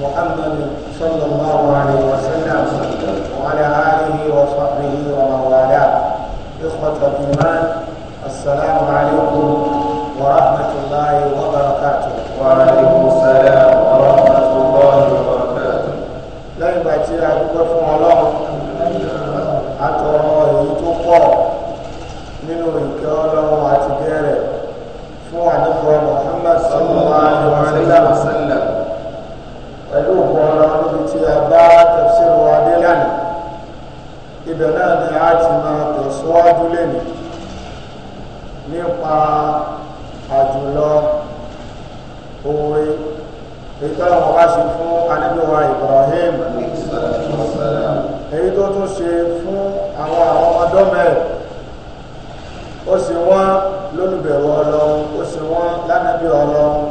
محمد صلى الله عليه وسلم وعلى آله وصحبه ومن والاه إخوة الإيمان السلام عليكم ورحمة الله وبركاته وعليكم السلام ورحمة الله وبركاته لا يبقى الله a bá tafsir wa dé lánàá ibẹ̀ náà ni a ti máa tẹ̀síwájú lẹ́nu nípa àjùlọ òwe èyí tó lọ́wọ́ bá ṣe fún anábíwá Ibrahim èyí tó tún ṣe fún àwọn ọmọdọ́mẹ́rẹ̀ ó sì wọ́n lólùbẹ̀rù Ọlọ́run ó sì wọ́n lánàbí Ọlọ́run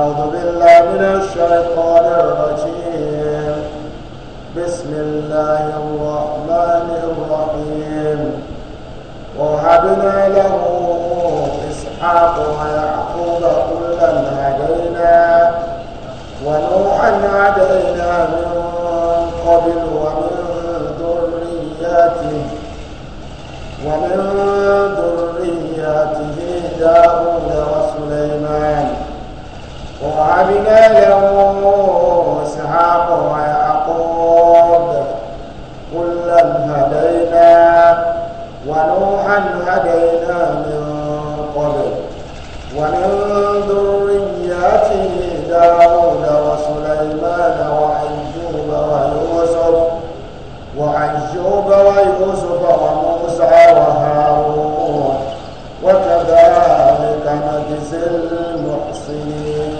أعوذ بالله من الشيطان الرجيم بسم الله الرحمن الرحيم وهبنا له إسحاق ويعقوب كلا هدينا ونوحا هدينا من قبل ومن ذريته ومن ذريته داود ووهبنا له ويعقوب كلا هدينا ونوحا هدينا من قبل ومن ذرياته داود وسليمان وأيوب ويوسف وأيوب ويوسف وموسى وهارون وكذلك نجزي المحسنين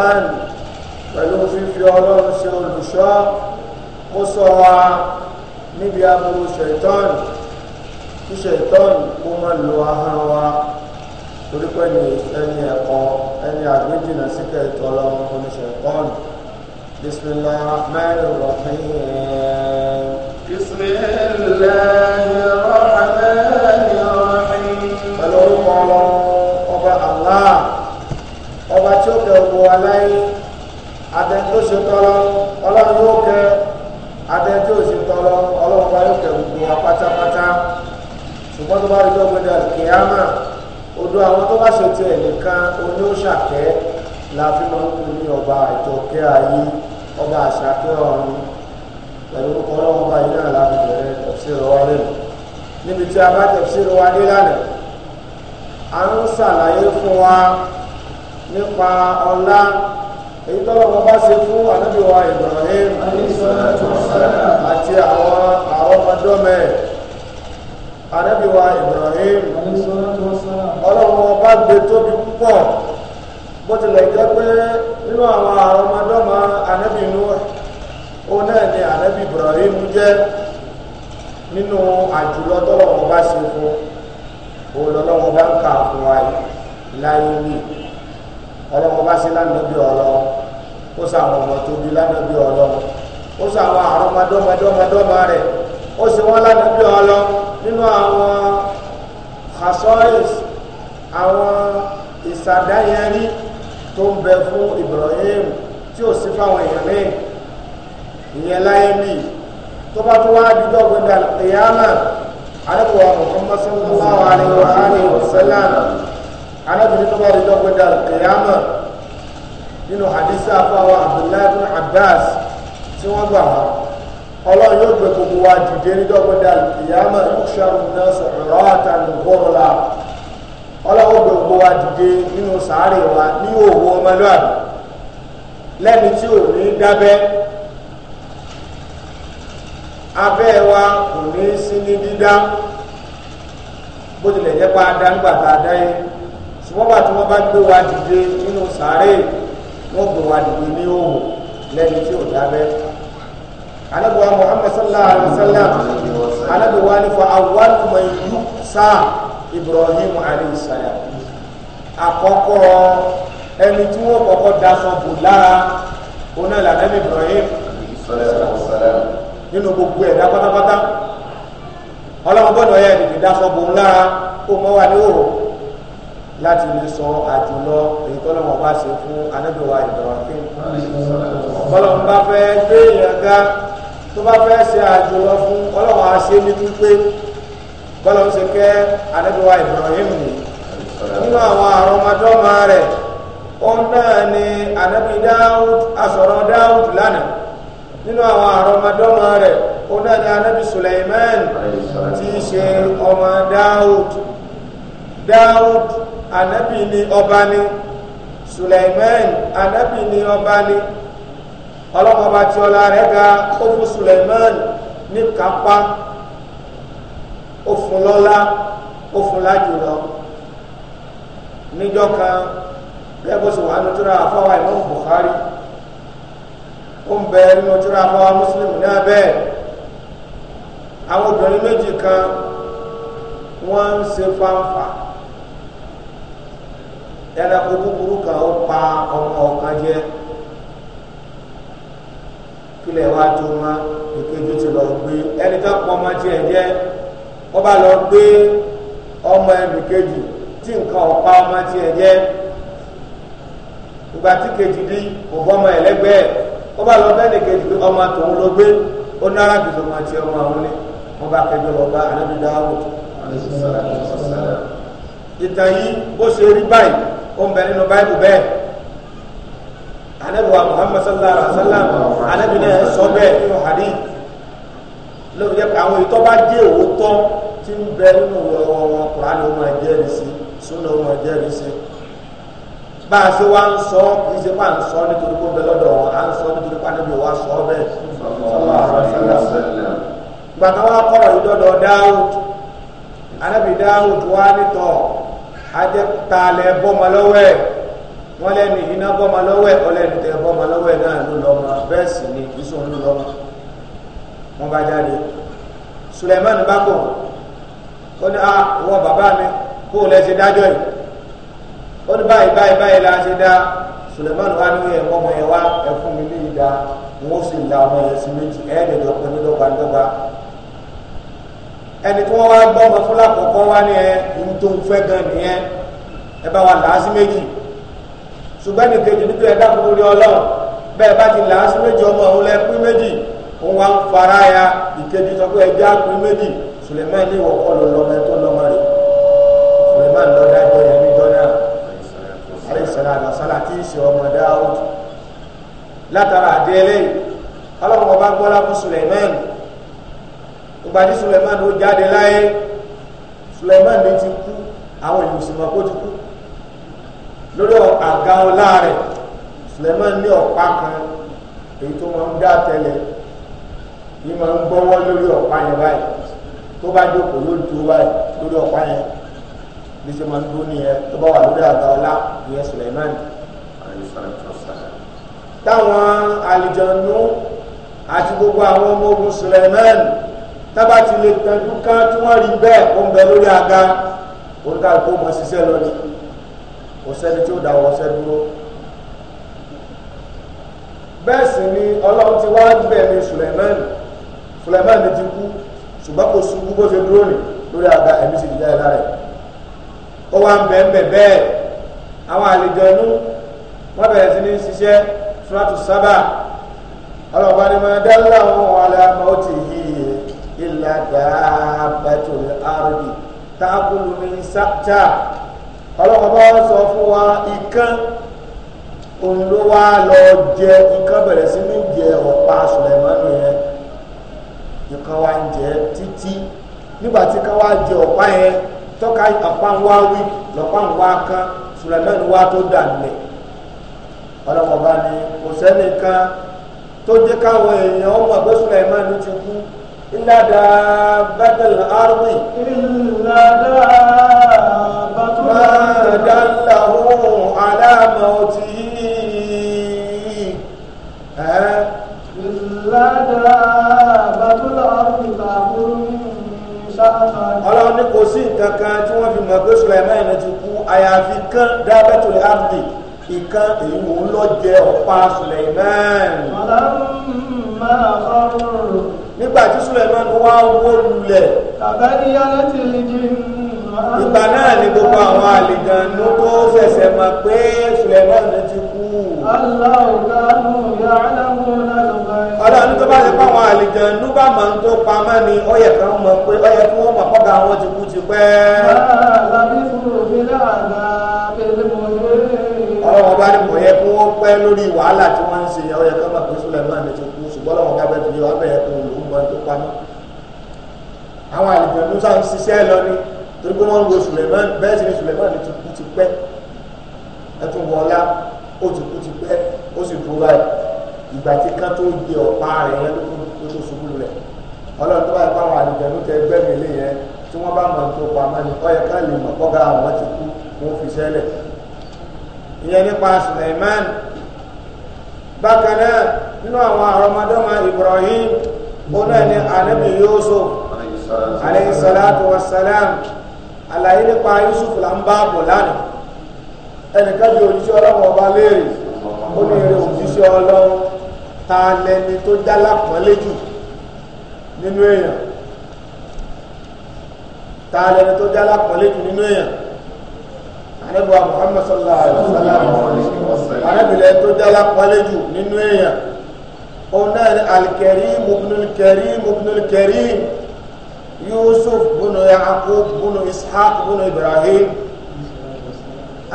alukur'an pẹ̀lú fífi ọlọ́run ṣe olùṣọ́ kó ṣọ́ wa níbi aburú ṣètọ́nù kí ṣètọ́nù kó má lo ahọ́n wa torí pé ní ẹni ẹ̀kọ́ ẹni àgbéjìnà sí kẹ́ẹ̀tọ́ ọlọ́run oníṣẹ̀tọ́nù bisimilahi rahman rahim bisimilahi rahman rahim pẹ̀lú orúkọ ọba allah tí ó kẹ òkú wa láyé adẹ tó ṣe tọrọ ọlọ́run yóò kẹ adẹ tí ó ṣe tọrọ ọlọ́run bá yóò kẹ òkú wa pátápátá ṣùgbọ́n tó bá rí lọ́gbọ́n dà kìámà odò àwọn tó bá ṣe tiẹ̀ nìkan oní ó ṣàkẹ́ la fi máa ń pè ní ọba ìtọ́kẹ́ ayé ọba àṣàkẹ́ ọ̀run pẹ̀lú ọlọ́run bá yìí náà láti bẹ̀rẹ̀ tẹ̀síìrì wa lẹ́nu níbi tí a bá tẹ̀síìrì wa dé lánàá à ń ṣàlàyé fún wa nípa ọlá èyí tọ́lọ́wọ́ bá ṣe fún ànábì wa Ibrahim àti àwọn àrọ́mọdọ́mẹ́ ànábì wa Ibrahim ọlọ́wọ́ bá gbé tóbi púpọ̀ bó tilẹ̀ jẹ́ pé nínú àwọn àrọ́mọdọ́mọ ànábì Nuh òun náà ni ànábì Ibrahim jẹ́ nínú àjùlọ tọ́lọ́wọ́ bá ṣe fún òun lọ́lọ́wọ́ bá ń kà fún wa láyé yìí ọlọ́run bá ṣe lánàbí ọlọ́run ó sàwọn ọmọ tó bí lánàbí ọlọ́run ó sàwọn àrọmọdọ́mọdọ́mọdọ́mọ rẹ̀ ó sì wọ́n lánàbí ọlọ́run nínú àwọn hasoris àwọn ìsàdáyẹrí tó ń bẹ fún Ibrahim tí ò sí fáwọn èèyàn míì ìyẹn láyé mi tó bá tó wá dídọ́ gbẹdà ìyá náà àdẹ́kọ̀ọ́ Muhammad sallallahu alaihi wa alihi wa sallam arábìnrin tó bá rí lọ́gbẹ́dà kìyàmà nínú hadisi afáwọ abdullahi bin abbas tí wọ́n gbà wá ọlọ́run yóò gbé gbogbo wa dìde ní lọ́gbẹ́dà kìyàmà yóò ṣàrùn náà sọ̀rọ̀ àtàlù gbọ́rọ̀lá ọlọ́run gbé gbogbo wa dìde nínú sàárè wa ní òwò ọmọlúwàbí lẹ́ni tí ò ní dábẹ́ abẹ́ wa kò ní sí ní dídá bó tilẹ̀ jẹ́ pa dáńgbà tá a dá yẹn ṣùgbọ́n bá tí wọ́n bá gbé wa dìde nínú sàárè wọ́n gbé wa dìde ní òwò lẹ́ni tí ò dábẹ́ anabiwa muhammad sallallahu alaihi wa sallam anabiwa ni fa awwalu man yuqsa ibrahim alayhi salam àkọ́kọ́ ẹni tí wọ́n kọ́kọ́ daṣọ bò lára oná ìlànà ibrahim nínú gbogbo ẹ̀dá pátápátá ọlọ́run gbọ́dọ̀ yẹ ẹni tí daṣọ bò lára kó mọ́ wa ní òwò láti lè sọ àjùlọ èyí tọ́lọ́mọ bá ṣe fún anábìwá Ibrahim ọlọ́run bá fẹ́ gbé èèyàn ga tó bá fẹ́ ṣe àjùlọ fún ọlọ́run á ṣe ní pípé bọ́lọ́run ṣe kẹ́ anábìwá Ibrahim nìyí nínú àwọn àrọmọdọ́mọ rẹ̀ òun náà ni anábì Dáúd asọ̀rọ̀ Dáúd lánàá nínú àwọn àrọmọdọ́mọ rẹ̀ òun náà ni anábì Suleiman tí í ṣe ọmọ Dáúd Dáúd anabi ni ọba ni suleiman anabi ni ọba ni ọlọ́mọba tí ọlá rẹ̀ ga ó fún suleiman ní kápá ó fún lọ́lá ó fún lájùlọ níjọ́ kan gẹ́gẹ́ bó ṣe wà nínú tíra àfọwà Imam buhari. ó ń bẹ nínú tíra àfọwà Muslim ní abẹ́ àwọn obìnrin méjì kan wọ́n ń ṣe fáńfà. ẹranko búburú kan ó pa ọmọ ọ̀kan jẹ kílẹ̀ wá tó mọ́ èkejì ti lọ gbé ẹni tó pọ̀ ọmọ tiẹ̀ jẹ́ wọ́n lọ gbé ọmọ ẹnìkejì tí nǹkan ọ̀pá ọmọ tiẹ̀ jẹ́ ìgbà tí kejì dí òfò ọmọ ẹlẹgbẹ́ ó bá lọ bẹ́ẹ̀ nìkejì pé ọmọ tòun ló gbé ó ní ìtàn yìí bó ṣe rí báyìí ó ń bẹ nínú báyìí bẹ́ẹ̀ anabiwa muhammad sallallahu alaihi wa sallam anabi náà sọ bẹ́ẹ̀ nínú hadith lórí yẹ àwọn èyí tó bá dé òótọ́ tí ń bẹ nínú ọ̀rọ̀ kùránì ó máa jẹ́rìí sí súnà ó máa jẹ́rìí sí bá a ṣe wá ń sọ kì í ṣe wá ń sọ nítorí pé ó bẹ lọ́dọ̀ wọn à ń sọ nítorí pé anabi wa sọ bẹ́ẹ̀ gbàtà wọn kọ̀rọ̀ yìí dọ́dọ̀ dáhùn anabi dáhùn tó wá nítọ̀ ajẹ́ taalẹ̀ bọ́mọ lọ́wọ́ ẹ̀ wọ́n lẹ́nu iná bọ́mọ lọ́wọ́ ẹ̀ ọlẹ́nu tẹ bọ́mọ lọ́wọ́ ẹ̀ náà ló lọ́mọ bẹ́ẹ̀ sì ni ìsùn ló lọ́mọ wọn bá jáde Suleiman bá kọ̀ ó ní a ah, wọ bàbá mi kó o lẹ ṣe dájọ́ yìí ó ní báyìí báyìí báyìí la ṣe dá Suleiman wá ní ẹ̀ ọmọ yẹn wá ẹ̀ fún mi ní ìdá wọn ó sì la ọmọ yẹn sí méjì ẹ̀ẹ́dẹ̀dọ̀ pẹ̀lú dọ́gbandọ́gba ẹni tí wọ́n wá gbọ́ ọmọ fúlà kọ̀ọ̀kan wá ní ẹ ohun tó ń fẹ́ gan nìyẹn ẹ bá wa làásì méjì ṣùgbọ́n ní kejì níbi ẹ̀dá kúrú rí ọlọ́run bẹ́ẹ̀ bá ti làásì méjì ọmọ òun lẹ pín méjì òun wá ń fara ya ìkejì sọ pé ẹjẹ́ àpín méjì Suleiman ní ìwọ̀ kọ́ ló lọ́mọ ẹ tó lọ́mọ rẹ̀ Suleiman lọ dájọ́ yẹn níjọ́ náà alẹ́sàlá àlọ́sálà tí ì ṣe ọmọ Dáúdù látara àdéhẹ́lẹ́yìn ìgbàdí Suleiman ó jáde láyé Suleiman ní ti kú àwọn ìlú sì mọ̀ kó ti kú lórí àga ọlá rẹ̀ Suleiman ní ọ̀pá kan èyí tó máa ń dá tẹ́lẹ̀ yìí máa ń gbọ́wọ́ lórí ọ̀pá yẹn báyìí tó bá jókòó yóò dúró báyìí lórí ọ̀pá yẹn bí ṣe máa ń dúró nìyẹn tó bá wà lórí àga ọlá ìyẹn Suleiman táwọn àlìjọ̀nú àti gbogbo àwọn ọmọ ogun Suleiman tába ti lè tẹ̀dú kán tí wọ́n rí bẹ́ẹ̀ ó ń bẹ lórí aga oníkàlùkù mọ̀ ṣiṣẹ́ lọ ni kò sẹ́ni tí ó dà wọ́n ṣẹ́ dúró bẹ́ẹ̀ sì ni ọlọ́run ti wá bẹ̀ ni Sùlẹ̀mánì Sùlẹ̀mánì ti kú ṣùgbọ́n kò ṣubú bó ṣe dúró nì lórí aga ẹ̀mí sì dìjà ìlà rẹ̀ ó wá ń bẹ̀ bẹ́ẹ̀ àwọn àlejò inú wọ́n bẹ̀rẹ̀ sí ní ṣiṣẹ́ Suratu Saba ọlọ́run bá ní máa dá láwọn ọ̀hún aláàmọ́ ó ti yí إلا دابة الأرض تأكل من سأتا ọlọ́kọ̀ bá sọ fún wa ikán òun ló wá lọ jẹ ikán bẹ̀rẹ̀ sí ní jẹ ọ̀pá sùlẹ̀mọ́nù yẹn ikán wá ń jẹ títí nígbà tí ikán wá jẹ ọ̀pá yẹn tọ́ka wá jẹ́ káwọn èèyàn ọmọ إلا دابة الأرض إلا دابة ما دله على موته ها إلا دابة الأرض تأكل ọlọ́run ní kò sí nǹkan kan tí wọ́n fi mọ̀ pé Sulaiman náà ti kú àyàfi kan dábẹ́tò láàbì ìkan èyí mò ń lọ jẹ ọ̀pá Sulaiman. ọ̀làmú máa kọ́ ọ́rùn nígbà tí Suleiman wá wó lulẹ̀ ìgbà náà ni gbogbo àwọn àlìjàn ló tó fẹsẹ̀ mọ̀ pé Suleiman ti kú ọlọ́run tó bá ti pa àwọn àlìjàn ló bá mọ̀ tó pamọ́ ni ó yẹ kí wọ́n mọ̀ pé ó yẹ kí wọ́n mọ̀ kọ́gà wọn ti kú ti pẹ́ ọlọ́run bá ní kò yẹ kí wọ́n pẹ́ lórí wàhálà tí wọ́n ṣe ọyẹ ká máa pé Suleiman ti kú ṣùgbọ́n làwọn bá bẹ́ẹ̀ fi wá bẹ́ẹ̀ kó lòún mọ tó pa mí. àwọn àlejò ló sá ń ṣiṣẹ́ wo Suleiman bẹ́ẹ̀ ni Suleiman ti kú ti pẹ́ ẹtún wọlá ó ti kú ti pẹ́ ó sì dúró báyìí ìgbà tí kan tó di ọ̀pá rẹ̀ yẹn ló tó ṣubú lulẹ̀ ọlọ́run tó báyìí fáwọn àlejò ló tẹ ẹgbẹ́ mi lé yẹn tí wọ́n bá mọ̀ tó pa mọ́ni ọyẹ ká lè mọ̀ kọ́gà àwọn ti kú wọ́n fi sẹ́lẹ̀ ìyẹn nípa bákan náà nínú àwọn àrọmọdọ́mọ Ibrahim ó náà ní anabi Yusuf alayhi salatu wa salam àlàyé nípa Yusuf là ń bá bọ̀ lánàá ẹnìkan bí òjíṣẹ́ ọlọ́wọ́ ọba léèrè ó ní eré òjíṣẹ́ ọlọ́wọ́ ta lẹni tó já lápọ́nlé jù nínú èèyàn ta lẹni tó já lápọ́nlé jù nínú èèyàn anabi wa muhammad sallallahu alaihi wa sallam anabi lẹ tó dala kpalẹju nínú èèyàn òun náà ni alikarim ibnul karim ibnul karim yusuf bunu yaakub bunu ishaq bunu ibrahim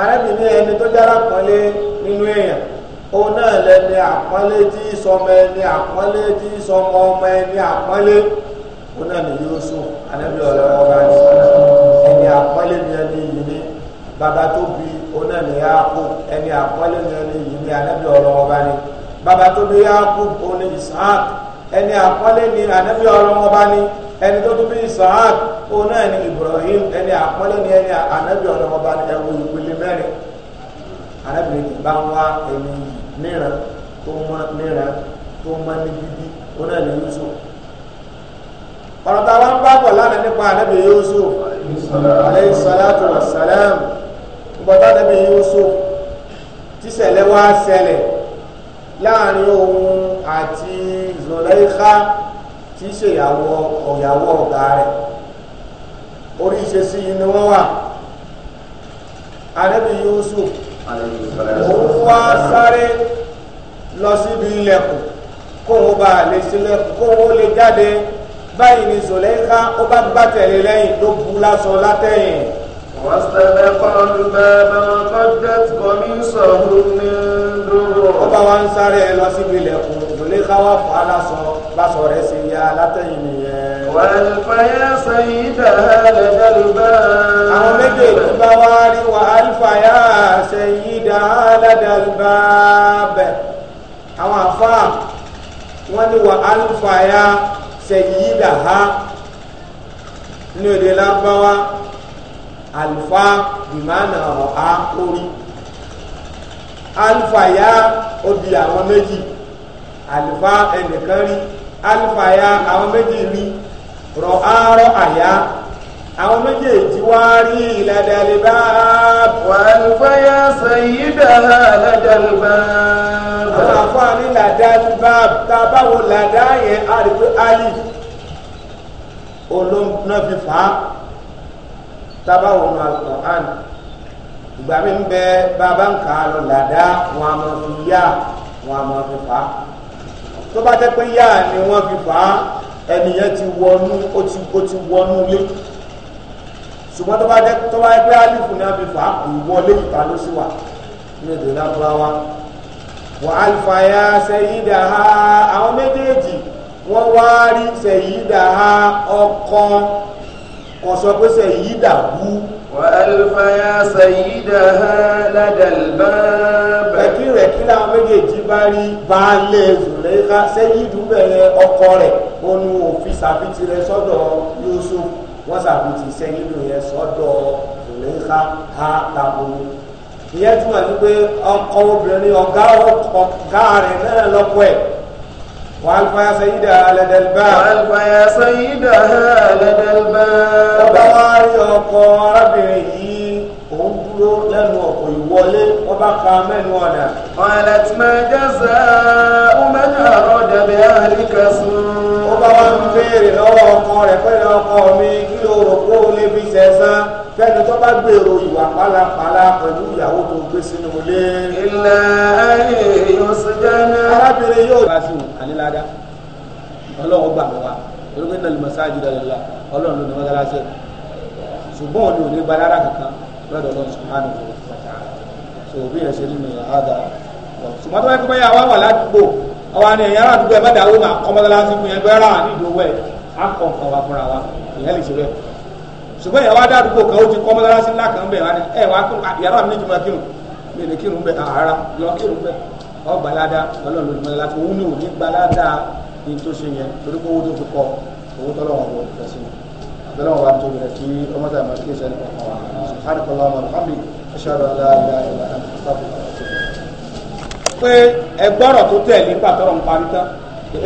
anabi ní ẹni tó dala kpalẹ nínú èèyàn òun náà lẹni àpọ́nlé tí sọmọ ẹni àpọ́nlé tí sọmọ ọmọ ẹni àpọ́nlé òun náà ni yusuf anabi ọlọ́wọ́ bá ní ẹni àpọ́nlé ni ẹni bàbá tó bí ọ̀nà ní yaakú ẹni àkọ́lé ní ẹni yìí ní anábì ọlọ́wọ́ bá ní bàbá tó bí yaakú ọ̀nà isaac ẹni àkọ́lé ní anábì ọlọ́wọ́ bá ní ẹni tó tún bí isaac ọ̀nà ní ibrahim ẹni àkọ́lé ní ẹni anábì ọlọ́wọ́ bá ní ẹwọ ìpele mẹ́rin anábì ní ń wá ẹni níran tó mọ níran tó mọ ní bíbí ọ̀nà ní yusuf ọ̀rọ̀ bá bọ̀ lánàá nípa anábì yusuf aleyhi salatu wa salam gbọ́dọ̀ níbi Yusuf tíṣẹ̀lẹ̀ wá ṣẹlẹ̀ láàrin òun àti Zulaikha tí í ṣe ìyàwó ọ̀yàwó ọ̀gá rẹ̀ orí ìṣesí yìí ni wọ́n wà ànábì Yusuf òun wá sáré lọ síbi ilẹ̀kùn kóun bá lè sílẹ̀kùn kóun lè jáde báyìí ni Zulaikha ó bá gbá lẹ́yìn ló bu lásán látẹ̀yìn. واستبق الباب وقدت قميصه من دبر ọba wa ń sáré lọ síbi ilẹ̀kùn ìdúlékà wà fún aláṣọ láṣọ rẹ̀ sì yá látẹ̀yìn nìyẹn. wàlfàyà sẹ́yìndà lẹ́dẹ̀lúbà. àwọn méjèèjì bá wá rí wàlfàyà sẹ́yìndà lẹ́dẹ̀lúbà bẹ̀. àwọn àfáà wọ́n ní wàlfàyà sẹ́yìndà ha ní òde lágbáwá alifa bimana ọha orí alifa ya odi àwọn méjì alifa ẹnìkan rí alifa ya àwọn méjì rí rọ arọ àyà àwọn méjèèjì wá rí ìlàdàlébá. wàlúfàyà sàyídà ládàlébá. àwọn àfọ̀àní ládàlébá tá a bá wo ládàá yẹn a rí pé alif olóńgbò náà fi fà á tábà wọn máa lọ hàn ìgbà mi ń bẹ bàbá ń kà á lọ làdá wọn a fi yá wọn a fi fà á tó bá jẹ́ pé yá ni wọ́n fi fà á ẹnìyẹn ti wọnú ó ti ó ti wọnú lé ṣùgbọ́n tó bá jẹ́ tó bá jẹ́ pé alifu ni wọ́n fi fà á kò wọlé ìta ló sì wà ní èdè lábúráwá wọ́n alifaya sẹ́yìndà ha àwọn méjèèjì wọ́n wá rí sẹ́yìndà ha ọkọ ọ̀sọ̀ pé sẹ̀yídà wú. wà á lùfàyà sẹ̀yídà ha ládàlbà. rẹ̀kí rẹ̀kí làwọn méjèèjì bá rí baálé zùlẹ́ká sẹ́yídù bẹ̀rẹ̀ ọkọ rẹ̀ ó nu òfin sàbìtì rẹ̀ sọ́dọ̀ Yusuf wọ́n sàbìtì sẹ́yídù yẹn sọ́dọ̀ zùlẹ́ká ha tàbùrù ìyẹn túmọ̀ sí pé ọkọ obìnrin ọ̀gá rẹ̀ náà lọ́kọ ẹ̀ وألقى سيدها لدى الباب وألقى سيدها لدى الباب ọba wa rí ọkọ arábìnrin yìí òun dúró lẹ́nu ọkọ̀ ìwọlé wọ́n bá ka mẹ́nu ọ̀nà. qalat ma jaza'u man arada bi ahlika su'a. ó bá wá ń béèrè lọ́wọ́ ọkọ rẹ̀ pẹ̀lú ọkọ mi kí ló rò kó o lè fi ṣẹ̀san fẹ́ni tó bá gbèrò ìwà pálapàla pẹ̀lú ìyàwó tó gbé sínú ilé. ilẹ̀ ayé yóò ṣe jẹ́nà. arábìnrin yóò bá sí wọn àníláda ọlọ́run gbà wá olóògbé náà lè mọ̀ sáájú dáadáa ọlọ́run ló ní wọ́n dára sí ẹ̀ ṣùgbọ́n òní ò ní gba kankan lọ́dọ̀ lọ́dọ̀ sùpánù tó bí ẹ̀ ṣe nínú àádá ṣùgbọ́n tó bá gbé wà ládùúgbò àwa ni ẹ̀yìn aládùúgbò ẹ̀ má dàrú mà kọ́mọ́dá lásìkò yẹn gbẹ́rà nídòó wẹ̀ á kọ̀ ọ̀fà fúnra wa ìyẹn lè ṣe bẹ́ẹ̀ ṣùgbọ́n ìyàwó adádúgbò kan ó ti kọ́ mọ́sálásí ńlá kan bẹ̀ wá ní ẹ̀ wá kún ah, yàrá mi níjùmọ̀ kírun mi ní kírun bẹ̀ àárá ah, lọ kírun bẹ̀ ọ gbalada ọlọ́run lórí mọ́sálásí òun ní òní gbalada ní tó ṣe yẹn torí pé owó tó fi kọ owó tọ́lọ́wọ́n bọ̀ fẹ́ sí abẹ́lẹ́wọ̀n bá tó bẹ̀rẹ̀ kí ọmọdé àmọ́ kí ìṣẹ́ni kọ̀ọ̀kan wà subhanakallahumma pé ẹgbọ́rọ̀ tó tẹ̀lé pàtọ́rọ̀ ń parí tán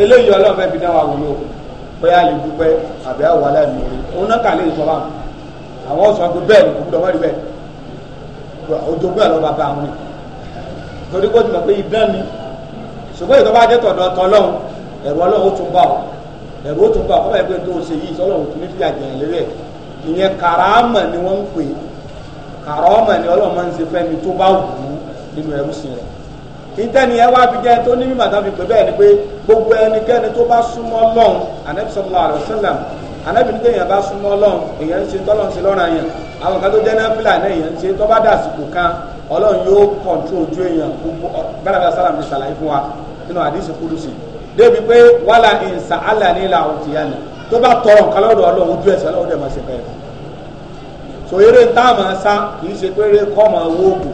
eléyìí ọlọ́run fẹ́ fi dá wa wò ló pé a lè dúpẹ́ àbí àwọn aláìmọ̀ rí òun náà kà lè sọ báwọn àwọn sọ pé bẹ́ẹ̀ ni kò gbọ́dọ̀ wọ́n rí bẹ́ẹ̀ ojogún àlọ́ bàbá àwọn ni torí kó ti mọ̀ pé idán ni ṣùgbọ́n ìtọ́ bá dé tọ̀dọ̀ tọ́ lọ́hùn ẹ̀rù ọlọ́run ó tún bá ọ ẹ̀rù ó tún bá ọ kọ́ bá yẹ pé tó o ṣe yìí sọ́lọ́run tún ní fi àjẹyàn lérí ẹ̀ ìyẹn kàràmà ni wọ́n ń pè kàràmà ni ọlọ́run máa ń ṣe fẹ́ni tó bá wù ú nínú ẹrú sí rẹ̀ ìtẹ́ni ẹ wá fi jẹ́ tó ní mímọ̀ tán fi pè bẹ́ẹ̀ ni pé gbogbo ẹnikẹ́ni tó bá súnmọ́ lọ́hùn ànẹ́bísọ́lá àlọ́ sẹ́lẹ̀mù anábìrin tẹ̀yìn bá súnmọ́ ọlọ́run èèyàn ń ṣe tọ́lọ́run ṣe lọ́ra yẹn àwọn kan tó jẹ́ náfìlà náà èèyàn ń ṣe tọ́ bá dàsìkò kan ọlọ́run yóò kọ̀ǹtró ojú èèyàn gbogbo gbàdàgbà sálàm ní sàlàyé fún wa nínú àdìsí kúrúsì débi pé wàhálà ìǹsà alàní la òtí yá ni tó bá tọrọ nǹkan lọ́dọ̀ ọlọ́run ojú ẹ̀sẹ̀ ọlọ́run dẹ̀ ṣe bẹ́ẹ̀ so eré ń táàmù sá kì í ṣe pé eré kọ́ máa wó oògùn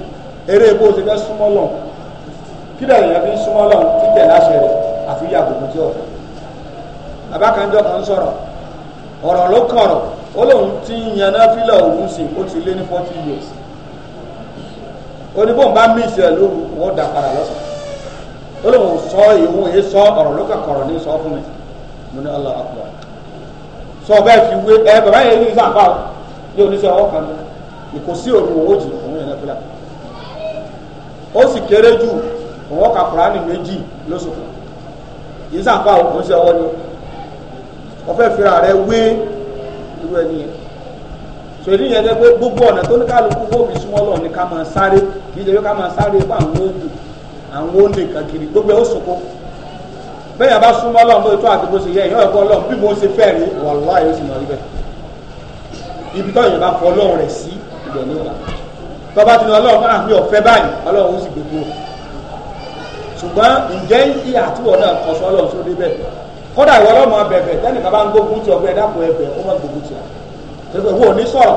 eré bó ṣe fẹ́ súnmọ́ lọ kí dàgbà yẹn fi ń súnmọ́ lọ títẹ̀ láṣẹ rẹ̀ àfi yàgò mú tí ọ̀fẹ́ bàbá kan sọ̀rọ̀ ọ̀rọ̀ ló kọ̀rọ̀ ó lóun ti ń yan náfìlà òun sí ó ti lé ní forty years oníbò ń bá mísì ẹ̀ lóru wọ́n dà padà lọ́sàn ó lóun sọ ìhun èé sọ ọ̀rọ̀ ló kọ̀rọ̀ ní sọ fún mi mo ní Allah akbar sọ bẹ́ẹ̀ fi wé ẹ bàbá yẹn ní sàǹfà o ní oníṣẹ́ ọwọ́ kan ní kò sí òru owó jù òun yẹn náfìlà ó sì kéré jù òun ọkà kùránì méjì lóṣù kan ìsàǹfà òun ṣe ọwọ́ ni o wọ́n fẹ́ fira rẹ wé irú ẹni yẹn sọ èyí yẹn dẹ́ pé gbogbo ọ̀nà tó ní kálukú fóòmù súnmọ́ lọ ní ká máa sáré kì í ṣe pé ká máa sáré fún àwọn oògùn àwọn olè kankiri gbogbo ẹ̀ ó sòkó bẹ́ẹ̀ yà bá súnmọ́ lọ bó tó àti bó ṣe yẹ ìyá ẹ̀kọ́ lọ bí mo ṣe fẹ́ rí wàhálà yóò sì mọ̀ rí bẹ́ẹ̀ ibi tó yẹn bá fọ ọlọ́run rẹ̀ sí ibẹ̀ ní ọ̀la tọ́ba ti ní ọlọ́run fún àmì ah, ọ̀fẹ́ báyìí ọlọ́run ó sì gbogbo ṣùgbọ́n ǹjẹ́ ìyà àtiwọ̀ náà kọ sọ́lọ́run sódé bẹ́ẹ̀ kódà ìwọ lọ́mọ bẹ̀bẹ̀ tẹ́nìkan bá ń gbógun ti ọgbẹ́ dàpọ̀ ẹbẹ̀ kó má gbógun ti à tẹ́gbẹ́ wo ní sọ̀rọ̀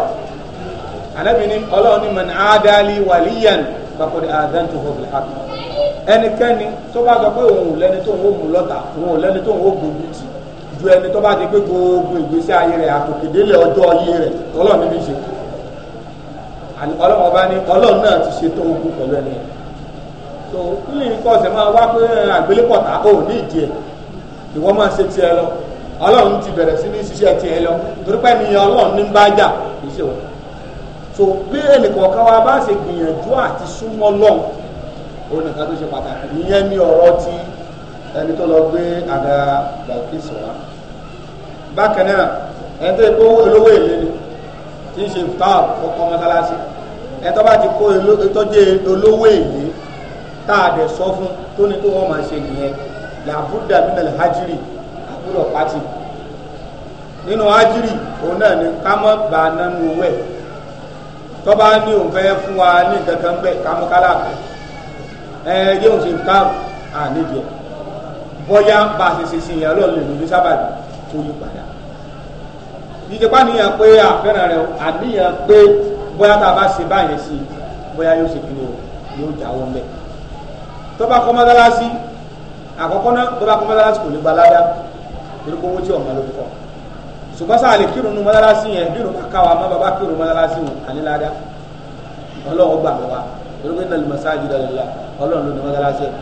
ànábì ni ọlọ́run ní man àádáálí wàlíyàn kakọ́ di àádán tó fọ́ bìlẹ̀ hàpì ẹnikẹ́ni tó bá sọ pé òun ò lẹ́ni tó ń wò mú lọ́tà òun ò lẹ́ni tó ń wò gbógun ti ju ẹni tó bá ti pé gbogbo ìgbésí ayé rẹ̀ àtòkèdélé ọjọ́ ayé rẹ̀ ọlọ́run níbi ṣe ọlọ́run ọba ní ọlọ́run náà ti ṣètò ogun pẹ̀lú ẹni so nílùú kọ́sẹ̀ máa wá pé àgbélépọ̀tà ò ní ìdí ẹ̀ ìwọ́n máa ṣe tiẹ̀ lọ ọlọ́run ti bẹ̀rẹ̀ sí ní ṣiṣẹ́ tiẹ̀ lọ torí pé ènìyàn ọlọ́run ní bá jà kì í ṣe wọ́n. so bí ẹnìkọ̀ọ̀kan wa bá ṣe gbìyànjú àti súnmọ́ lọ́hùn òun nìkan tó ṣe pàtàkì ìyẹn ní ọ̀rọ̀ tí ẹni tó lọ gbé àga bàkísì wa. bákan náà ẹni tó yẹ kó olówó èlé ni tí ń ṣe táà ọkọ̀ mọ́sálásí ẹni tó bá ti kó ìtọ́jú olówó èlé tá dẹ̀ sọ fún tóní tó wọ́n máa ṣe nìyẹn làbúdà mínàlì hajiri àbúrò pati nínú hajiri òun náà ni ká mọ́ gbà nánú owó ẹ̀ tó bá ní òun fẹ́ fún wa ní kankan bẹ́ẹ̀ ká mú kálá àpò ẹ yóò ṣe kárù àníjẹ bóyá bá a ṣe ṣe sí ìyá ọlọ́run lè lórí sábàbí tó yí padà ìjọba níyàn pé àfẹ́ràn rẹ̀ àníyàn pé bóyá tá a bá ṣe báyẹn sí bóyá yóò ṣe kí ni o yóò jáwọ́ mẹ́ tó bá àkọ́kọ́ náà bẹ́ẹ̀ bá kọ́ mọ́sálásí kò lè gba ládá torí kó owó tí ọ̀mọ́ ló kọ́ ṣùgbọ́n sáà lè kírun nu mọ́sálásí yẹn bí irun bá wa má bàbá kírun mọ́sálásí wọn àní ládá ọlọ́run gbà mí wa torí pé nàlùmọ́ sáájú dàlẹ́lá ọlọ́run ló ní mọ́sálásí ẹ̀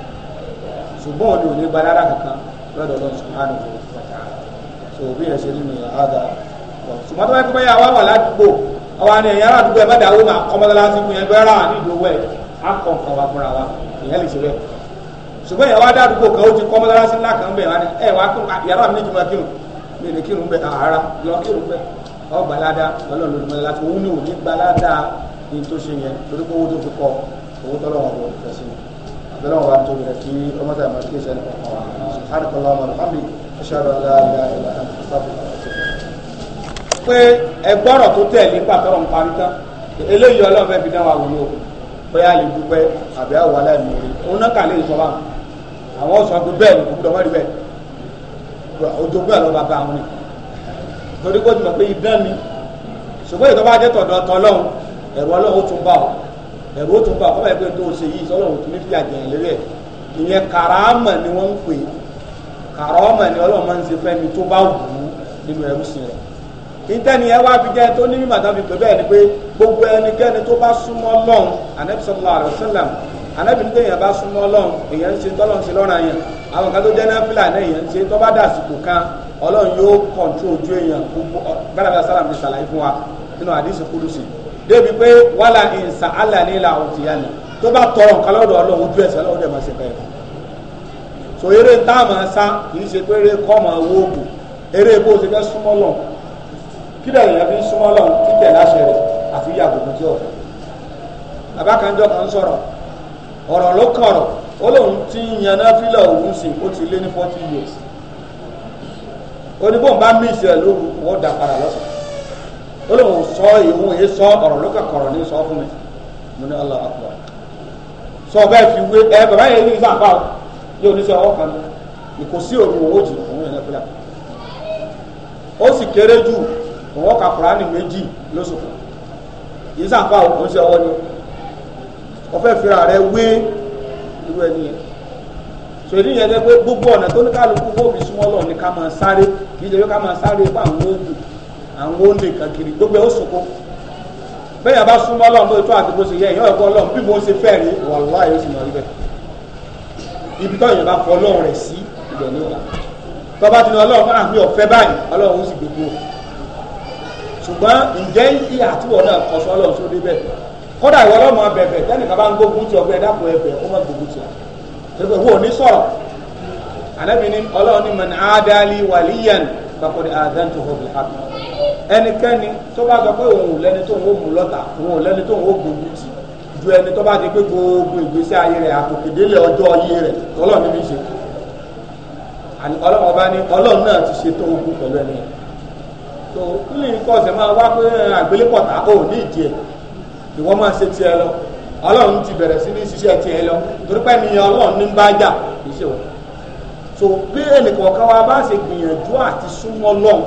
ṣùgbọ́n òní òní gba ládá kankan lọ́dọ̀ ọlọ́run subhanahu wa ta'ala so bí ẹ̀ ṣe rí mi àádọ́ ṣùgbọ́n tó bá ni ẹ̀yà àdúgbò ẹ̀ má wa fúnra wa ìyẹn ṣùgbọ́n ìyàwó adádúgbò kan ó ti kọ́ mọ́sálásí ńlá kan bẹ̀ wá ní ẹ̀ wá yàrá mi níjùmọ̀ kírun mi ní kírun bẹ̀ àárá yọ kírun bẹ̀ ọ gbalada lọ́lọ́ lórí mọ́sálásí òun ni òní gbalada ní tó ṣe yẹn torí pé owó tó fi kọ owó tọ́lọ́wọ́n bò fẹ́ sí àbẹ̀lọ́wọ́n wa tóbi rẹ̀ kí ọmọdé àmọ́ kí ẹsẹ̀ nípa wa sàkárìkọ́lá ọmọ alhamdi ṣáàrọ̀ pé ẹgbọ́rọ̀ tó tẹ̀ nípa tọrọ ń parí tán eléyìí ọlọ́run fẹ́ fi dá wa wò ní o bóyá lè dúpẹ́ àbí àwọn aláìmọ̀ rí òun náà kà lè sọ báwọn àwọn sọ pé bẹ́ẹ̀ ló gbọ́dọ̀ wọ́n rí bẹ́ẹ̀ ojú bẹ́ẹ̀ lọ́ba bá wọn ni torí kó tìmọ̀ pé idán ni ṣùgbọ́n ìtọ́ bá jẹ́ tọ̀dọ̀ tọ́lọ́hún ẹ̀rù ọlọ́run ó tún bá ọ ẹ̀rù ó tún bá ọ kọ́ báyìí pé tó o ṣe yìí sọ́lọ́run tún ní fìyà jẹ̀yìn lérí ẹ̀ ìyẹn kàràmọ̀ ni wọ́n ń pè kàràmọ̀ ni ọlọ́run máa ń ṣe fẹ́ni tó bá wù ú nínú ẹrú sí rẹ̀ ìtẹ́ni ẹ wá fi jẹ́ tó ní mímọ̀ tàbí pé bẹ́ẹ̀ ni pé gbogbo ẹnikẹ́ni tó bá súnmọ́ lọ́hùn ànẹ́bísọ́lá àrẹ́sẹ́lẹ̀mù anábìrin tó èèyàn bá súnmọ́ ọlọ́run èèyàn ń ṣe tọ́lọ́run ṣe lọ́ra yẹn àwọn kan tó jẹ́ náfìlà náà èèyàn ń ṣe tó bá dàsìkò kan ọlọ́run yóò kọ̀ǹtró ojú èèyàn gbogbo gbàdàgbà sálàmù ti ṣàlàyé fún wa nínú àdìsí kúrúsì débi pé wàhálà ìǹsà àlà ní ilà òtí yá ni tó bá tọrọ nǹkan lọ́dọ̀ ọlọ́run ojú ẹ̀sẹ̀ ọlọ́run dẹ̀ máa ṣe bẹ́ẹ̀ so eré tá a máa sá kì í ṣe pé eré kọ́ máa wó oògùn eré bó ṣe fẹ́ súnmọ́ lọ kí lẹ́yìn lẹ́yìn fi ń súnmọ́ lọ títẹ̀ láṣẹ rẹ̀ àti yàgò fún kan jọ ọ̀rọ̀ ló kọ̀rọ̀ ó lóun ti ń yan òun sì ó ti lé ní years oníbòun bá mí ẹ lóru wọ́n dà padà lọ́sàn ó lóun sọ ìhun èyí sọ ọ̀rọ̀ ló kọ̀rọ̀ ní sọ fún fi wé ẹ bàbá yẹn ní ní oníṣẹ́ ọwọ́ kan ní kò sí òru owó jù òun yẹn ó sì kéré jù òun ọkà méjì lóṣù kan ni wọ́n fẹ́ fira rẹ wé irú ẹni yẹn so èyí yẹn pé gbogbo ọ̀nà tó ní kálukú fóònù súnmọ́ lọ ní ká máa sáré kì í ṣe pé ká máa sáré pa àwọn oògùn àwọn oògùn kankiri gbogbo ẹ̀ ó sòkò bẹ́ẹ̀ yẹn bá súnmọ́ lọ́n bó tó àti bó ṣe yẹ ìyá ọ̀gbọ́n lọ́n bí mo ṣe fẹ́ rí wàláhì ó sì mọ̀ níbẹ̀ ibi tó yẹn bá fọ ọlọ́run rẹ̀ sí ibẹ̀ ní ọ̀la tó bá ti ní ọlọ́run náà ah, mi ò fẹ́ báyìí ọlọ́run ó sì gbogbo kódà ìwọ lọ́mọ bẹ̀bẹ̀ tẹ́nìkan bá ń gbógun ti ọgbẹ́ dàpọ̀ ẹ̀bẹ̀ ó má gbógun ti ọ tẹ́lẹ̀ wo ní sọ̀rọ̀ ànábì ni ọlọ́run ni man adali waliyan kakọ̀dé adan tó hóbi hàbí ẹnikẹ́ni tó bá sọ pé òun ò lẹ́ni tó ń wò mú lọ́tà òun ò lẹ́ni tó ń wò gbógun ti ju ẹni tó bá ti pé gbogbo ìgbésí ayé rẹ̀ àtòkèdélé ọjọ́ ayé rẹ̀ ọlọ́run ni mi ṣe ọlọ́run ọba ni ọlọ́run náà ti ṣe tó ogun pẹ̀lú ẹni tó kí ni kọ́ọ̀sẹ̀ máa ní ìwọ máa ṣe tiẹ̀ lọ ọlọ́run ti bẹ̀rẹ̀ sí ní ṣiṣẹ́ tiẹ̀ lọ torí pé ni ọlọ́run ní bá jà kì í ṣe wọn. so bí ẹnìkọ̀ọ̀kan wa bá ṣe gbìyànjú àti súnmọ́ lọ́n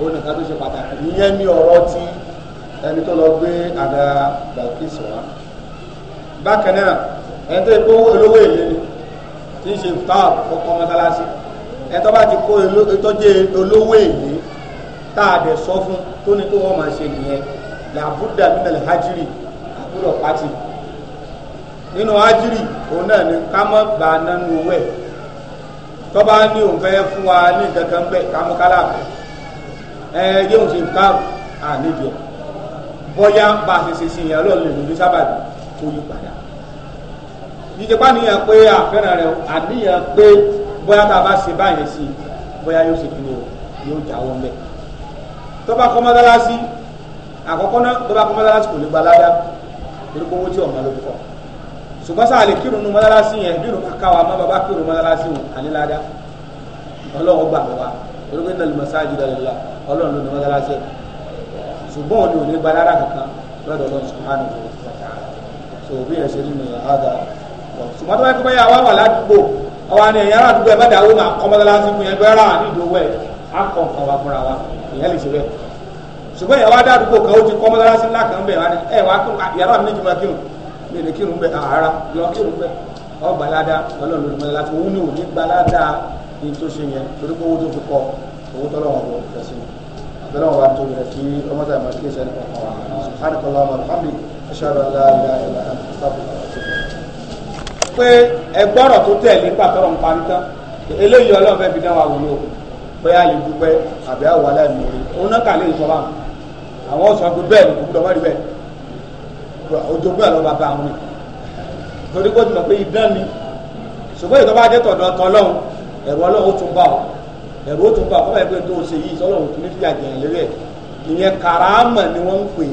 ó ní ká tó ṣe pàtàkì ìyẹn ní ọ̀rọ̀ tí ẹni tó lọ gbé àga Bilkis wá. bákan náà ẹni tó kó olówó èlé ni tí ń ṣe táàbù kọ́kọ́ mọ́tálásí ẹni tó bá ti kó ìtọ́jú olówó èlé tá a dẹ̀ sọ fún tó ní tó wọ́n máa ṣe nìyẹn làbúdà nínú hajiri àbúrò pati nínú hajiri òun náà ni ká mọ́ gbà nánú owó ẹ̀ ní òun fẹ́ fún wa ní nǹkan kan bẹ́ẹ̀ ká mú kálá bẹ́ẹ̀ ẹ yé òun ṣe nǹkan àníjẹ bóyá bá a ṣe ṣe ṣìyàn lọ́ọ̀ lè lórí sábàbí kó yí padà ìjẹpá níyàn pé àfẹ́ràn rẹ̀ àníyàn pé bóyá tá a bá ṣe báyẹn sí i bóyá yóò ṣe kí ni o yóò jáwọ́ mẹ́ tọ́ba kọ́ mọ́tálásí àkọ́kọ́ náà tó bá kọ́ mọ́sálásí kò lè gba ládá torí pé owó tí ọ̀mọ́ ló fi kọ́ ṣùgbọ́n sáà lè kírun nu mọ́sálásí yẹn bí irun káwa má bàbá kírun mọ́sálásí wọn àní ládá ọlọ́run gbà wá torí pé nàlùmọ́ sáájú dàlẹ́lá ọlọ́run ló ní mọ́sálásí ṣùgbọ́n òní ò ní gba ládá kankan lọ́dọ̀ ọlọ́run subhanahu wa ta'ala so bí ẹ̀ ṣe rí mi ṣùgbọ́n tó bá kọ́ mọ́sálásí fún ṣùgbọ́n ìyàwó adádúgbò kan ó ti kọ́ mọ́sálásí ńlá kan bẹ̀ wani ẹ̀ wá kírun ah, ìyàrá mi níjùmọ̀ kírun mi lè kírun bẹ̀ àárá ah, yọ kírun bẹ̀ ọ gbalada lọ́lọ́run ló mọ́sálásí òun ni òun ní gbalada ní tó ṣe yẹn torí pé owó tó fi kọ owó tọ́lọ́wọ́n bọ̀ fẹ́ sí i. بلا وعد في رمضان ما كيس سبحانك اللهم وبحمدك اشهد ان لا اله الا انت استغفرك pé ẹgbọ́rọ̀ tó tẹ̀lé pàtọ́rọ̀ ń parí tán eléyìí ọlọ́run fẹ́ fi dá wa wò ló pé a lè dúpẹ́ àbí àwọn aláìmọ̀ọ́rẹ́ òun náà kà lè sọ báwọn àwọn sọ pé bẹ́ẹ̀ ni kò gbọ́dọ̀ wọ́n rí bẹ́ẹ̀ ojoogun àlọ́ bàbá àwọn ni torí kó ti mọ̀ pé idán ni ṣùgbọ́n ìtọ́ bá dé tọ̀dọ̀ tọ́lọ́hún ẹ̀rù ọlọ́run ó tún bá ọ ẹ̀rù ó tún bá ọ kọ́ báyìí pé tó o ṣe yìí sọlọ́run tún ní fìyà jẹ̀yàn lérí ẹ̀ ìyẹn kàràmà ni wọ́n ń pè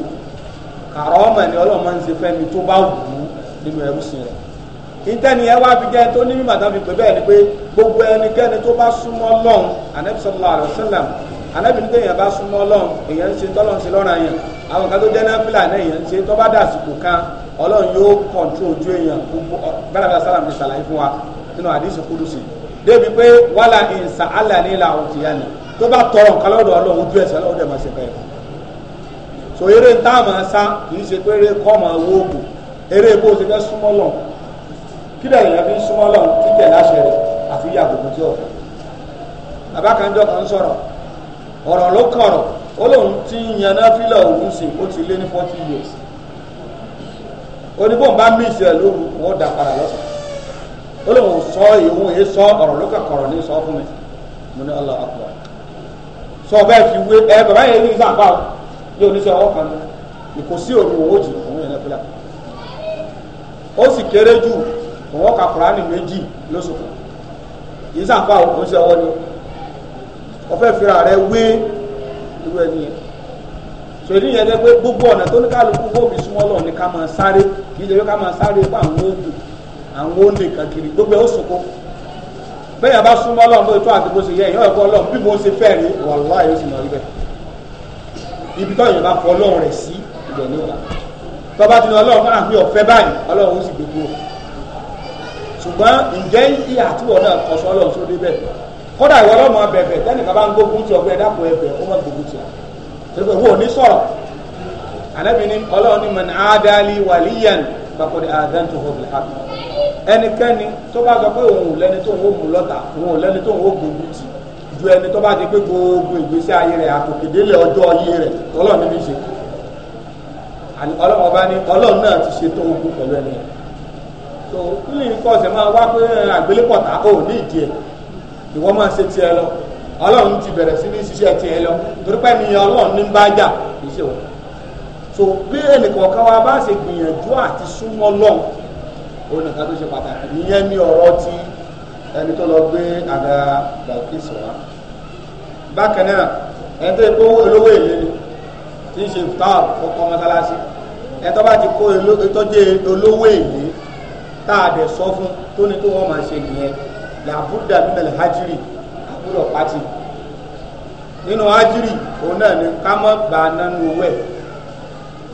kàràmà ni ọlọ́run máa ń ṣe fẹ́mi tó bá wù ú nínú ẹrú sí rẹ̀ ìtẹ́ni ẹ wá fi jẹ́ tó ní mímọ̀ tán fi pè bẹ́ẹ̀ ni pé gbogbo ẹnikẹ́ni tó bá súnmọ́ lọ́hùn ànẹ́bísọ̀lá àlọ́sẹ́lẹ̀mù anábìrin tẹ̀yìn bá súnmọ́ ọlọ́run èèyàn ń ṣe tọ́lọ́run ṣe lọ́ra yẹn àwọn kan tó jẹ́ náfìlà náà èèyàn ń ṣe tọ́ bá dàsìkò kan ọlọ́run yóò kọ̀ǹtró ojú èèyàn gbogbo bẹ́ẹ̀ sálàm ti ṣàlàyé fún wa nínú àdìsí kúdùsì débi pé wàhálà ìsà àlà ní ilà àwọn tìyà tó bá tọrọ nǹkan lọ́dọ̀ ọlọ́run ojú ẹ̀sẹ̀ ọlọ́run dẹ̀ ṣe bẹ́ẹ̀ so eré tá a máa sá kì í ṣe pé eré kọ́ máa wó oògùn eré bó ṣe fẹ́ súnmọ́ ọ̀rọ̀ ló kọ̀rọ̀ ó lóun ti ń yan náfìlà òun sí ó ti lé ní forty years oníbò ń bá mísì ẹ̀ lóru wọn dà padà lọ́sàn ó lóun sọ ìhun èyí sọ ọ̀rọ̀ ló kọ̀rọ̀ ní sọ fún mi mo ní Allah akbar sọ bẹ́ẹ̀ fi wé ẹ bàbá yẹn ní sàpá o yóò ní sọ ọwọ́ kan ní kò sí òru owó jù òun yẹn náfìlà ó sì kéré jù òun ọkà kùránì méjì lóṣù kan ìsàpá òun ṣe ọwọ́ ni o wọ́n fẹ́ fira rẹ wé irú ẹni yẹn sọ èyí yẹn pé gbogbo ọ̀nà tó ní kálukú fóòmì súnmọ́ lọ ní ká máa sáré kì í ṣe pé ká máa sáré pé àwọn oògùn àwọn oòlè kankiri gbogbo ẹ̀ ó sòkó bẹ́ẹ̀ yẹn bá súnmọ́ lọ bó tó àti bó ṣe yẹ ìyá ẹ̀kọ́ lọ bí mo ṣe fẹ́ rí wàhálà yóò sì máa rí bẹ́ẹ̀ ibi tó yẹn bá fọ ọlọ́run rẹ̀ sí ibẹ̀ ní ọ̀la tó bá ti ní ọlọ́run fún àfihàn ọ̀fẹ́ báyìí ọlọ́run ó sì gbé kúrò ṣùgbọ́n ǹjẹ́ ìyà àtúwọ̀ náà kọ sọ́lọ́run sódé bẹ́ẹ̀ kódà ìwọ lọ́mọ bẹ̀bẹ̀ tẹ́nìkan bá ń gbógun ti ọgbẹ́ dàpọ̀ ẹ̀bẹ̀ ó mọ̀ gbógun ti ọ̀ tẹ́lifẹ̀ wo ní sọ̀rọ̀ alẹ́bi ni ọlọ́run ni mọ̀nà àádáálí wàlíyàn bàkọ́dé àádán tó hó bìlẹ̀ hàpì ẹnikẹ́ni tó bá sọ pé òun ò lẹ́ni tó ń wó mu lọ́tà òun ò lẹ́ni tó ń wó gbógun ti ju ẹni tó bá ti pé gbogbo ìgbésí ayé rẹ̀ àtòkèdélé ọjọ́ ayé rẹ̀ ọlọ́run níbi ṣe ọlọ́run ọba ni ọlọ́run náà ti ṣètò ogun pẹ̀lú ẹni yẹn tó nílùú kọ́ọ̀sẹ̀ máa wá pé àgbélépọ̀tà ò ní ìdí ẹ̀ ìwọ máa ṣe tiẹ̀ lọ ọlọ́run ti bẹ̀rẹ̀ sí ní ṣiṣẹ́ tiẹ̀ lọ torí pé ni ọlọ́run ní bá jà kì í ṣe wọn. so bí ẹnìkọ̀ọ̀kan wa bá ṣe gbìyànjú àti súnmọ́ lọ́hùn òun nìkan tó ṣe pàtàkì ìyẹn ní ọ̀rọ̀ tí ẹni tó lọ gbé àga bàkísì wa. bákan náà ẹni tó yẹ kó olówó èlé ni tí ń ṣe táàbù fọkàn mọ́sálásí ẹni tó bá ti kó ìtọ́jú olówó èlé tá a dẹ̀ sọ fún tó ní tó wọ́n máa ṣe nìyẹn làbúdà mílẹ̀ hajiri àbúrò pati nínú hajiri òun náà ni ká mọ́ gbà nánú owó ẹ̀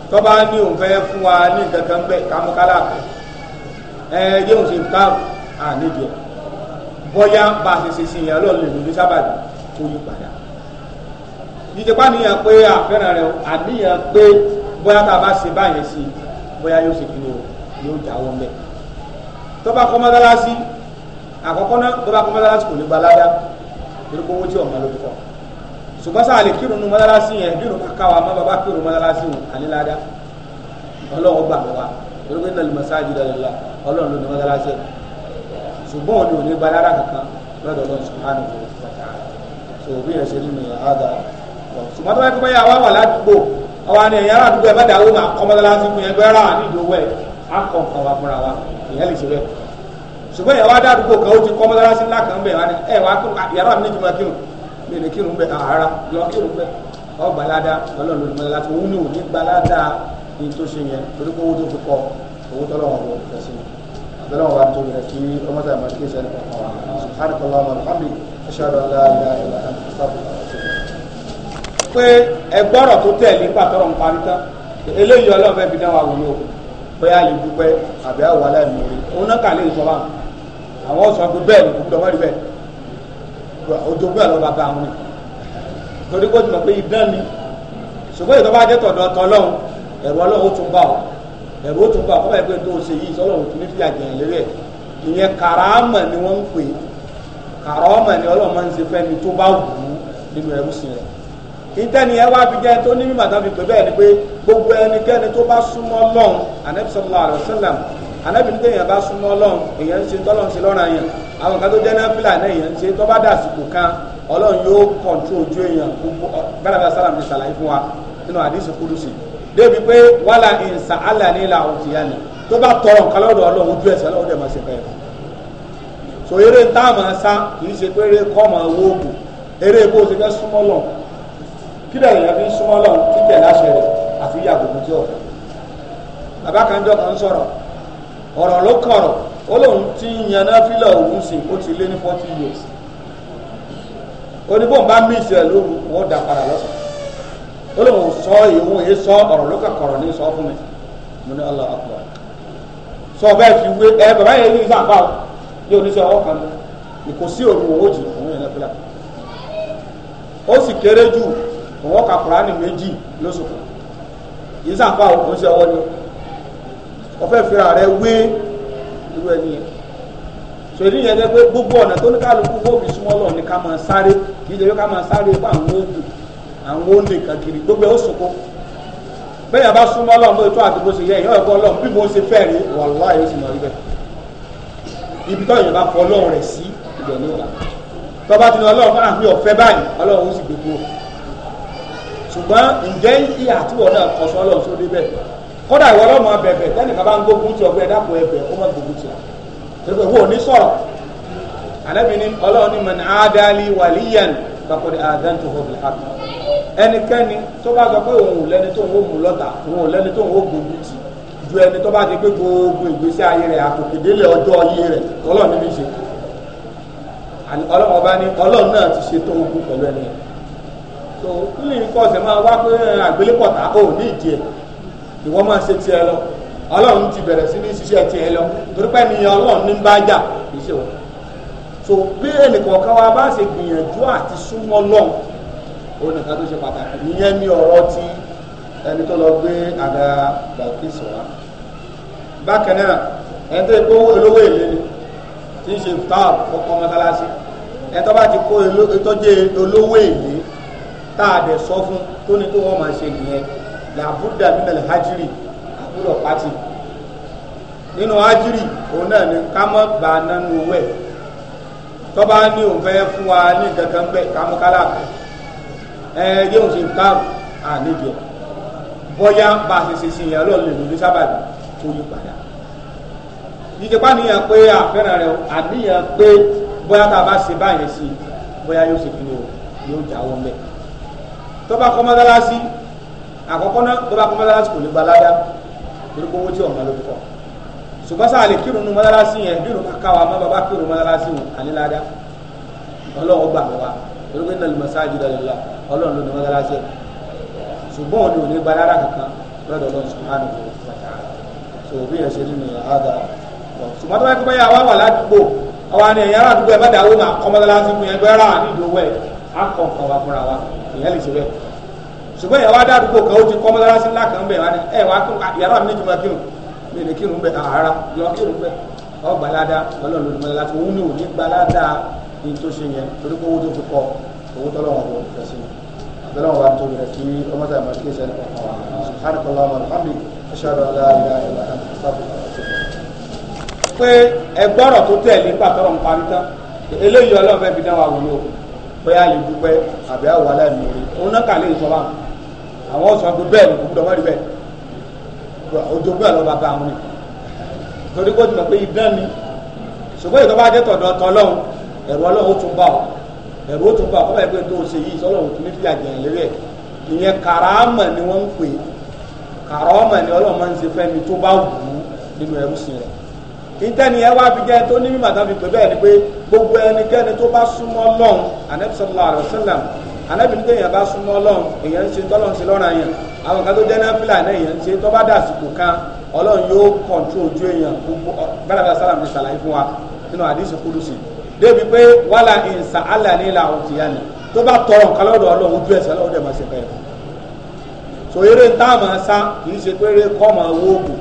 tó bá ní òun fẹ́ fún wa ní kankan bẹ́ẹ̀ ká mọ́ kálá ẹ yóò ṣe káàrù àníjẹ bóyá bá a ṣe ṣe sí ìyá lọ́ọ̀lù lórí sábàbí tó yí padà ìjẹpá nìyẹn pé àfẹ́ràn rẹ àníyàn pé bóyá tá a bá ṣe báyẹn sí bóyá yóò ṣe kí ni o yóò jáwọ́ mẹ́ẹ̀ tó bá kọ́ mọ́tálásí àkọ́kọ́ náà tó bá kọ́ mọ́sálásí kò lè gba ládá torí pé owó tí ọ̀mọ́ ló kọ́ ṣùgbọ́n sáà lè kírun nu mọ́sálásí yẹn bí irun kàkà wa má bàbá kírun mọ́sálásí wọn àní ládá ọlọ́run gbà wá torí pé nàlùmọ̀ sáájú dáadáa ọlọ́run ló ní mọ́sálásí ṣùgbọ́n òní òní gba ládá kankan lọ́dọ̀ ọlọ́run subhanahu wa ta'ala so bí ẹ̀ ṣe nínú àádá ṣùgbọ́n tó bá yẹ kó bá yà ṣùgbọ́n ìyàwó adádúgbò kan ó ti kọ́ mọ́sálásí ńlá kan bẹ̀ wani ẹ̀ wá kírun yàrá mi níjùmọ̀ kírun mi ní kírun bẹ̀ àárá lọ kírun bẹ̀ ọ gbalada ọlọ́run ló ní mọ́sálásí òun ní òní gbalada ní tó ṣe yẹn torí pé owó tó fi kọ owó tọ́lọ́wọ́n bọ̀ fẹ́ sí àtọ́lọ́wọ́n wa tó yẹ kí ọmọdé àmọ́ kí ẹsẹ̀ nípa kan wa subhanakallah wa alhamdi ashhadu an la ilaha illa anta astaghfiruka wa atubu pé ẹgbọ́rọ̀ tó tẹ̀lé pàtọ́rọ̀ ń parí tán eléyìí ọlọ́run fẹ́ fi dá wa wò ló bóyá lè dúpẹ́ àbí àwọn aláìmọ̀ rí òun náà kà lè sọ báwọn àwọn sọ pé bẹ́ẹ̀ ni gbogbo wọn rí bẹ́ẹ̀ ojú bẹ́ẹ̀ lọ́ba bá wọn ni torí kó tìmọ̀ pé idán ni ṣùgbọ́n ìtọ́ bá jẹ́ tọ̀dọ̀ tọ́lọ́hún ẹ̀rù ọlọ́run ó tún bá ọ ẹ̀rù ó tún bá ọ kọ́ báyìí pé tó o ṣe yìí sọlọ́run tún ní fìyà jẹ̀ lérí ẹ̀ ìyẹn kàràmà ni wọ́n ń pè kàràmà ni ọlọ́run máa ń ṣe fẹ́ni tó bá wù ú nínú ẹrú sí rẹ̀ ìtẹ́ni ẹ wá fi jẹ́ tó ní mímọ̀ tàbí pé bẹ́ẹ̀ ni pé gbogbo ẹnikẹ́ni tó bá súnmọ́ lọ́hùn ànábì anábìrin tó èèyàn bá súnmọ́ ọlọ́run èèyàn ń ṣe tọ́lọ́run ṣe lọ́ra yẹn àwọn kan tó jẹ́ náfìlà náà èèyàn ń ṣe tó bá dàsìkò kan ọlọ́run yóò kọ̀ǹtró ojú èèyàn gbogbo gbàdàgbà sálàmù ti ṣàlàyé fún wa nínú àdìsí kúdùsì débi pé wàhálà ìǹsà àlàní là òtì yá ni tó bá tọrọ nǹkan lọ́dọ̀ ọlọ́run ojú ẹ̀sẹ̀ ọlọ́run dẹ̀ máa ṣe bẹ́ẹ̀ so eré ń táàmù sá kì í ṣe pé eré kọ́ ọmọ owó oògùn eré bó ṣe fẹ́ súnmọ́ lọ kí lẹ́yìn rẹ̀ fi bàbá kan kan sọ̀rọ̀ ọ̀rọ̀ ló kọ̀rọ̀ ó lóun ti ń yan náfìlà òun sìn ó ti lé ní forty years oníbọ̀n bá mí ìṣẹ̀lẹ̀ lóru wọ́n dà padà lọ́sàn ó lóun sọ ìhun èyí sọ ọ̀rọ̀ ló kọ̀rọ̀ ní sọ fún mi mo ní Allah akbar sọ bẹ́ẹ̀ fi wé ẹ bàbá yẹn ní ìsàǹfà o ní oníṣẹ́ ọwọ́ kan ní kò sí òru owó jù òun yẹn náfìlà ó sì kéré jù òun ọkà kùránì méjì lóṣù kan ìsàǹfà o oníṣẹ́ ọwọ́ ni o ọ̀fẹ́ fira rẹ wé irú ẹni yẹn sori yẹn dẹ pé gbogbo ọ̀nà tó ní kálukú fóònù súnmọ́ lọ ní ká máa sáré kì í ṣe pé ká máa sáré fún àwọn oògùn àwọn oògùn kankiri gbogbo ẹ̀ ó sòkò bẹ́ẹ̀ bá súnmọ́ lọ bó tó àti bó ṣe yẹ ìyá ọ̀gbọ́n lọ bí mo ṣe fẹ́ rí wàláhì ó sì mọ̀ ibẹ̀ ibi tó yẹn bá fọ ọlọ́run rẹ̀ sí ibẹ̀ ní ìlà tó bá ti ní ọlọ́run náà ah, mi ò fẹ́ báyìí ọlọ́run ó sì gbogbo ṣùgbọ́n ǹjẹ́ ìyà àtiwọ̀ náà kọ kódà ìwọ lọ́mọ abẹ̀bẹ̀ tẹ́nìkan bá ń gbógun tí ọgbẹ́ dàpọ̀ ẹbẹ̀ ó má gbógun tí ọ torí pé wo ní sọ̀rọ̀ alábìíní ọlọ́run ní man adali waliyan kakọ̀dé adan tó hóbi hàk ẹnikẹ́ni tó bá sọ pé òun ò lẹ́ni tó ń wò mú lọ́tà òun ò lẹ́ni tó ń wò gbógun tì ju ẹni tó bá ti pé gbogbo ìgbésí ayé rẹ̀ àtòkèdélé ọjọ́ ayé rẹ̀ ọlọ́run ní fi ṣe ọlọ́run ọba ní ọlọ́run náà ti ṣe tó ogun pẹ̀lú ẹni yẹn tó nílùú kọ́ọ̀sẹ̀ máa wá pé àgbélépọ̀tà ò ní ìdí ẹ̀ ìwọ máa ṣe tiẹ̀ lọ ọlọ́run ti bẹ̀rẹ̀ sí ní ṣiṣẹ́ tiẹ̀ lọ torí ni ọlọ́run ní bá jà kì í ṣe wọn. so bí ẹnìkọ̀ọ̀kan wa bá ṣe gbìyànjú àti súnmọ́ lọ́hùn ó nìkan tó ṣe pàtàkì nìyẹn ní ọ̀rọ̀ tí ẹni tó lọ gbé àga bàkísì wa. bákan náà ẹni tó yẹ kó olówó èlé ni tí ń ṣe táàbù ọkọ mọ́tálásí ẹni tó bá ti kó ìtọ́jú olówó èlé tá a dẹ̀ sọ fún tóní tó wọ́n máa ṣe nìyẹn làbúdà nínú hajiri àbúrò pati nínú hajiri òun náà ni ká mọ́ gbà nánú owó ẹ̀ tọ́ba ní òun fẹ́ fún wa ní kankan bẹ́ẹ̀ ká mú kálá bẹ́ẹ̀ ẹ yé òun ṣe ń kárùn àníjẹ bóyá bá a ṣe ṣe ṣìyàn lọ́ọ̀ lè lórí sábàbí tó yí padà yíyẹ bá níyàn pé àfẹ́ràn rẹ àníyàn pé bóyá tá a bá ṣe báyẹn sí bóyá yóò ṣe kí ni o yóò jáwọ́ mẹ́ tọ́ba kọ́ mọ́tálásí àkọ́kọ́ náà tó bá kọ́ mọ́sálásí kò lè gba ládá torí pé owó tí ọ̀nà ló fi kọ́ ṣùgbọ́n sáà lè kírun nu mọ́sálásí yẹn bí ìrùbá ká wa má bàbá kírun mọ́sálásí wọn àní ládá ọlọ́run gbà mí wa torí pé nàlùmọ́ sáájú dalẹ́lá ọlọ́run ló ní mọ́sálásí ẹ̀ ṣùgbọ́n òní ò ní gba ládá kankan lọ́dọ̀ ọlọ́run subhanahu wa ta'ala so bí yẹn ṣe nínú àádá ṣùgbọ́n tó bá kọ́ báyà wá wà ládùúgbò àwa ni ẹ̀yà ládùúgbò ẹ̀ bá dàrú mà kọ́ mọ́sálásí fún yẹn gbẹ́rà nídìí owó ẹ̀ á kọ̀ nǹkan wa fúnra wa ìyẹn lè ṣe bẹ́ẹ̀ ṣùgbọ́n ìyàwó adarúgbò kan ó ti kọ́ mọ́sálásí ńlá kan bẹ̀ wá ní ẹ̀ wá kírun ìyàrá mi ní jùmọ̀ kírun mi ní kírun bẹ̀ àárá ah, yọ kírun bẹ̀ ọ gbalada ọlọ́run ló ní mọ́sálásí òun ní òní gbalada ní tó ṣe yẹn torí pé owó tó fi kọ owó tọ́lọ́wọ́n kò fẹ́ sí abẹ́lẹ́wọ̀n wa tóbi rẹ̀ kí ọmọdé àmọ́ kí ẹsẹ̀ nípa kan pé ẹgbọ́rọ̀ tó tẹ̀lé pàtọ́rọ̀ ń parí tán eléyìí ọlọ́run fẹ́ fi dá wa wò ló pé a lè dúpẹ́ àbí àwọn aláìmọ̀ rí òun náà kà lè sọ báwọn àwọn sọ pé bẹ́ẹ̀ ni kò gbọ́dọ̀ wọ́n rí bẹ́ẹ̀ ojoogun àlọ́ bàbá àwọn ni torí kó tìmọ̀ pé idán ni ṣùgbọ́n ìtọ́ bá jẹ́ tọ̀dọ̀ tọlọ́hun ẹ̀rù ọlọ́run ó tún bá ọ ẹ̀rù ó tún bá ọ kọ́ báyìí pé tó o ṣe yìí sọlọ́run tún ní fi àjẹyàn lérí ẹ̀ ìyẹn kàràmà ni wọ́n ń pè kàràmà ni ọlọ́run máa ń ṣe fẹ́mi tó bá wù ú nínú ẹrú sí rẹ̀ ìtẹ́ni ẹ wá fi jẹ́ tó ní mímọ̀ tán fi pè bẹ́ẹ̀ ni pé gbogbo ẹnikẹ́ni tó bá súnmọ́ lọ́hùn ànẹ́bísọ̀lá àrẹ̀ sẹ́lẹ̀mù anábì nígbà èèyàn bá súnmọ́ ọlọ́run èèyàn ń ṣe tọ́lọ́run sí lọ́ra yẹn àwọn kan tó dẹ́nà fìlà náà èèyàn ń ṣe tó bá dàsìkò kan ọlọ́run yóò kọ̀ǹtró ojú èèyàn gbogbo gbàdàgbà sálàm ti ṣàlàyé fún wa nínú àdìsí kúdùsì débi pé wàhálà ìǹsà àlà ní ilà ni tó bá tọrọ nǹkan lọ́dọ̀ ọlọ́run ojú ẹ̀sẹ̀ ọlọ́run dẹ̀ ṣe bẹ́ẹ̀ so eré tá a máa sá kì í ṣe pé eré kọ́ máa wó oògùn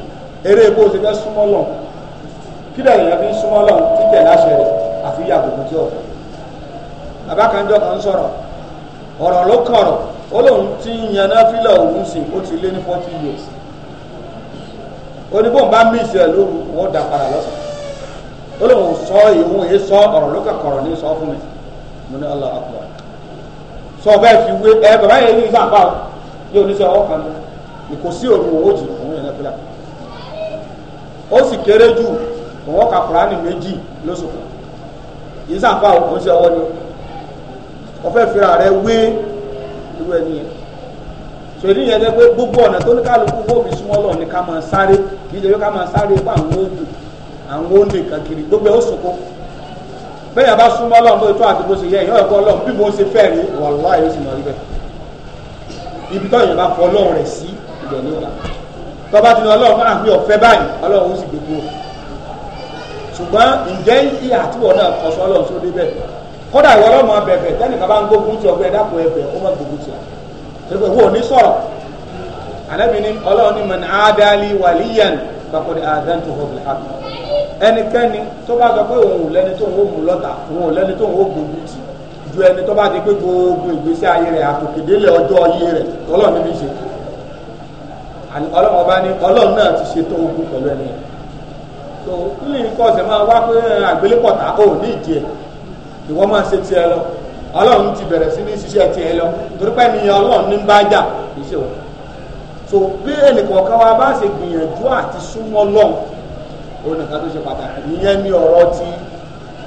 eré bó ṣe fẹ́ súnmọ́ lọ kí kan jọ ọ̀rọ̀ ló kọ̀rọ̀ ó lóun ti ń yan náfìlà òun sì ó ti lé ní forty years oníbò ń bá mísì ẹ̀ lóru wọ́n dà padà lọ́sàn ó lóun sọ ìhun èyí sọ ọ̀rọ̀ ló kọ̀rọ̀ ní sọ fún mi mo ní Allah akbar sọ bẹ́ẹ̀ fi wé ẹ bàbá yẹn ní sàpá o ní oníṣẹ́ ọwọ́ kan ní kò sí òru owó jù òun yẹn náfìlà ó sì kéré jù òun ọkà kùránì méjì lóṣù kan ìsàpá o oníṣẹ́ ọwọ́ ni o wọ́n fẹ́ fira rẹ̀ wé irú ẹni yẹn sọ èyí yẹn pé gbogbo ọ̀nà tó ní kálukú fóònù súnmọ́ lọ ní ká máa sáré kì í ṣe pé ká máa sáré pa àwọn oògùn àwọn oòlè kankiri gbogbo ẹ̀ ó sòkó bẹ́ẹ̀ yẹn bá súnmọ́ lọ bó tó àti bó ṣe yẹ ìyọ́ ẹ̀kọ́ lọ bí mo ṣe fẹ́ rí wàlúwà yóò sì máa rí bẹ́ẹ̀ ibi tó yẹn bá fọ ọlọ́run rẹ̀ sí ibẹ̀ ní ọ̀la tó bá ti ní ọlọ́run fún àpé ọ̀fẹ́ báyìí ọlọ́run ó sì gbogbo ṣùgbọ́n ǹjẹ́ ìyà àtúbọ̀ náà kọ sọ́lọ́run sódé bẹ́ẹ̀ kódà ìwọ lọ́mọ bẹ̀bẹ̀ tẹ́nìkan bá ń gbógun ti ọgbẹ́ dákun ẹ̀bẹ̀ ó má gbógun ti ọ̀ pé wo ní sọ̀rọ̀ àlẹ́bí ni ọlọ́run ní man adali waliyan kakọ́ni adan tó hó bilhak ẹnikẹ́ni tó bá sọ pé òun ò lẹ́ni tó ń wó mú lọ́tà òun ò lẹ́ni tó ń wó gbógun ti ju ẹni tó bá ti pé gbogbo ìgbésí ayé rẹ̀ àtòkèdélé ọjọ́ ayé rẹ̀ ọlọ́run níbi ṣe ọlọ́run ọba ní ọlọ́run náà ti ṣètò ogun pẹ̀lú ẹni yẹn tó ní nǹkan ọ̀sẹ̀ máa wá pé àgbélépọ̀tà ò ní ìdí ẹ̀ ìwọ máa ṣe tiẹ̀ lọ ọlọ́run ti bẹ̀rẹ̀ sí ní ṣiṣẹ́ tiẹ̀ lọ torí pé ni ọlọ́run ní bá jà kì í ṣe wọn. so bí ẹnìkọ̀ọ̀kan wa bá ṣe gbìyànjú àti súnmọ́ lọ́n òun nìkan tó ṣe pàtàkì ìyẹn ní ọ̀rọ̀ ti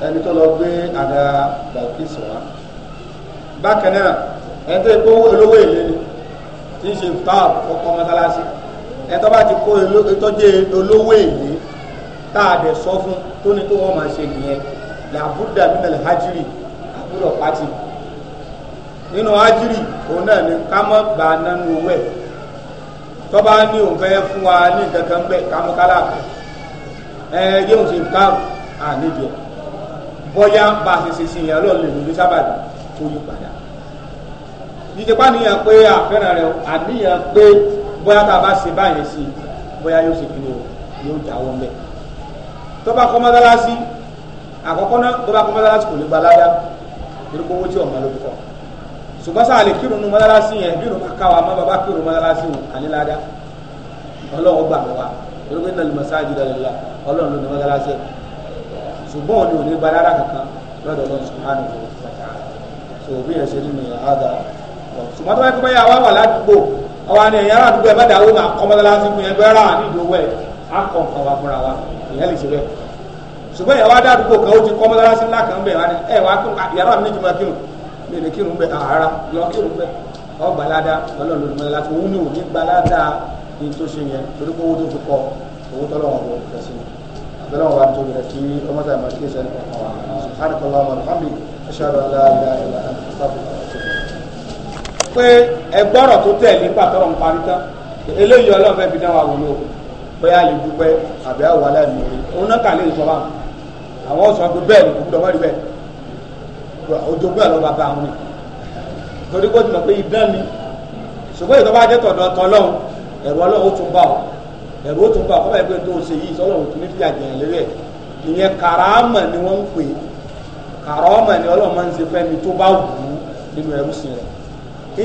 ẹni tó lọ gbé àga bàkísì wa. bákan náà ẹni tó yẹ kó olówó èlé ni tí ń ṣe táàbù ọkọ̀ mọ́tálásí ẹni tó bá ti kó ìtọ́jú olówó èlé tá a dẹ̀ sọ fún tó wọ́n máa ṣe nìyẹn làbúdà nínú hajiri àbúrò pati nínú hajiri òun náà ni ká mọ́ gbà nánú owó ẹ̀ tọ́ba ní òun fẹ́ fún wa ní kankan bẹ́ẹ̀ kámúkálà ẹ yóò ṣe káàrù àníjẹ bóyá bá a ṣe ṣe ṣe ìyàlọ́ lè lórí sábàbí tó yí padà ìjẹpá níyàn pé àfẹ́ràn rẹ̀ àníyàn pé bóyá tá a bá ṣe báyẹn sí bóyá yóò ṣe kí ni o yóò jáwọ́ mẹ́ tọ́ba kọ́ mọ́tálásí àkọ́kọ́ náà tó bá kọ́ mọ́sálásí kò lè gba ládá torí pé owó tí ọ̀ma ló kọ́ ṣùgbọ́n sáà lè kírun nu mọ́sálásí yẹn bí irun ká wa má bàbá kírun mọ́sálásí wọn àní ládá ọlọ́run gbà wá torí pé nàlùmọ̀ sáájú dàlẹ́lá ọlọ́run ló ní mọ́sálásí ṣùgbọ́n òní òní gba ládá kankan lọ́dọ̀ ọlọ́run sùkúránù òbí yẹn ṣe nínú àádá ṣùgbọ́n tó bá kí báyà wà wà ládùúgbò ọwọ́ àni ẹ̀yà àdúgbò ẹ̀ má dàrú mà kọ́ mọ́sálásí fún yẹn ṣùgbọ́n ìyàwó adádúgbò kan ó ti kọ́ mọ́sálásí ńlá kan bẹ̀ wá ní ẹ̀ wá kí yàrá mi níjùmọ̀ kírun mi ní kírun bẹ̀ àárá ah, lọ kírun bẹ̀ ọ gbalada ọlọ́run ló ní mọ́sálásí òun ní òní gbalada ní tó ṣe yẹn torí pé owó tó fi kọ owó tọ́lọ́wọ́n bò fẹ́ sí abẹ́lẹ́wọ̀n wa tó bẹ̀rẹ̀ kí ọmọ tàbí ma kí ẹsẹ̀ ní kọ̀ọ̀kan wa subhanakallahumma wa bihamdika ashhadu an la ilaha illa anta astaghfiruka wa atubu ilayk pé ẹgbọ́rọ̀ tó tẹ̀ ní pàtọ́rọ̀ ń parí tán eléyìí ọlọ́run fẹ́ fi dá wa wò ló bóyá lè dúpẹ́ àbí àwọn aláìmọ̀ rí òun náà kà lè sọ àwọn ọ̀sán pé bẹ́ẹ̀ ni kò gbúdọ̀ wọ́n rí bẹ́ẹ̀ ojogún ẹ̀ lọ́ bàbá àwọn ni torí kó tìmọ̀ pé idán ni ṣùgbọ́n ìtọ́ bá jẹ́ tọ̀dọ̀ tọ́ lọ́hùn ẹ̀rù ọlọ́run ó tún bá ọ ẹ̀rù ó tún bá ọ kọ́ bá yẹ pé tó o ṣe yìí sọ́lọ́run tún ní fìyà jẹ̀yàn lérí ẹ̀ ìyẹn kàràmà ni wọ́n ń pè é kàràmà ni ọlọ́run máa ń ṣe fẹ́ni tó bá wù ú nínú ẹrú sí rẹ̀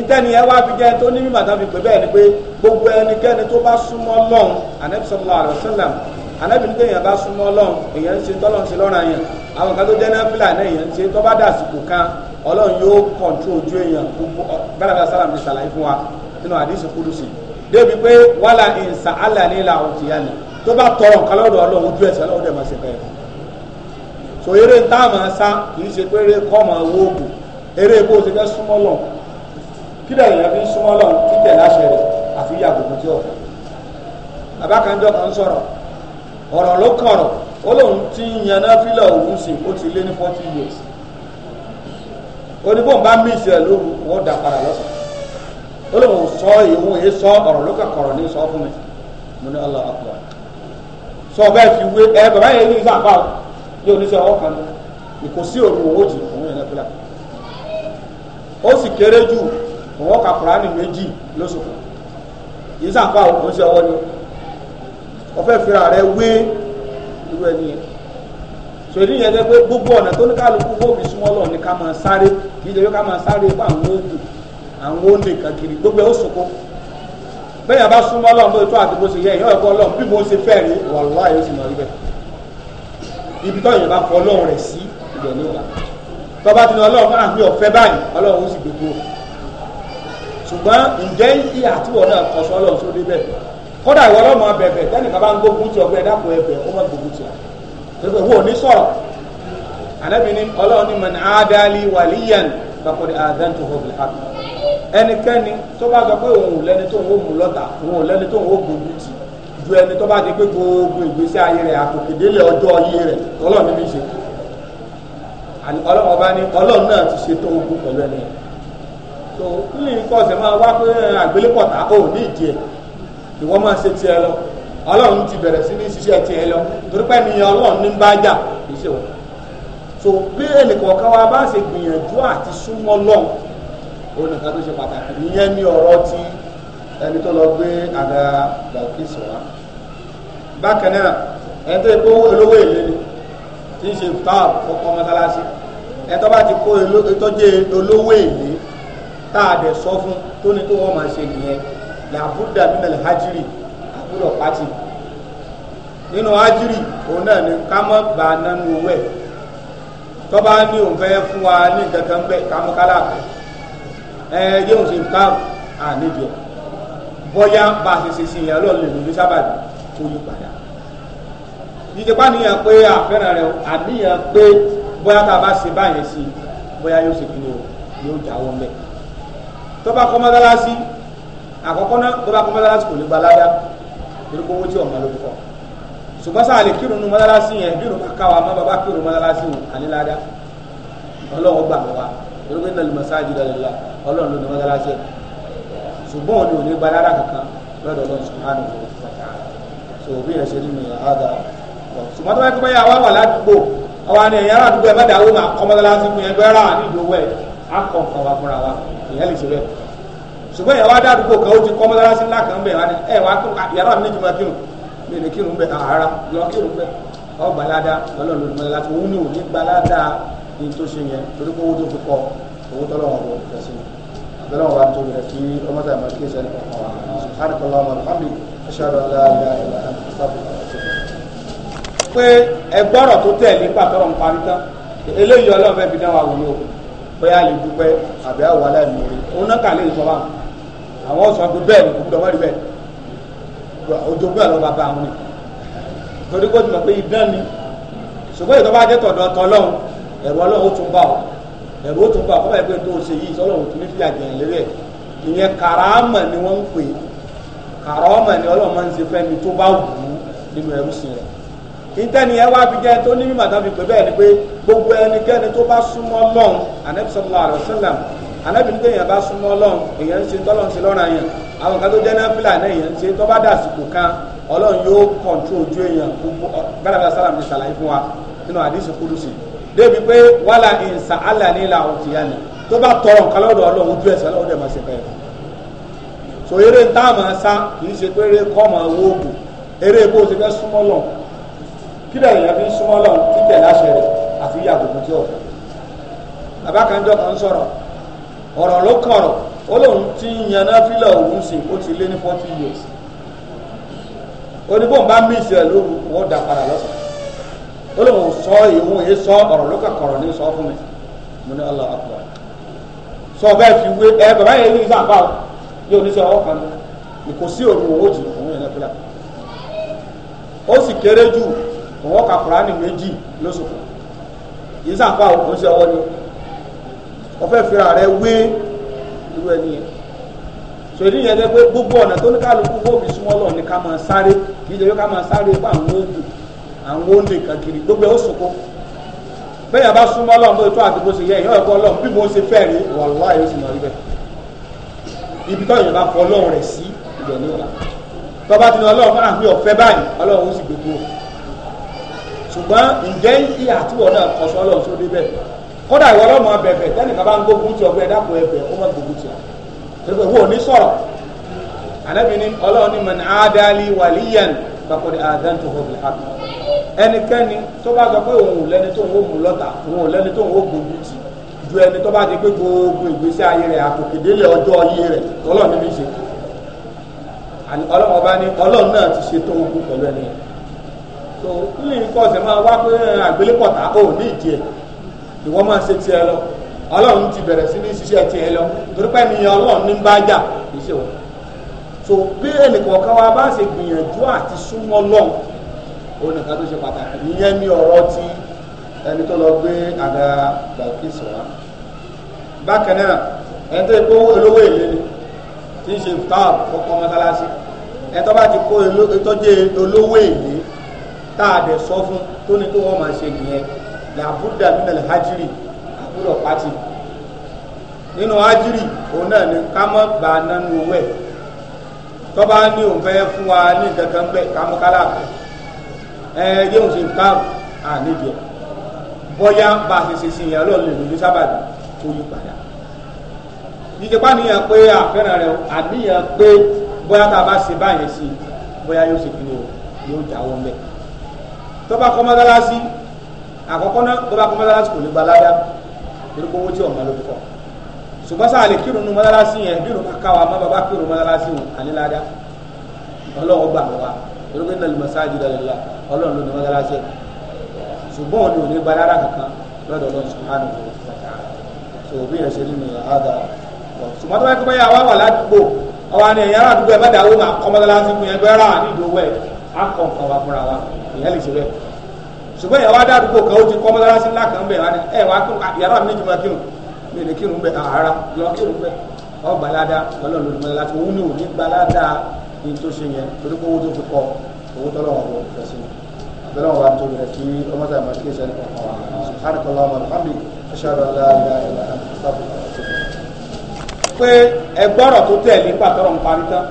ìtẹ́ni ẹ wá fi jẹ́ tó ní mímọ̀ tán fi pè bẹ́ẹ̀ ni pé gbogbo ẹnikẹ́ni tó bá súnmọ́ lọ́hùn anẹ́bísọ́lá àlọ́sálàmù anábìrin tó èèyàn bá súnmọ́ ọlọ́run èèyàn ń ṣe tọ́lọ́run ṣe lọ́ra yẹn àwọn kan tó jẹ́ náfìlà náà èèyàn ń ṣe tó bá dàsìkò kan ọlọ́run yóò kọ̀ǹtró ojú èèyàn gbogbo gbàdàgbà sálàm ti ṣàlàyé fún wa nínú àdìsí kúdùsì débi pé wàhálà ìǹsà alàní la òtì yá ni tó bá tọrọ nǹkan lọ́dọ̀ ọlọ́run ojú ẹ̀sẹ̀ ọlọ́run dẹ̀ máa ṣe bẹ́ẹ̀ so eré ń táàmù sá kì í ṣe pé eré kọ́ máa wó oògùn eré bó ṣe fẹ́ súnmọ́ lọ kí dẹ̀ lèyàn fi súnmọ́ lọ títẹ̀ láṣẹ rẹ̀ àfi yàgò fún tí ọ̀fọ̀ àbákanjọ́ kan sọ̀rọ̀ ọ̀rọ̀ ló kọ̀rọ̀ ó lóun ti ń yan náfìlà òun sì ó ti lé ní forty years oníbò ń bá mísì ẹ̀ lóru wọ́n dà padà lọ́sàn ó lóun sọ ìhun èé sọ ọ̀rọ̀ ló kọ̀rọ̀ ní sọ fún mi mo ní Allah akbar sọ bẹ́ẹ̀ fi wé ẹ bàbá yẹn ní ìsàpá yóò ní sọ ọwọ́ kan ìkòsí òru owó jì òun yẹn náfìlà ó sì kéré jù òun ọkà kùránì méjì lóṣù ìsàpá òun ṣe ọwọ́ ni ọ̀fẹ́ fira rẹ wé irú ẹni yẹn sòrí yẹn lẹ pé gbogbo ọ̀nà tó ní kálukú bóbi súnmọ́ lọ ní ká máa sáré kì í ṣe pé ká máa sáré pa àwọn oògùn àwọn oògùn kankiri gbogbo ẹ̀ ó sòkó bẹ́ẹ̀ yẹn bá súnmọ́ lọ bó tó àti bó ṣe yẹ ìyá ẹ̀kọ́ lọ bí mo ṣe fẹ́ rí wàláhì ó sì mọ̀ ibẹ̀ ibi tó yẹn bá fọ ọlọ́run rẹ̀ sí ibẹ̀ ní ìgbà tó bá ti ní ọlọ́run ah, máa fi ọ̀fẹ́ báyìí ọlọ́run ó sì gbogbo ṣùgbọ́n ǹjẹ́ ìyà kódà ìwọ lọ́mọ bẹ̀bẹ̀ tẹ́nìkan bá ń gbógun ti ọgbẹ́ dàpọ̀ ẹ̀bẹ̀ kó má gbógun ti ọ wo ní sọ̀rọ̀ ànábì ni ọlọ́run ni mọ̀nà àádáálí wàlíyàn bàkọ̀dé àádán tó hóbi hàbí ẹnikẹ́ni tó bá sọ pé òun ò lẹ́ni tó ń wò mú lọ́tà òun ò lẹ́ni tó ń wò gbógun ti ju ẹni tó bá ti pé gbogbo ìgbésí ayé rẹ̀ àtòkèdélé ọjọ́ ayé rẹ̀ ọlọ́run ní mi ṣe ọlọ́run ọba ni ọlọ́run náà ti ṣe tó ogun pẹ̀lú ẹni yẹn tó nílùú kọ́sẹ̀ máa wá pé àgbélépọ̀tà ò ní ìdí ẹ̀ ìwọ́n máa ṣe tiẹ̀ lọ ọlọ́run ti bẹ̀rẹ̀ sí ní ṣiṣẹ́ tiẹ̀ lọ torí pé ènìyàn ọlọ́run ní bá jà kì í ṣe wọn. so bí ẹnìkọ̀ọ̀kan wa bá ṣe gbìyànjú àti súnmọ́ lọ́hùn ó nìkan tó ṣe pàtàkì nìyẹn ní ọ̀rọ̀ tí ẹni tó lọ gbé àga Bilkisu wa. bákan náà ẹni tó yẹ kó olówó èlé ni tí ń ṣe táà fọkọ mọ́sálásí ẹni tó bá ti kó ìtọ́jú olówó èlé tá a dẹ̀ sọ fún tó ní tó wọ́n máa ṣe nìyẹn làbúdà nínú hajiri àbúrò pati nínú hajiri òun náà ni ká mọ́ gbà nánú owó ẹ̀ tó bá ní òun fẹ́ fún wa ní kankan bẹ́ẹ̀ ká mọ́ kálá àpẹ́ ẹ yé òun ṣe ń kárù àníjẹ bóyá bá a ṣe ṣe sìn yẹn lọ́ọ̀lẹ́ lórí sábàbí tó yí padà yíyẹ bá níyàn pé àfẹ́ràn rẹ àníyàn pé bóyá tá a bá ṣe báyẹn sí bóyá yóò ṣe kí ni o yóò jáwọ́ mẹ́ tó bá àkọ́kọ́ náà tó bá kọ́ mọ́sálásí kò lè gba ládá torí pé owó tí ọ̀mọ́ ló kọ́ ṣùgbọ́n sáà lè kírun nu mọ́sálásí yẹn bí òrùka ká wa mọ́ bàbá kírun mọ́sálásí wọn àní ládá ọlọ́run gbà wá torí pé nàlẹ́ mọ́sáájú dàlẹ́ la ọlọ́run ló ní mọ́sálásí ẹ̀ ṣùgbọ́n òní òní gba ládá kankan lọ́dọ̀ ọlọ́run subhanahu wa ta'ala so bí ẹ̀ ṣe rí mi àádá ṣùgbọ́n tó bá kọ́ yà wá wà ládùúgbò àwa ni ẹ̀yà àdúgbò ẹ̀ má dàrú mà kọ́ mọ́sálásí fún yẹn gbẹ́rà nídìí owó ẹ̀ á kọ̀ nǹkan wa fúnra wa ìyẹn lè ṣùgbọ́n ìyàwó adádúgbò kan ó ti kọ́ mọ́sálásí ńlá kan bẹ̀ wá ní ẹ̀ wá yàrá mi ní jùmọ̀ kírun mi ní kírun bẹ̀ àárá ah, lọ kírun bẹ̀ ọ gbalada lọ́lọ́ lórí mọ́sálásí òun ní òní gbalada ní tó ṣe yẹn torí pé owó tó fi kọ owó tọ́lọ́wọ́n bọ̀ fẹ́ sí i abẹ́lẹ́wọ̀n wa tó rẹ̀ kí ọmọdé àmọ́ kí ẹsẹ̀ nípa wọn subhanakallah wa alhamdulilayi ashhadu an la ilaha illa anta astaghfiruka wa atubu pé ẹgbọ́rọ̀ tó tẹ̀lé pàtọ́rọ̀ ń parí tán eléyìí ọlọ́run fẹ́ fi dá wa wò ní o bóyá lè dúpẹ́ àbí àwọn aláìmọ̀ọ́rẹ́ òun náà kà lè sọ báwọn àwọn sọ pé bẹ́ẹ̀ ni kò gbọ́dọ̀ wọ́n rí bẹ́ẹ̀ ojoogun àlọ́ bàbá àwọn ni torí kó tuma pé idán ni ṣùgbọ́n ìtọ́ bá jẹ́ tọ̀dọ̀ tọ́lọ́hún ẹ̀rù ọlọ́run ó tún bá ọ ẹ̀rù ó tún bá ọ kọ́ báyìí pé tó o ṣe yìí sọlọ́run tún ní fìyà jẹ̀ ẹ́ lérè ìyẹn kàràmà ni wọ́n ń pè kàràmà ni ọlọ́run máa ń ṣe fẹ́ni tó bá wù ú nínú ẹrú sí rẹ̀ ìtẹ́ni ẹ wá fi jẹ́ tó ní mímọ̀ tàbí pé bẹ́ẹ̀ ni pé gbogbo ẹnikẹ́ni tó bá súnmọ́ lọ́hùn ànẹ́bísọ̀lá àlọ́ sẹ́lẹ̀mù anábìrin pé èèyàn bá súnmọ́ ọlọ́run èèyàn ń ṣe tọ́lọ́run ṣe lọ́ra yẹn àwọn kan tó jẹ́ náfìlà náà èèyàn ń ṣe tó bá dàsìkò kan ọlọ́run yóò kọ̀ǹtró ojú èèyàn gbogbo gbàdàgbà sálàmù ti ṣàlàyé fún wa nínú àdìsí kúdùsì débi pé wàhálà ìǹsà àlà ní ilà tó bá tọrọ nǹkan lọ́dọ̀ ọlọ́run ojú ẹ̀sẹ̀ ọlọ́run dẹ̀ ṣe bẹ́ẹ̀ so eré ń tá àmọ́ sá kì í ṣe pé eré kọ́ máa wó oògùn eré bó o ṣe fẹ́ súnmọ́ lọ kí lè èèyàn fi súnmọ́ lọ títẹ̀ láṣẹ rẹ̀ àfi yàgò fún tí ọ̀fẹ́ bàbá kan jọ kan sọ̀rọ̀ ọ̀rọ̀ ló kọ̀rọ̀ ó lóun ti ń yan òun sì ó ti lé ní forty years oníbòun bá mí ìṣẹ̀ lóru wọ́n dà padà lọ́sàn ó lóun sọ ìhun èyí sọ ọ̀rọ̀ ló kọ̀rọ̀ ní sọ fún mi Allah sọ bẹ́ẹ̀ fi wé ẹ bàbá yẹn ní o yóò ní sọ ọwọ́ kan ní kò sí òru owó jù òun yẹn ó sì kéré jù òun ọkà kùránì méjì lóṣù kan o kò sí ọwọ́ ni o. wọ́n fẹ́ fira rẹ wé irú ẹni yẹn sọ èdè yẹn pé gbogbo ọ̀nà tó ní kálukú bóbi súnmọ́ lọ ní ká máa sáré kì í ṣe pé ká máa sáré fún àwọn oògùn àwọn oògùn kan kiri gbogbo ẹ̀ ó sòkó bẹ́ẹ̀ yẹn bá súnmọ́ lọ́n bó tó àti bó ṣe yẹ ìyọ́ ẹ̀kọ́ lọ́n bí mo ṣe fẹ́ rí wàláhì ó sì mọ̀ níbẹ̀ ibi tó yẹn bá fọ ọlọ́run rẹ̀ sí ibẹ̀ ní ọ̀la tó bá ti ní ọlọ́run fún ah, àfihàn ọ̀fẹ́ báyìí ọlọ́run ó sì gbogbo ṣùgbọ́n ǹjẹ́ kódà ìwọ lọ́mọ bẹ̀bẹ̀ tẹ́nìkan bá ń gbógun ti ọgbẹ́ dákun ẹ̀bẹ̀ ó má gbógun ti ọ tẹ́lifẹ̀ wo ní sọ̀rọ̀ alẹ́bi ni ọlọ́run ni mọ̀ ní ádálí wàlíyàn kakọ̀dé àdán tó hóbi hàk ẹnikẹ́ni tó bá sọ pé òun ò lẹ́ni tó ń wò mú lọ́tà òun ò lẹ́ni tó ń wò gbógun ti ju ẹni tó bá ti pé gbogbo ìgbésí ayé rẹ̀ àkòkèdélé ọjọ́ ayé rẹ̀ ọlọ́run ni mi ṣe ọlọ́run ọba ni ọlọ́run náà ti ṣe tó ogun pẹ̀lú ẹni yẹn tó kílì kọ́ọ̀sì máa wá pé àgbélépọ̀tà ò ní ìdí ẹ̀ ìwọ máa ṣe tiẹ̀ lọ ọlọ́run ti bẹ̀rẹ̀ sí ní ṣiṣẹ́ tiẹ̀ lọ torí pé ni ọlọ́run ní bá jà kì í ṣe wọn. so bí ẹnìkọ̀ọ̀kan wa bá ṣe gbìyànjú àti súnmọ́ lọ́n òun nìkan tó ṣe pàtàkì ìyẹn ní ọ̀rọ̀ ti ẹni tó lọ gbé àga gbàgbèsè wa. bákan náà ẹni tó kó olówó èlé ni tí ń ṣe táàbù kọ́kọ́ mọ́sálásí ẹni tó bá ti kó ìtọ́jú olówó èlé tá sọ fún tó ní kó wọ́n máa ṣe nìyẹn làbúdà mílẹ̀ hajiri àbúrò pati nínú hajiri òun náà ni ká mọ́ gbà nánú owó ẹ̀ tọ́ba ní òun fẹ́ fún wa ní kankan bẹ́ẹ̀ ká mọ́ kálá ẹ̀ ẹ́ yéhùn ṣe nǹkan àníjẹ bọ́yá bá a ṣe ṣe sí ìyàrá lè lójú sábàbí tó yí padà ìjẹpá níyàn pé àfẹ́ràn rẹ̀ àníyàn pé bóyá tá a bá ṣe báyẹn sí bóyá yóò ṣe kí ni o yóò jáwọ́ mẹ́ẹ̀ tọ́ba kọ́ àkọ́kọ́ náà tó bá kọ́ mọ́sálásí kò lè gba ládá torí pé owó tí ọ̀ma ló kọ́ ṣùgbọ́n sáà lè kírun nu mọ́sálásí yẹn bí irun ká wa má bàbá kírun mọ́sálásí wọn àní ládá ọlọ́run gbà wá torí pé nàlùmọ́ sáájú dàlẹ́lá ọlọ́run ló ní mọ́sálásí ẹ̀ ṣùgbọ́n òní ò ní gba ládá kankan lọ́dọ̀ ọlọ́run subhanahu wa ta'ala so bí yẹn ṣe nínú àádọ́ ṣùgbọ́n tó bá kí báyà wá wà ládùúgbò ọwọ́ àni ẹ̀yà àdúgbò ẹ̀ má dàwó máa kọ́ mọ́sálásí ṣùgbọ́n ìyàwó adádúgbò kan ó ti kọ́ mọ́sálásí ńlá kan bẹ̀ wani ẹ wá kírun yàrá mi níjùmọ̀ kírun mi ní kírun bẹ̀ àárá lọ kírun bẹ̀ ọ gbalada ọlọ́run lórí mọ́sálásí òun ni ò ní gbalada ní tó ṣe yẹn torí pé owó tó fi kọ owó tọ́lọ́wọ́n bọ̀ fẹ́ sí i بلغ عن تبركي ومتى ما كيس سبحانك اللهم وبحمدك أشهد أن لا إله إلا أنت أستغفرك pé ẹgbọ́rọ̀ tó tẹ̀lé nípa tọrọ ń parí tán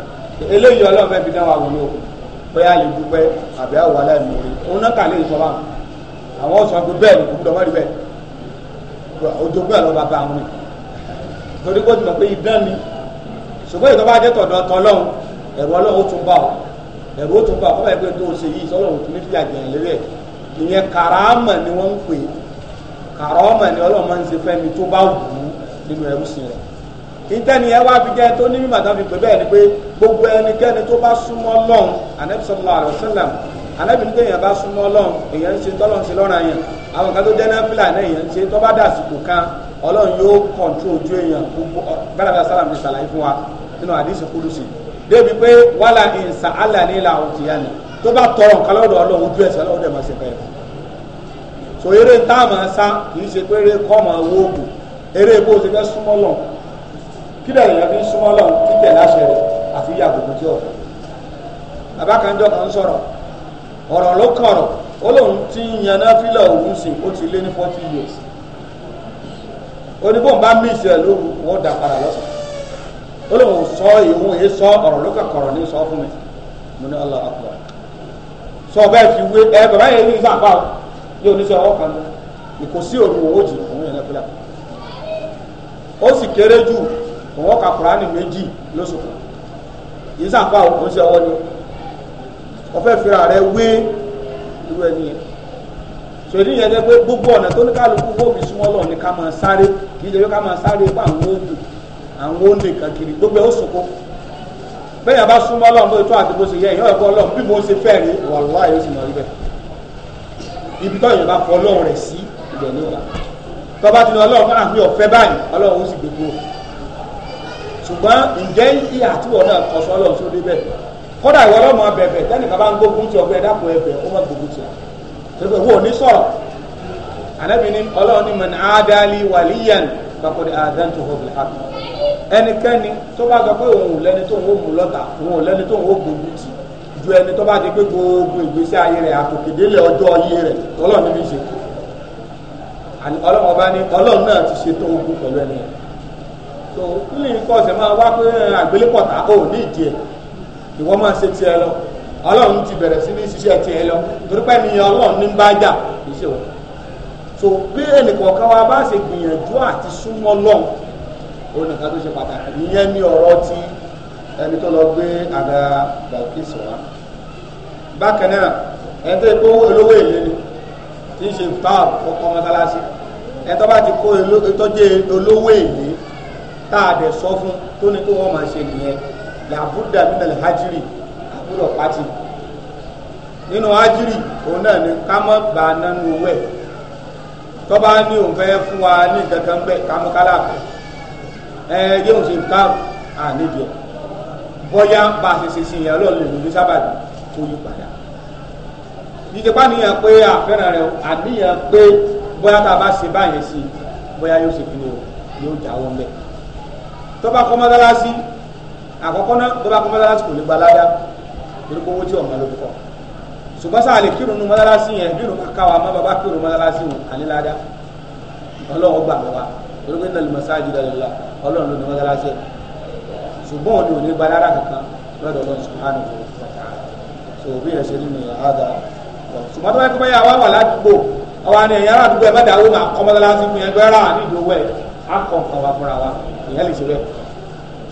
eléyìí ọlọ́run fẹ́ fi dá wa wò ló pé a lè dúpẹ́ àbí àwọn aláìmọ̀ọ́rẹ́ òun náà kà lè sọ báwọn àwọn ọ̀sán àgbo bẹ́ẹ̀ ni kò gbúdọ̀ wọ́n rí bẹ́ẹ̀ ojogún ẹ̀ lọ́ bá bá àwọn ni torí kó tìmọ̀ pé idán ni ṣùgbọ́n ìtọ́ bá dé tọ̀dọ̀ tọ́ lọ́hùn ẹ̀rù ọlọ́run ó tún bá ọ ẹ̀rù ó tún bá ọ kọ́ bá yẹ pé tó o ṣe yìí sọ́lọ́run tún ní fìyà jẹ̀yìn lérí ẹ̀ ìyẹn kàràmà ni wọ́n ń pè é kàràmà ni ọlọ́run máa ń ṣe fẹ́mi tó bá wù ú nínú ẹrú sí rẹ̀ ìtẹ́ni ẹ wá fi jẹ́ tó ní mímọ̀ tán fi pè bẹ́ẹ̀ ni pé gbogbo ẹnikẹ́ni tó bá súnmọ́ lọ́hùn ànẹ́bísọ̀lá alábìrin tó èèyàn bá súnmọ́ ọlọ́run èèyàn ń ṣe tọ́lọ́run ṣe lọ́ra yẹn àwọn kan tó jẹ́ náfìlà náà èèyàn ń ṣe tó bá dàsìkò kan ọlọ́run yóò kọ̀ǹtró ojú èèyàn gbogbo gbàdàgbà sálàm ti ṣàlàyé fún wa nínú àdìsí kúrúsì débi pé wàhálà ìǹsà àlà nílà òtìyàní tó bá tọrọ nǹkan lọ́dọ̀ ọlọ́run ojú ẹ̀sẹ̀ ọlọ́run dẹ̀ máa ṣe bẹ́ẹ̀ so eré táàmù sá kì í ṣe pé eré kọ́ máa wó oògùn eré bó ṣe fẹ́ súnmọ́ lọ kí lẹ́yìn lọ́ọ́ fi súnmọ́ lọ títẹ̀ láṣẹ rẹ̀ àfi yàgò fún tí ọ̀fẹ́ bàbá kan jọ kan sọ̀rọ̀ ọ̀rọ̀ ló kọ̀rọ̀ ó lóun ti ń yan náfìlà òun sìn ó ti lé ní forty years oníbò ń bá mísì ẹ̀ lóru wọ́n dà padà lọ́sàn ó lóun sọ ìhun èé sọ ọ̀rọ̀ ló kọ̀rọ̀ ní sọ fún mi mo ní Allah akbar sọ bẹ́ẹ̀ fi wé ẹ bàbá yẹn ní sàpá o yóò ní sọ ọwọ́ kan lọ ìkò sí òru òwò jì òun yẹn náfìlà ó sì kéré jù òun ọkà kùránì méjì lóṣù kan ìsàpá òun sí ọwọ́ ni wọ́n fẹ́ fira rẹ̀ wé irú ẹni yẹn sòrí yẹn jẹ́ pé gbogbo ọ̀nà tó ní kálukú fóònù súnmọ́ lọ ní ká máa sáré kì í jẹ́ pé ká máa sáré pa àwọn oògùn àwọn oòlè kankiri gbogbo ẹ̀ ó sòkó bẹ́ẹ̀ yà bá súnmọ́ lọ bó tó àti bó ṣe yẹ ìyá ẹ̀kọ́ lọ bí mo ṣe fẹ́ rí wàhálà yóò sì mọ̀ rí bẹ́ẹ̀ ibi tó yẹn bá fọ ọlọ́run rẹ̀ sí ibẹ̀ ní ọ̀la tó bá ti ní ọlọ́run fún àfihàn ọ̀fẹ́ báyìí ọlọ́run ó sì kódà ìwọ lọ́mọ bẹ̀bẹ̀ tẹ́nìkan bá ń gbógun ti ọgbẹ́ dàpọ̀ ẹ̀bẹ̀ kó má gbógun ti ọ tẹ́lẹ̀ wo ní sọ̀rọ̀ ànábì ni ọlọ́run ní man adali waliyan kakọ̀ di adan tó hó bilhaq ẹnikẹ́ni tó bá sọ pé òun ò lẹ́ni tó ń wò mú lọ́tà òun ò lẹ́ni tó ń wò gbógun ti ju ẹni tó bá di pé gbogbo ìgbésí ayé rẹ̀ àtòkèdélé ọjọ́ ayé rẹ̀ ọlọ́run níbi ṣe ọlọ́run ọba ní ọlọ́run náà ti ṣe tó ogun pẹ̀lú ẹni yẹn tó nílẹ̀ ìwọ máa ṣe tiẹ̀ lọ ọlọ́run ti bẹ̀rẹ̀ sí ní ṣiṣẹ́ tiẹ̀ lọ torí pé ènìyàn ọlọ́run ní bá jà kì í ṣe wọn. so bí ẹnìkọ̀ọ̀kan wa bá ṣe gbìyànjú àti súnmọ́ lọ́hùn ó nìkan tó ṣe pàtàkì ìyẹn ní ọ̀rọ̀ tí ẹni tó lọ gbé àga bàkísì wa. bákan náà ẹni tó yẹ kó olówó èlé ni tí ń ṣe táà kọ́kọ́ mọ́sálásí ẹni tó bá ti kó ìtọ́jú olówó èlé tá a dẹ̀ sọ fún tó ní kó wọ́n máa ṣe nìyẹn làbúdà mínàlì hajiri àbúrò pati nínú hajiri òun náà ni ká mọ́ gbà nánú owó ẹ̀ tó bá ní òun fẹ́ fún wa ní kankan bẹ́ kámúkálà bẹ́ ẹ yé òun ṣe káàrù àníjẹ bóyá bá a ṣe ṣe sí ìyẹn ọlọ́run lè lòdì sábàbí kó yí padà yíyẹ bá níyàn pé àfẹ́ràn rẹ àníyàn pé bóyá tá a bá ṣe báyẹn sí bóyá yóò ṣe kí ni o yóò jáwọ́ mẹ́ tó bá kọ́ mọ́tálásí àkọ́kọ́ náà bó bá kọ́ mọ́sálásí kò lè gba ládá torí pé owó tí ọ̀mọ́ ló kọ́ ṣùgbọ́n sáà lè kírun nu mọ́sálásí yẹn bí ìrùkà káwa má bàbá kírun mọ́sálásí wọn àní ládá ọlọ́run gbà wá torí pé nàlẹ́ mọ́sáájú dàlẹ́lá ọlọ́run ló ní mọ́sálásí ẹ̀ ṣùgbọ́n òní òní gba ládá kankan lọ́dọ̀ ọlọ́run subhanahu wa ta'ala so bí ẹ̀ ṣe nínú àádá ṣùgbọ́n tó bá yẹ kó bá yà wá wà ni ẹ̀yà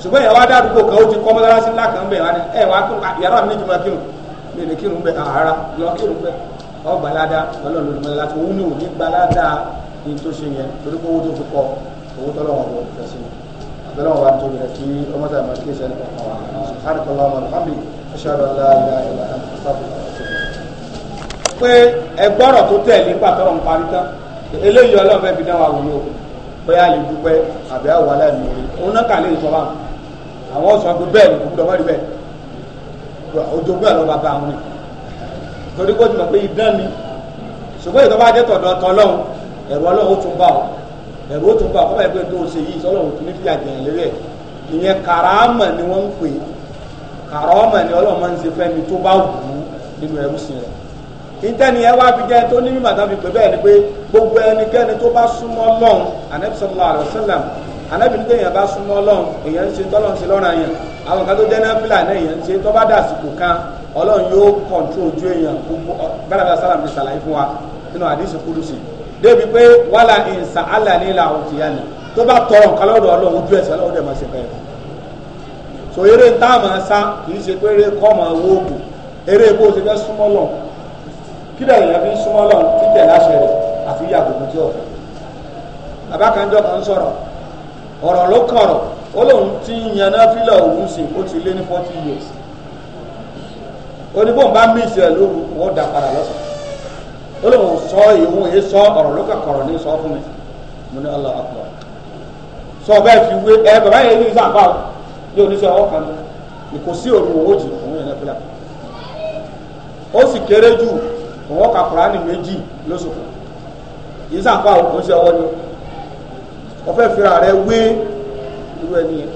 ṣùgbọ́n ìyàwó adarúgbò kan ó ti kọ́ mọ́sálásí ńlá kan bẹ̀ wá ní ẹ̀ wá yàrá mi níjùmọ̀ kírun mi ní kírun bẹ̀ àárá ah, lọ kírun bẹ̀ ọ gbalada lọ́lọ́ lórí mọ́sálásí òun ni òní gbalada ní tó ṣe yẹn torí pé owó tó fi kọ owó tó lọ́wọ́ bọ̀ fẹ́ sí i àbẹ̀lọ́wọ́ wa tóbi rẹ̀ kí ọmọ sábà máa kí sẹ́ni kọ̀ọ̀kan wa sùhánù kọ́lá ọmọ alhamdi aṣáájú aláìlá ìlà pé ẹgbọ́rọ̀ tó tẹ̀ nípa tọrọ ń parí tán eléyìí ọlọ́run fẹ́ fi dá wa wò o bóyá lè dúpẹ́ àbí àwọn aláìní òun náà kà lè sọ báwọn àwọn sọ pé bẹ́ẹ̀ ló gbọ́dọ̀ wọ́n rí bẹ́ẹ̀ ojoojú ẹ̀ ló bá bá àwọn ni torí kó tìmọ̀ pé idán ni ṣùgbọ́n ìtọ́ bá dé tọ̀dọ̀ tọ́lọ́hún ẹ̀rù ọlọ́run ó tún bá ọ ẹ̀rù ó tún bá ọ kọ́ báyìí pé tó o ṣe yìí sọlọ́run tún ní fìyà jẹ̀yìn lérí ẹ̀ ìyẹn kàràmà ni wọ́n ń pè kàràmà ni ọlọ́run máa ń ṣe fẹ́ni tó bá wù ú nínú ẹrú sí rẹ̀ ìtẹ́ni ẹ wá fi jẹ́ tó ní mímọ̀ tán fi pè bẹ́ẹ̀ ni pé gbogbo ẹnikẹ́ni tó bá súnmọ́ lọ́hùn ànẹ́bísọ̀lá anábìrin tó èèyàn bá súnmọ́ ọlọ́run èèyàn ń ṣe tọ́lọ́run ṣe lọ́ra yẹn àwọn kan tó jẹ́ náfìlà náà èèyàn ń ṣe tó bá dàsìkò kan ọlọ́run yóò kọ̀ǹtró ojú èèyàn gbogbo gbàdàgbà sálàmù ti ṣàlàyé fún wa nínú àdìsí kúrúsì débi pé wàhálà ìsà àlà nílà òtìyàní tó bá tọrọ nǹkan lọ́dọ̀ ọlọ́run ojú ẹ̀sẹ̀ ọlọ́run dẹ̀ máa ṣe bẹ́ẹ̀ so eré ń tá a máa sá kì í ṣe pé eré kọ́ máa wó oògùn eré bó ṣe fẹ́ súnmọ́ lọ kí lè lè fi súnmọ́ lọ títẹ̀ láṣẹ rẹ̀ àfi yàgò tó tí ò fẹ́ kan sọ̀rọ̀ ọ̀rọ̀ ló kọ̀rọ̀ ó lóun ti ń yan náfìlà òun sì ó ti lé ní forty years oníbòun bá mí ìṣẹ̀lẹ̀ lóru wọ́n dà padà lọ́sàn ó lóun sọ ìhun èyí sọ ọ̀rọ̀ ló kọ̀rọ̀ ní sọ Allah sọ bẹ́ẹ̀ fi wé ẹ bàbá yẹn ní sàǹfà o ní oníṣẹ́ ọwọ́ kan ní kò sí òru owó òun yẹn ó sì kéré jù òun ọkà kùránì méjì lóṣù kan wọ́n fẹ́ fira rẹ wé irú ẹni yẹn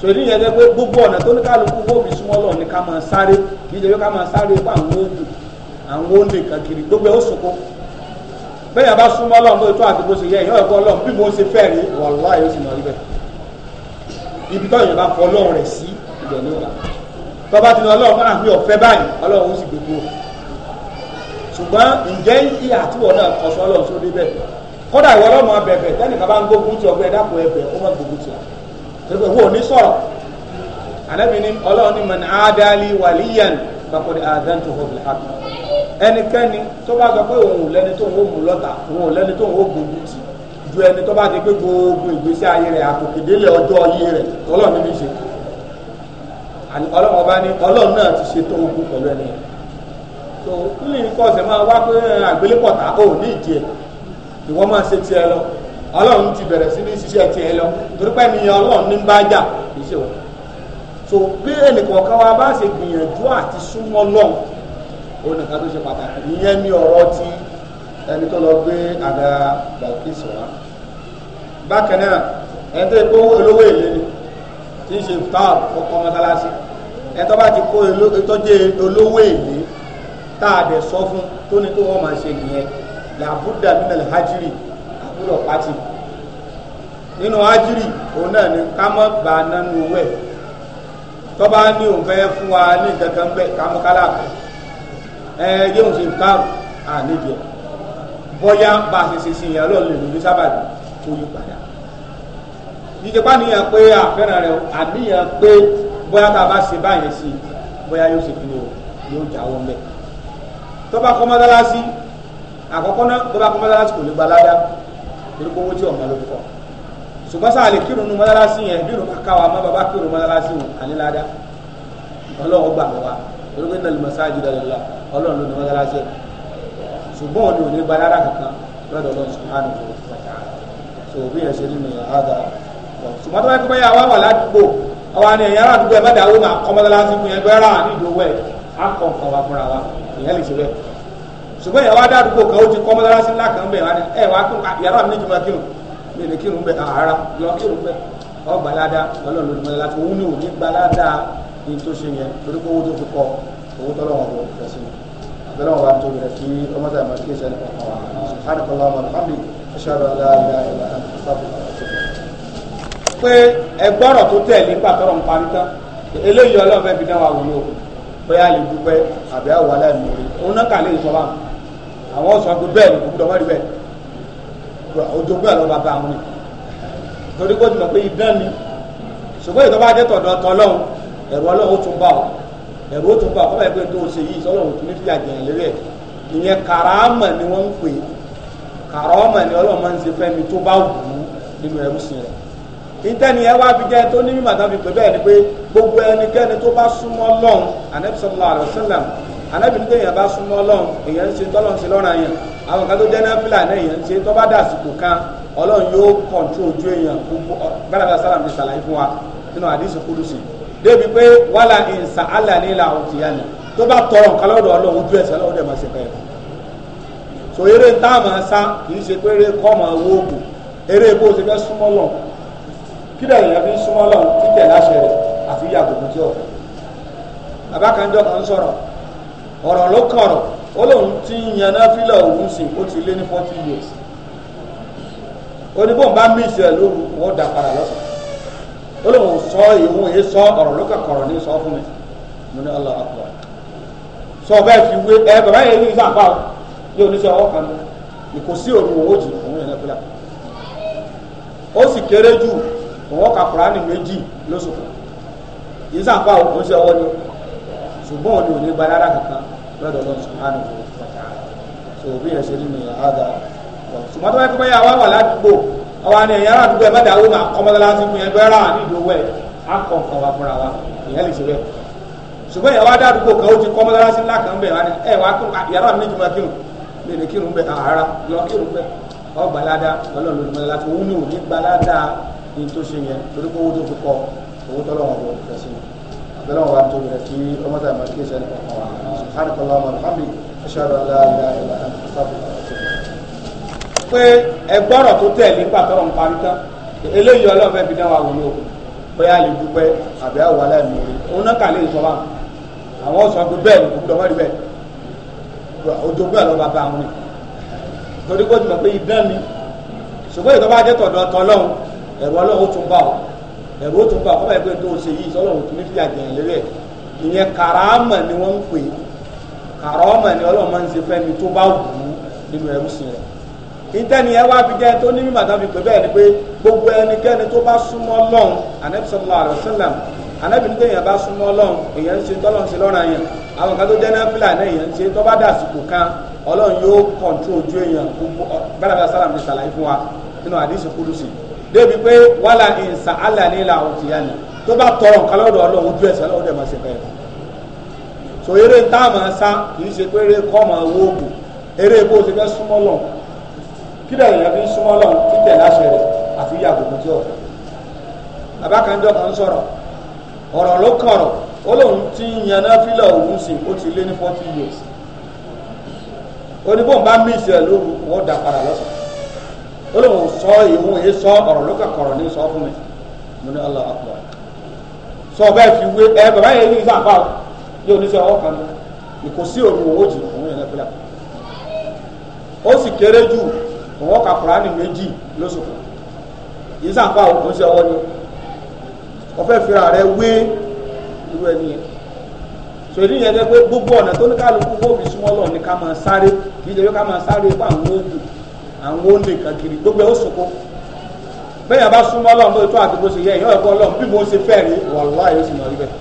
so èyí yẹn pé gbogbo ọ̀nà tó ní kálukú bóbi súnmọ́ lọ ní ká máa sáré kì í ṣe pé ká máa sáré pé àwọn oògùn àwọn oògùn kankiri gbogbo ẹ̀ ó sòkó bẹ́ẹ̀ yẹn bá súnmọ́ lọ́n bó tó àti bó ṣe yẹ ìyá ẹ̀kọ́ lọ́n bí mo ṣe fẹ́ rí wàláhì ó sì mọ̀ níbẹ̀ ibi tó yẹn bá fọ lọ́n rẹ̀ sí ibẹ̀ ní ọ̀la tó bá ti lọ lọ́n fún ah, àmì ọ̀fẹ́ báyìí ọlọ́run ó sì gbogbo ṣùgbọ́n ǹjẹ́ ìyà àtiwọ̀ náà kọ sọ́lọ́ sódé bẹ́ẹ̀ kódà ìwọ lọ́mọ bẹ̀bẹ̀ tẹ́nìkan bá ń gbógun ti ọgbẹ́ dákun ẹ̀bẹ̀ ó má gbógun ti ọ tẹ́lifẹ̀ wo ní sọ̀rọ̀ anabi ni ọlọ́run ni man adali waliyan bakodi adan tó hobi hak ẹnikẹ́ni tó bá sọ pé òun ò lẹ́ni tó ń wò mú lọ́tà òun ò lẹ́ni tó ń wò gbógun ti ju ẹni tó bá ti gbé gbogbo ìgbésí ayé rẹ̀ àtòkèdélé ọjọ́ ayé rẹ̀ ọlọ́run ní ṣe ọlọ́run ọba ni ọlọ́run náà ti ṣe tó ogun pẹ̀lú ẹni yẹn tó ní kọ́ọ̀sẹ̀ máa wá ìwọ máa ṣe tiẹ̀ lọ ọlọ́run ti bẹ̀rẹ̀ sí ní ṣiṣẹ́ tiẹ̀ lọ torí pé ni ọlọ́run ní bá jà kì í ṣe wọn. so bí ẹnìkọ̀ọ̀kan wa bá ṣe gbìyànjú àti súnmọ́ lọ́n ó nìkan tó ṣe pàtàkì ìyẹn ní ọ̀rọ̀ ti ẹni tó lọ gbé àga bàkísọ̀ wa. bákan náà ẹni tó kó olówó èlé ni tí ń ṣe táàbù kọ́kọ́ mọ́tálásí ẹni tó bá ti kó ìtọ́jú olówó èlé tá a dẹ̀ sọ fún tó ní tó wọ́n máa ṣe nìyẹn làbúdà nínú hajiri àbúrò pati nínú hajiri òun náà ni ká mọ́ gbà nánú wẹ̀ tọ́ba ní òun fẹ́ fún wa ní kankan bẹ́ẹ̀ ká mọ́ kálá ẹ yé òun ṣe kárù àníjẹ bọ́yá bá a ṣe ṣe ṣe ìyàlọ́ lè lórí sábàbí tó yí padà ìjọba níyàn pé àfẹ́ràn rẹ̀ àníyàn pé bóyá tá a bá ṣe báyẹn sí bóyá yóò ṣe kí ni o yóò jáwọ́ mẹ́ tọ́ba kọ́ àkọ́kọ́ náà tó bá kọ́ mọ́sálásí kò lè gba ládá torí pé owó tí ọ̀mọ́ ló fọ́ ṣùgbọ́n sáà lè kírun nu mọ́sálásí yẹn bí irun káwa má bàbá kírun mọ́sálásí wọn àní ládá ọlọ́run gbà wá torí pé nàlùmọ́ sáájú dàlọ́lá ọlọ́run ló ní mọ́sálásí ẹ̀ ṣùgbọ́n òní ò ní gba ládá kankan lọ́dọ̀ ọlọ́run subhanahu wa ta'ala so bí yẹn ṣe nínú àádá ṣùgbọ́n tó bá kí báyà wá wà ládùúgbò àwa ni ẹ̀yà àdúgbò ẹ̀ má dàrú mà kọ́ mọ́sálásí fún yẹn ṣùgbọ́n ìyàwó adádúgbò kan ó ti kọ́ mọ́sálásí ńlá kan bẹ̀ ẹ̀ wá kírun yàrá mi níjùmọ̀ kírun mi ní kírun bẹ̀ àárá lọ kírun bẹ̀ ọgbàládá lọ́lọ́run lórí mọ́sálásí òun ni ò ní gbaládá ní tó ṣe yẹn torí pé owó tó fi kọ owó tọ́lọ́wọ́n kò fẹ́ sí abẹ́lẹ́wọ̀n bá tó yẹ kí ọmọdé àmọ́ kí ìṣẹ́ni kọ̀ọ̀kan wà subhanakallahumma pé ẹgbọ́rọ̀ tó tẹ̀lé pàtọ́rọ̀ ń parí tán eléyìí ọlọ́run fẹ́ fi dá wa wò ó bóyá lè dúpẹ́ àbí àwọn aláìmọ̀ọ́rẹ́ òun náà kà lè sọ báwọn àwọn sọ pé bẹ́ẹ̀ ni kò gbọ́dọ̀ wọ́n rí bẹ́ẹ̀ ojogún àlọ́ bàbá àwọn ni torí kó ti mọ̀ pé idán ni ṣùgbọ́n ìtọ́ bá dé tọ̀dọ̀ tọ́lọ́hún ẹ̀rù ọlọ́run ó tún bá ọ ẹ̀rù ó tún bá ọ kọ́ báyìí pé tó o ṣe yìí sọ́lọ́run ò tún ní fi àjẹyàn lérí ẹ̀ ìyẹn kàràmà ni wọ́n ń pè é kàràmà ni ọlọ́run máa ń ṣe fẹ́mi tó bá wù ú nínú ẹrú sí rẹ̀ ìtẹ́ni ẹ wá fi jẹ́ tó ní mímọ̀ tán fi pè bẹ́ẹ̀ ni pé gbogbo ẹnikẹ́ni tó bá súnmọ́ lọ́hùn ànẹ́bísọ́lá àlọ́sílẹ̀ anábìrin tẹ̀yìn bá súnmọ́ ọlọ́run èèyàn ń ṣe tọ́lọ́run ṣe lọ́rùn àyàn àwọn kan tó dẹ́nà fìlà náà èèyàn ń ṣe tọ́ bá dàsìkò kan ọlọ́run yóò kọ̀ǹtú ojú èèyàn gbogbo gbàdàgbà sálàm ti ṣàlàyé fún wa nínú àdìsí kúrúsì débi pé wàhálà ìǹsà alàní la òtí yá ni tó bá tọrọ nǹkan lọ́dọ̀ ọlọ́run ojú ẹ̀sẹ̀ lọ́dọ̀ ẹ̀ máa ṣe bẹ́ẹ̀ so eré ń táàmù sá kì í ṣe pé eré kọ́ máa wó oògùn eré bó ṣe fẹ́ súnmọ́ lọ kí lè yẹn fi súnmọ́ lọ títẹ̀ láṣẹ rẹ̀ àfi yàgò fún tí ọ̀fẹ́ bàbá kan jọ kan sọ̀rọ̀ ọ̀rọ̀ ló kọ̀rọ̀ ó lóun ti ń yan ti lé ní years oníbò bá mísì ẹ̀ lóru wọ́n dà padà lọ́sàn ó lóun sọ ìhun sọ ọ̀rọ̀ ló kọ̀rọ̀ ní sọ fún mi mo ní sọ bẹ́ẹ̀ fi wé ẹ bàbá yẹn o ní oníṣẹ́ ọwọ́ kan ní kò sí òru owó jù òun yẹn ó sì kéré lọ́dọ̀ lọ́dọ̀ sùhánù wọ̀tá so bí ẹ̀ ṣe rí mi àádá ṣùgbọ́n tó bá kọ́ báyà wá wà ládùúgbò àwọn àni ẹ̀yà àdúgbò ẹ̀ mẹ́ta àwọn akọ́mọ́tàlá ti fún yẹn bẹ́ẹ̀rẹ̀ àní ìdòwò ẹ̀ akọ̀ nǹkan wa fúnra wa ìyẹn lè ṣe bẹ́ẹ̀ ṣùgbọ́n ìyàwó àdúgbò kan ó ti kọ́mọ́tàlá sí ńlá kan bẹ̀ wá ní ẹ̀ wá yàrá mi níjùmọ̀ kírun mi ní kírun bẹ̀ àárá yọ kírun bẹ̀ ọ gbalada ọlọ́run ló mọ́tàlá tó bẹ́ẹ̀ wọn bá tó rẹ̀ kí ọmọ tàbí kí ẹsẹ̀ nípa kan wà subhanakallah wa alhamdi ashhadu an la ilaha illa anta astaghfiruka wa atubu ilayk. pé ẹgbọ́rọ̀ tó tẹ̀ nípa tọrọ ń parí tán eléyìí ọlọ́run fẹ́ fi dá wa wòye o bóyá lè dúpẹ́ àbí àwọn aláìmọ̀ rẹ̀ òun náà kà lè sọ wa àwọn sọ pé bẹ́ẹ̀ ni kò gbọdọ̀ wọ́n rí bẹ́ẹ̀ ojoogun ni torí kó ti mọ̀ pé idán ni ṣùgbọ́n ìtọ́ bá jẹ́ tọ̀dọ̀ tọ́lọ́run ẹ̀rọ ọlọ́run ẹ̀rọ tó ń bá fún ẹgbẹ́ tó ń ṣe yìí sọ́lọ́run tó ní fi àjẹyàn lérí ẹ̀ ìyẹn kàràmà ni wọ́n ń pè kàràmà ni ọlọ́run máa ń ṣe fẹ́ni tó bá wù ú nínú ẹrú sí rẹ̀ ìtẹ́ni ẹ wá fi jẹ́ tó ní mímọ̀ tàbí pé bẹ́ẹ̀ ni pé gbogbo ẹnikẹ́ni tó bá súnmọ́ lọ́hùn anabi sallallahu alayhi wa sallam anabi ní kéèyàn bá súnmọ́ lọ́hùn èèyàn ń ṣe tọ́lọ́hùn ṣe lọ́ra yẹn àwọn kan tó jẹ́ náfìlà náà èèyàn ń ṣe tó bá dàsìkò kan ọlọ́run yóò kọ̀ntró ojú èèyàn gbogbo bẹ́ẹ̀ bá sálàm ní sàlàyé fún wa nínú àdìsí kúrúsì débi pé wàhálà ìsà alàní là ò ti yá tó bá tọrọ nǹkan lọ́dọ̀ ojú ẹ̀sẹ̀ ọlọ́run dẹ̀ ṣe so eré tá máa sá kì í ṣe pé eré kọ́ máa wó oògùn eré bó ṣe fẹ́ súnmọ́ lọ fi ń súnmọ́ lọ títẹ̀ láṣẹ rẹ̀ àfi yàgò fún tí ọ̀fẹ́ bàbá kan jọ kan sọ̀rọ̀ ọ̀rọ̀ ló kọ̀rọ̀ ó lóun ti ń yan náfìlà òun sì ó ti lé ní years mí ó lóun sọ ìhun èyí sọ ọ̀rọ̀ ló kà kọ̀rọ̀ ní sọ fún mi mo ní Allah akbar sọ bẹ́ẹ̀ fi wé ẹ bàbá yẹn ní ìsàpá yóò ní sọ ọwọ́ kan ìkò sí òru owó jù òun yẹn lẹ́fẹ̀lá ó sì kéré jù òun kà Kùránì méjì lóṣù kan ìsàpá òun sí ọwọ́ ni ọ̀fẹ́ fira rẹ wé irú ẹni yẹn sori yẹn lẹ pé gbogbo ọ̀nà tó ní kálukú wọ́n fi súnmọ́ lọ ní ká máa sáré kì í ṣe pé ká máa sáré pé àwọn àwọn ó lè kankiri gbogbo ẹ̀ ó sòkó bẹ́ẹ̀ yà bá súnmọ́ ọlọ́run bó tó àti bó ṣe yẹ ìyá ẹ̀kọ́ ọlọ́run bí mo ṣe fẹ́ rí wàhálà yóò sì máa rí bẹ́ẹ̀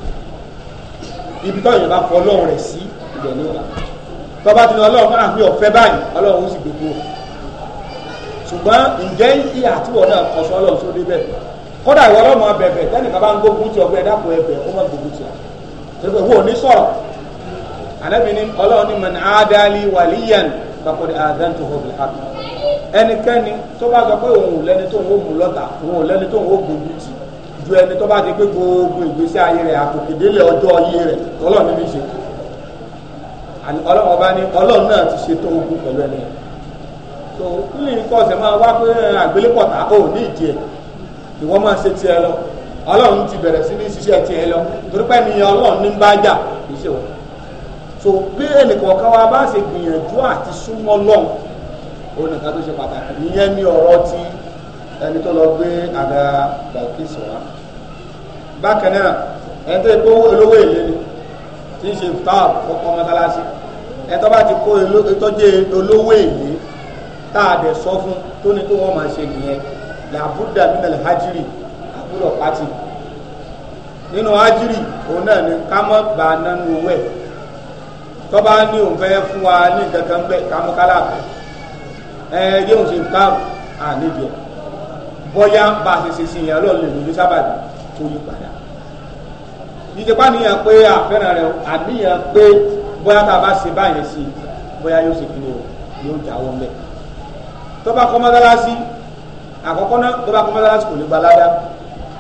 ibi tó yẹn bá fọ ọlọ́run rẹ̀ sí ibẹ̀ ní ọ̀la tó bá ti ní ọlọ́run fún ah, àmì ọ̀fẹ́ báyìí ọlọ́run ó sì gbogbo ṣùgbọ́n ǹjẹ́ ìyá àtiwọ̀ náà kọ sọ ọlọ́run tó dé bẹ́ẹ̀ kódà ìwọ ọlọ́mọ bẹ̀bẹ̀ tẹ́nìkan bá ń gbógun ti ọgbẹ́ dàpọ̀ ẹbẹ̀ ó má gbógun ti ọ̀ tẹ́lẹ̀ wo ní sọ̀rọ̀ àlẹ́ mi ní ọlọ́run ní mọ̀ ní àádáálí wàlíyàn bàkọ́dé àádán tó hó bìlẹ̀ hàkì ẹnikẹ́ni tó bá sọ pé òun ò lẹ́ni tó ń wò mú lọ́tà òun ò lẹ́ni tó ń wò gbogbo tì ju ẹni tó bá ti pé gbogbo ìgbésí ayé rẹ̀ àkòkèdélé ọjọ́ ayé rẹ̀ ọlọ́run níbi ṣe ọlọ́run ọba ní ọlọ́run náà ti ṣètò ogun pẹ̀lú ẹni tó ní nǹkan ọ̀sẹ̀ máa wá pé àgbélépọ̀tà ò ní ìdí ẹ̀ ìwọ́n máa ṣe tiẹ̀ lọ ọlọ́run ti bẹ̀rẹ̀ sí ní ṣiṣẹ́ tiẹ̀ lọ torí pé ni ọlọ́run ní bá jà kì í ṣe wọ́n so bí ẹnìkọ̀ọ̀kan wa bá ṣe gbìyànjú àti súnmọ́ lọ́hùn òun nìkan tó ṣe pàtàkì ìyẹn ní ọ̀rọ̀ tí ẹni tó lọ gbé àga Bilkisu wá bákan náà ẹni tó kó olówó èlé ni tí ń ṣe táàb kọ́kọ́ mọ́sálásí ẹni tó bá ti kó ìtọ́jú olówó èlé tá a dẹ̀ sọ fún tó ní kó wọ́n máa ṣe nìyẹn làbúdà mílẹ̀ hajiri àbúrò pátì nínú hajiri òun náà ni ká mọ́ gbà nánú owó ẹ̀ tó bá ní òun fẹ́ fún wa ní kankan bẹ́ẹ̀ ká mú kálá bẹ́ẹ̀ ẹ yóò ṣe ìtàrù àníbi ẹ bóyá bá a ṣe ṣe sí ìyàlọ́ lè lórí sábàbí kó yí padà ìjẹpá níyàn pé àfẹ́ràn rẹ àníyàn pé bóyá tá a bá ṣe báyẹn sí i bóyá yóò ṣe kíni o yóò jáwọ́ mbẹ́ tó bá kọ́ mọ́tálásí àkọ́kọ́ náà tó bá kọ́ mọ́tálásí kò lè gba ládá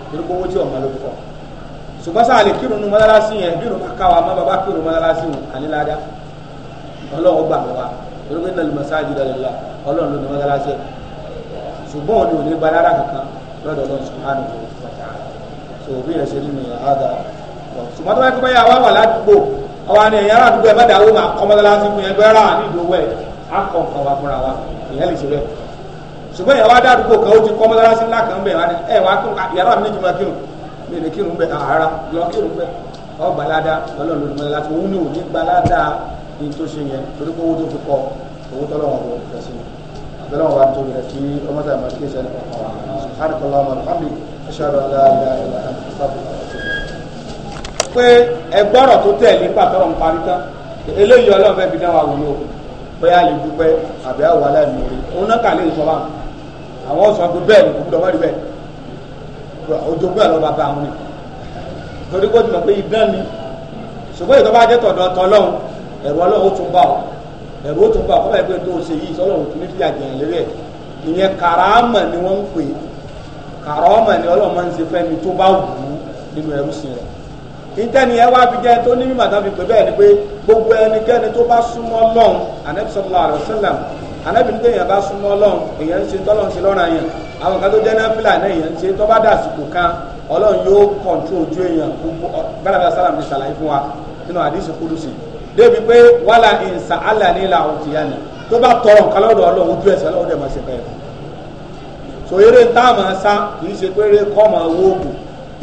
torí pé owó tí ọ̀ma ló kọ́ ṣùgbọ́n sáà lè kírun nu mọ́tálásí yẹn bí irun bá ká wa má bàbá kírun mọ́tálásí wọn àní ládá ọlọ́wọ́ gbà wa olùgbé nàlù masáàjì dàlẹ́lá ọlọ́run ló ní mọ́sálásí ṣùgbọ́n òní òní gba lára kankan lọ́dọ̀ ọlọ́run sùhánù wa ta'ala so bí ẹ̀ ṣe nínú àádá ṣùgbọ́n tó bá kí báyà wà wà ládùúgbò ọwọ́ ni ẹ̀yà àdúgbò ẹ̀ mẹ́ta ó máa kọ́ mọ́sálásí fún yẹn gbẹ́rà nídìí owó ẹ̀ á kọ́ nǹkan wa fúnra wa ìyẹn lè ṣe bẹ́ẹ̀ ṣùgbọ́n ìyàwó adádúgbò kan ó ti kọ́ mọ́sálásí ńlá kan bẹ̀ wá ní ẹ̀ wá kírun yàrá mi níjùmọ̀ kírun mi ní kírun ní tó ṣe yẹn torí pé owó tó fi kọ owó tọ́lọ́ wọn kò fẹ́ sí abẹ́lẹ́ wọn bá tó rẹ̀ kí ọmọdé àmọ́ kí ẹsẹ̀ nípa kan àdìkọ́lá ọmọ àbí aṣáájú aláàlá ìlà àti pé ẹgbọ́rọ̀ tó tẹ̀ nípa tọrọ ń parí tán eléyìí ọlọ́run fẹ́ fi dá wa wò ló bóyá lè dúpẹ́ àbí àwọn aláìní orí òun náà kà lè sọ báwọn àwọn sọ pé bẹ́ẹ̀ ni kò gbúdọ̀ wọ́n rí bẹ́ẹ̀ ojú bẹ́ẹ̀ lọ́ba bá àwọn ni torí kó ti mọ̀ pé idán ni ṣùgbọ́n ìtọ́ jẹ́ tọ̀dọ̀ tọ́lọ́hún ẹ̀rù ọlọ́run tún bá ọ ẹ̀rù ó tún bá ọ kọ́ báyìí pé tó o ṣe yìí sọlọ́run tún ní fìyà jẹ̀ lérí ẹ̀ ìyẹn kàràmà ni wọ́n ń pè kàràmà ni ọlọ́run máa ń ṣe fẹ́ni tó bá wù ú nínú ẹrú sí rẹ̀ ìtẹ́ni ẹ wá fi jẹ́ tó ní mímọ̀ tàbí pé bẹ́ẹ̀ ni pé gbogbo ẹnikẹ́ni tó bá súnmọ́ lọ́hùn anabi sallallahu alaihi wasallam anabi ọlọ́run yóò kọ̀ǹtró ojú èèyàn gbogbo gbàdàgbà sálàm ní sàlàyé fún wa nínú àdìsí kúdùsì débi pé wàhálà ìsà àlàní làwọn ti yá tó bá tọrọ nǹkan lọ́dọ̀ ọlọ́run ojú ẹsẹ̀ ṣe so eré tá a kì í ṣe pé eré kọ́ máa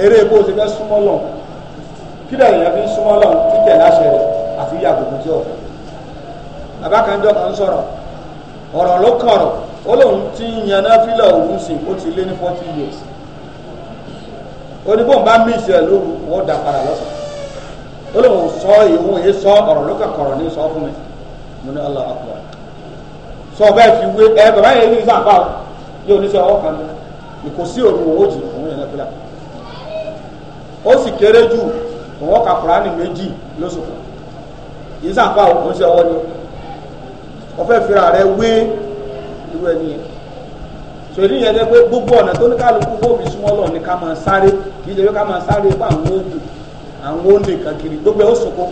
eré bó lọ kí fi ń lọ títẹ̀ láṣẹ rẹ̀ àfi yàgò fún tí ò fẹ́ bàbá kan jọ kan sọ̀rọ̀ ọ̀rọ̀ ló ó lóun ti years oníbòǹbá mí ìṣẹ̀lú wọn dà ó lóun sọ ìhun èyí sọ ọ̀rọ̀ ló kàkọ̀rọ̀ ní sọ fún mi mo ní allah akbar sọ bẹ́ẹ̀ fi wé ẹ bàbá yẹn ní sàǹfà o ní oníṣẹ́ ọwọ́ kan ní kò sí òru òwò jì òun yẹn lẹ́fílà ó sì kéré jù òun ọkà kùránì méjì lóṣù kan yìí sàǹfà o oníṣẹ́ ọwọ́ ni ọ̀fẹ́ fira rẹ wé irú ẹni yẹn sori yẹn lẹ pé gbogbo ọ̀nà tó ní kálukú bóbi súnmọ́ lọ ní ká máa sáré kì í ṣe pé ká máa sáré pé àwọn oògùn àwọn ó nìkan kiri gbogbo ẹ̀ ó sunkún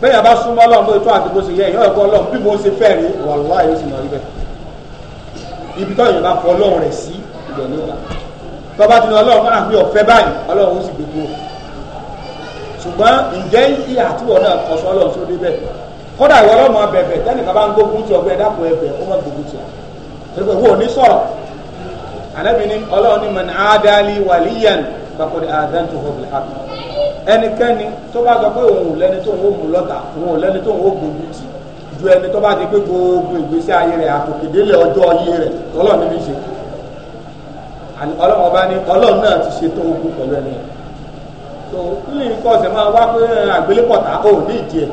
bẹ́ẹ̀ bá súnmọ́ ọlọ́run bóyá tó àti bó ṣe yẹ ìyá ẹ̀kọ́ ọlọ́run bí mo ṣe fẹ́ rí wàláhì ó sì mọ̀ níbẹ̀ ibi tó yẹn fọ ọlọ́run rẹ̀ sí ibẹ̀ ní ìgbà tó ní ọlọ́run náà ah, mi ò báyìí ọlọ́run ó sì gbé kúrò ṣùgbọ́n ǹjẹ́ ìyá náà kọ sọ ọlọ́run tó débẹ̀ kódà ìwọ ọlọ́run máa bẹ̀bẹ̀ tẹ́nìkan bá ń gbógun ti ọgbẹ́ dàpọ̀ ẹbẹ̀ ó má gbógun ti ọ wo ní sọ̀rọ̀ ànábì ní ní mọ̀ ẹnikẹ́ni tó bá sọ pé òun ò lẹ́ni tó ń wò mú lọ́tà òun ò lẹ́ni tó ń wò gbogbo tì ju ẹni tó bá di pé gbogbo ìgbésí ayé rẹ̀ àtòkèdélé ọjọ́ ayé rẹ̀ tọ́lọ̀ níbi ṣe ọlọ́run ọba ní ọlọ́run náà ti ṣe tó ogun pẹ̀lú ẹni tó ní nǹkan ọ̀sẹ̀ máa wá pé àgbélépọ̀tà ò ní ìdí ẹ̀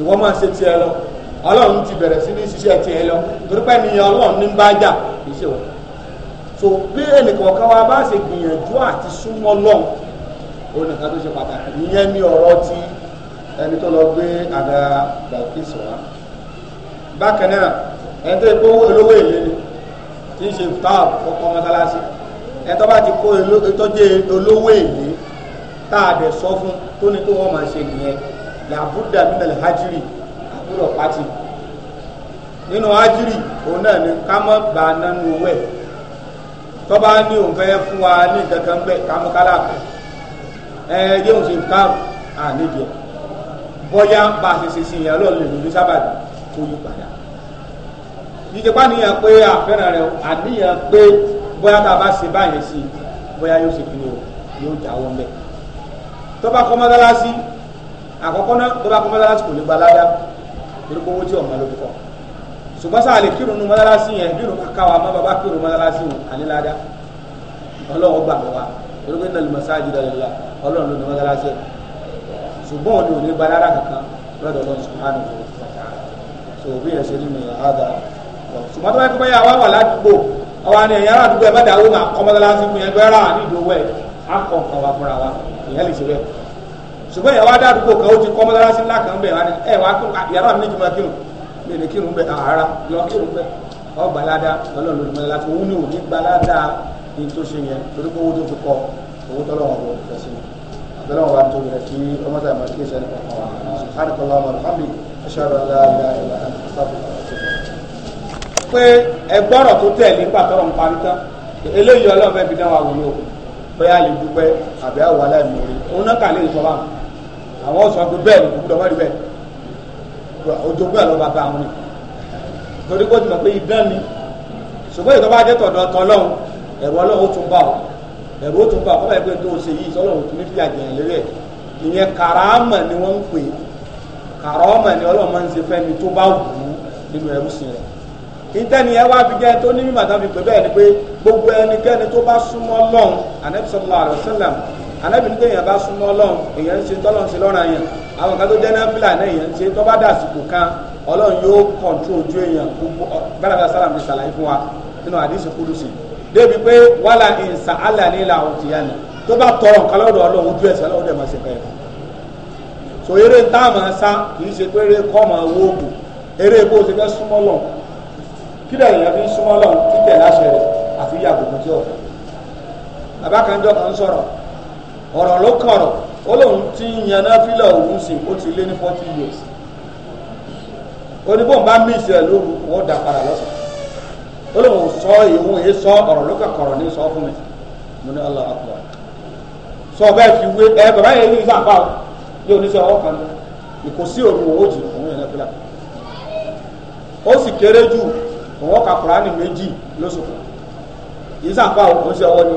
ìwọ máa ṣe tiẹ̀ lọ ọlọ́run ti bẹ̀rẹ̀ sí ní ṣiṣẹ́ tiẹ̀ lọ torí pé ni ọlọ́run ní bá jà kì í ṣe wọn. so bí ẹnìkọ̀ọ̀kan wa bá ṣe gbìyànjú àti súnmọ́ lọ́hùn ó ní nǹkan tó ṣe pàtàkì ìyẹn ní ọ̀rọ̀ tí ẹni tó lọ gbé àga Bilkis wá bákan náà ẹni tó kó olówó èlé ni tí ń ṣe táàbù ọkọ mọ́sálásí ẹni tó bá ti kó ìtọ́jú olówó èlé tá a dẹ̀ sọ fún tó ní tó wọ́n máa ṣe nìyẹn làbúdà minal hajiri àbúrò pati nínú hajiri òun náà ni ká mọ́ gbà nánú owó ẹ̀ tó bá ní òun fẹ́ fún wa ní kankan bẹ́ẹ̀ ká mọ́ ẹ̀ẹ́dẹ́ òun ṣe nǹkan àníjẹ bọ́yá bá a ṣe ṣe sin ìyàlọ́ lè lórí sábàdì kó yí padà ìjẹpá nìyẹn pé àfẹ́ràn rẹ àníyàn pé bóyá tá a bá ṣe báyẹn sí bóyá yóò ṣe kíni o yóò jáwọ́ mbẹ́ tó bá kọ́ mọ́sálásí àkọ́kọ́ náà tó bá kọ́ mọ́sálásí kò ní gba ládá torí pé owó tí ọ̀ma ló fi kọ́ ṣùgbọ́n sáà lè kírun nu mọ́sálásí yẹn bí irun bá ká wa kírun mọ́sálásí wọn àní ládá ọlọ́wọ́ gbàgbọ́ wa torí pé nàlùmọ̀ sáájú dàlọ́lá ọlọ́run ló ní mọ́tàlásẹ̀ ṣùgbọ́n òní ò ní gba lára kankan lọ́dọ̀ ọlọ́run subhanahu wa ta'ala so bí yẹn ṣe ní mi àádá ṣùgbọ́n tó bá kọ́ yà wá wà ládùúgbò àwa ni ẹ̀yà àdúgbò ẹ̀ mẹ́ta àwọn akọ́ mọ́tàlásẹ̀ fún yẹn gbẹ́rà nídòwọ́ ẹ̀ akọ nǹkan wa fúnra wa ìyẹn lè ṣe bẹ́ẹ̀ ṣùgbọ́n ìyàwó adádùúgbò kan ó ti kọ́ mọ́tàlásẹ̀ ńlá kan bẹ̀ wá ní ẹ̀ wá yàrá mi ní jùmọ̀ ní tó ṣe yẹn torí pé owó tó fi kọ owó tọ́lọ́ wọn bọ̀ fẹ́ sí abẹ́rẹ́ wọn bá tó rẹ̀ kí ọmọ tàbí kí ẹsẹ̀ nípa kan wà sùkárì kọlá wọn lọ́hàmì ẹ̀ṣọ́ rẹ̀ láàyè láàyè pé ẹgbọ́rọ̀ tó tẹ̀ nípa tọ́rọ̀ ń parí tán eléyìí ọlọ́run fẹ́ fi dá wa wúlò bóyá lè dúpẹ́ àbẹ́ àwọn aláìmọ̀rí òun náà kà lè sọ báwọn àwọn sọ pé bẹ́ẹ̀ ni gbogbo ọmọ rí bẹ́ẹ̀ ojogún ẹ̀ lọ́ba bá wọn ni torí kó ti mọ̀ pé idán ni ṣùgbọ́n ìtọ́ bá jẹ́ tọ̀dọ̀ tọ́lọ́hún ẹ̀rù ọlọ́run tún bá ọ ẹ̀rù ó tún bá ọ kọ́ báyìí pé tó o ṣe yìí sọlọ́run tún ní fi àjẹyàn lérí ẹ̀ ìyẹn kàràmà ni wọ́n ń pè kàràmà ni ọlọ́run máa ń ṣe fẹ́ni tó bá wù ú nínú ẹrú sí rẹ̀ ìtẹ́ni ẹ wá fi jẹ́ tó ní mímọ̀ tán fi pè bẹ́ẹ̀ ni pé gbogbo ẹnikẹ́ni tó bá súnmọ́ lọ́hùn anabi sallallahu alayhi wa sallam anabi nígbà èèyàn bá súnmọ́ lọ́hùn èèyàn ń ṣe tọ́lọ́ ń ṣe lọ́ra yẹn ọlọ́run yóò kọ̀ntró ojú èèyàn gbogbo gbàdàgbà sálàm ti ṣàlàyé fún wa nínú àdìsí kúdùsì débi pé wàhálà ìsà alàní la ò ti yá ni tó bá tọrọ nǹkan lọ́dọ̀ ọlọ́run ojú ẹ̀sẹ̀ ọlọ́run dẹ̀ máa so eré tá máa sá kì í ṣe pé eré kọ́ máa wó oògùn eré bó ṣe fẹ́ súnmọ́ lọ kí lè fi súnmọ́ lọ ti ń fílẹ̀ òun sì ó ti lé ní years bá mí ìṣẹ̀lú ó lóun sọ ìhun èé sọ ọ̀rọ̀ ló kàkọ̀rọ̀ ní sọ fún mi mo ní Allah akbar sọ bẹ́ẹ̀ fi wé ẹ bàbá yẹn ní ìsàpá o yóò ní sọ ọwọ́ kan kò sí òru owó jù òun yẹn lẹ́fílà ó sì kéré jù òun ọkà kùránì méjì lóṣùkù ìsàpá o kò sí ọwọ́ ni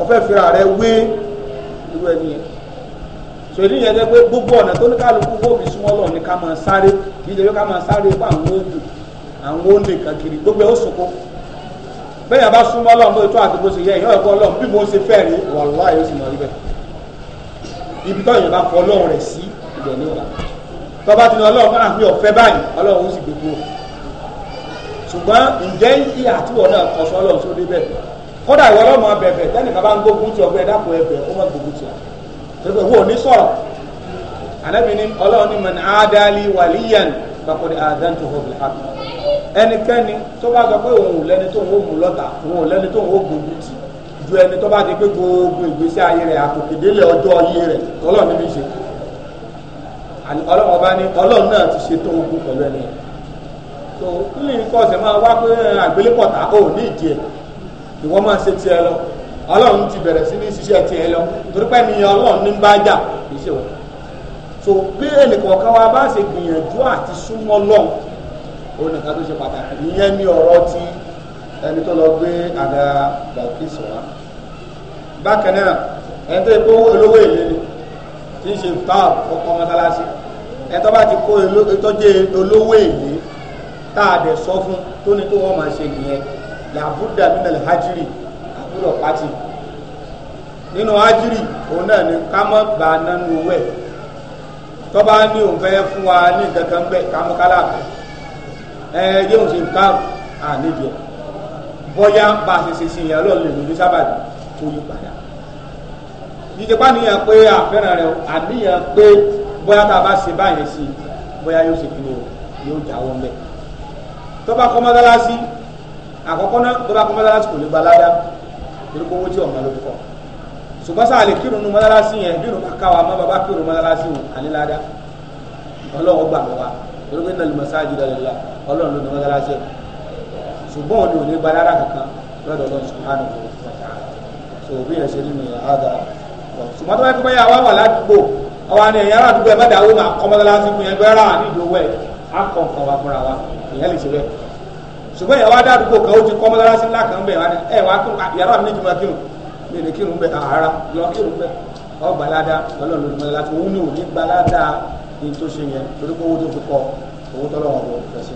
o fira rẹ wé irú ẹni yẹn sòrí yẹn lẹ gbogbo ọ̀nà tó ní kálukú fóònù súnmọ́ lọ ní ká máa sáré kì í ṣe pé ká máa sáré pàmò oògùn àwọn olè kankiri gbogbo ẹ̀ ó sòkó bẹ́ẹ̀ yà bá súnmọ́ ọlọ́run bó tó àti bó ṣe yẹ ìyá ẹ̀kọ́ ọlọ́run bí mo ṣe fẹ́ rí wàhálà yóò sì máa rí bẹ́ẹ̀ ibi tó yẹn bá fọ ọlọ́run rẹ̀ sí ibẹ̀ ní ọ̀la tó bá ti ní ọlọ́run bá àfi ọ̀fẹ́ báyìí ọlọ́run ó sì gbé kúrò ṣùgbọ́n ǹjẹ́ ìyá àtúwọ̀ náà kọ sọ ọlọ́run tó dé bẹ́ẹ̀ kódà ìwọ ọlọ́mọ bẹ̀bẹ̀ tẹ́nìkan bá ń gbógun ti ọgbẹ́ dákun ẹbẹ̀ ó má gbógun ti àtẹ́gbẹ́ wo ní sọ̀rọ̀ àlẹ́bí ni ọlọ́run ní mọ̀ ní àádáálí wàlíyàn bàkọ́dé àádán tó hó bìlẹ̀ hàkùn ẹnikẹ́ni tó bá sọ pé òun ò lẹ́ni tó ń mú lọ́tà òun ò lẹ́ni tó ń gbógun ti ju ẹni tó bá ti pé gbogbo ìgbésí ayé rẹ̀ àkòkèdélé ọjọ́ ayé rẹ̀ tọ́lọ́ níbi ṣe ọlọ́run ọba ní ọlọ́run náà ti ṣètò ogun pẹ̀lú ẹni tó ní nǹkan ọ̀sẹ̀ máa wá pé àgbélépọ̀tà ò ní ìdí ẹ̀ ìwọ máa ṣe tiẹ̀ lọ ọlọ́run ti bẹ̀rẹ̀ sí ní ṣiṣẹ́ tiẹ̀ lọ torí pé ni ọlọ́run ní bá jà kì í ṣe wọ́n tó bí ẹnìkọ̀ọ̀kan wa bá ṣe gbìyànjú àti súnmọ́ lọ́hùn ó nìkan tó ṣe pàtàkì ìyẹn ní ọ̀rọ̀ tí ẹni tó lọ gbé àga bàkísì wá bákan náà ẹni tó yẹ kó olówó èlé ni tí ń ṣe táàb ọkọ mọ́sálásí ẹni tó bá ti kó ìtọ́jú olówó èlé tá a dẹ̀ sọ fún tó ní kó wọ́n máa ṣe nìyẹn làbúdà nínú hajiri àbúrò pátì nínú hajiri òun náà ni ká mọ́ gbà nánú owó ẹ̀ tó bá ní òun fẹ́ fún wa ní nǹkan kan bẹ́ẹ̀ ká mọ́ kálá bẹ́ẹ̀ ẹ yóò ṣe kárù àníjì ẹ bá a ṣe ṣe sí ìyẹn ọlọ́run lè lójú sábàbí tó yí padà ìjẹpá nìyẹn pé àfẹ́ràn rẹ àníyàn pé bóyá tá a bá ṣe báyẹn sí bóyá yóò ṣe kí ni o yóò jáwọ́ mẹ́ tọ́ba kọ́ mọ́tálásí àkọ́kọ́ náà tọ́ba kọ́ mọ́tálásí kò lè gba ládàá torí kó owó tí ọ̀ma ló kọ́ ṣùgbọ́n sáà lè kírun nu mọ́tálásí yẹn bí irun bá ká wa mọ́ bàbá kírun mọ́tálásí wọn àní torí pé nàlùmọ̀ sáájú lọ́lọ́lá ọlọ́run ló ní mọ́sálásí ṣùgbọ́n òní òní gba lára kankan lọ́dọ̀ ọlọ́run sùkánù so bí yẹn ṣe nínú yàrá dára ṣùgbọ́n tó bá yẹ kó báyà wà wà ládùúgbò ọwọ́ àni ẹ̀yà àdúgbò ẹ̀ bá dàwó máa kọ́ mọ́sálásí fún yẹn gbẹ́rà nídìí owó ẹ̀ á kọ́ nǹkan wa fúnra wa ìyẹn lè ṣe bẹ́ẹ̀ ṣùgbọ́n ìyàwó adádùúgbò kan ó ti kọ́ mọ́sálásí ńlá kan bẹ̀ ẹ̀ wá kí yàrá mi níjùmọ̀ kírun mi ní kírun bẹ̀ àárá yọ kírun bẹ̀ ọ gbalada lọ́lọ́run ló ní mọ́sálásí òun ní òní gbalada ní tó ṣe yẹn torí pé owó tó fi kọ owó tọ́lọ́wọ́n bò fẹ́ sí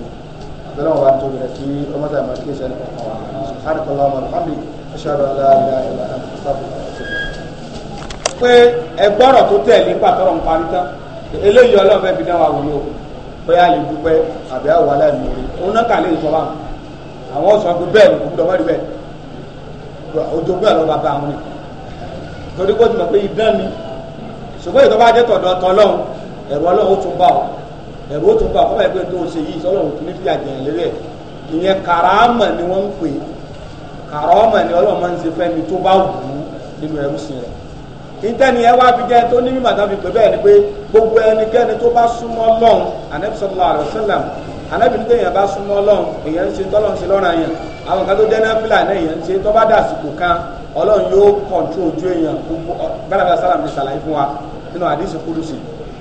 abẹ́lẹ́ wọn bá ń tóbi rẹ̀ kí ọmọdé àmọ́ kí ìṣẹ́ni kọ̀ọ̀kan wà subhanakallah wa alhamdi ashhadu an la ilaha illa anta astaghfiruka wa atubu pé ẹgbọ́rọ̀ tó tẹ̀ ní pàtọ́rọ̀ ń parí tán eléyìí ọlọ́run fẹ́ fi dá wa wò ló bóyá lè dúpẹ́ àbí àwọn aláìní orí òun náà kà lè sọ báwọn àwọn ọ̀sán pé bẹ́ẹ̀ ló kú dọ́wọ́ rí bẹ́ẹ̀ ojú bẹ́ẹ̀ lọ́ba bá àwọn ni torí kó ti mọ̀ pé idán ni ṣùgbọ́n ìtọ́ jẹ́ tọ̀dọ̀ tọ́lọ́run ẹ̀rù ọlọ́run tún bá ọ ẹ̀rù ó tún bá ọ kọ́ báyìí pé tó o ṣe yìí sọlọ́run tún ní fìyà jẹ̀yìn lérí ẹ̀ ìyẹn kàràmà ni wọ́n ń pè é kàràmà ni ọlọ́run máa ń ṣe fẹ́ni tó bá wù ú nínú ẹrú sí rẹ̀ ìtẹ́ni ẹ wá fi jẹ́ tó ní mímọ̀ tàbí pé bẹ́ẹ̀ ni pé gbogbo ẹnikẹ́ni tó bá súnmọ́ lọ́n anabi sallallahu alaihi wasallam anabi ní tẹ̀yìn bá súnmọ́ lọ́n èyàn ń ṣe ọlọ́run yóò kọ̀ntró ojú èyàn gbogbo gbàdàgbà sálàmù ní sàlàyé fún wa nínú àdìsí kúrúsì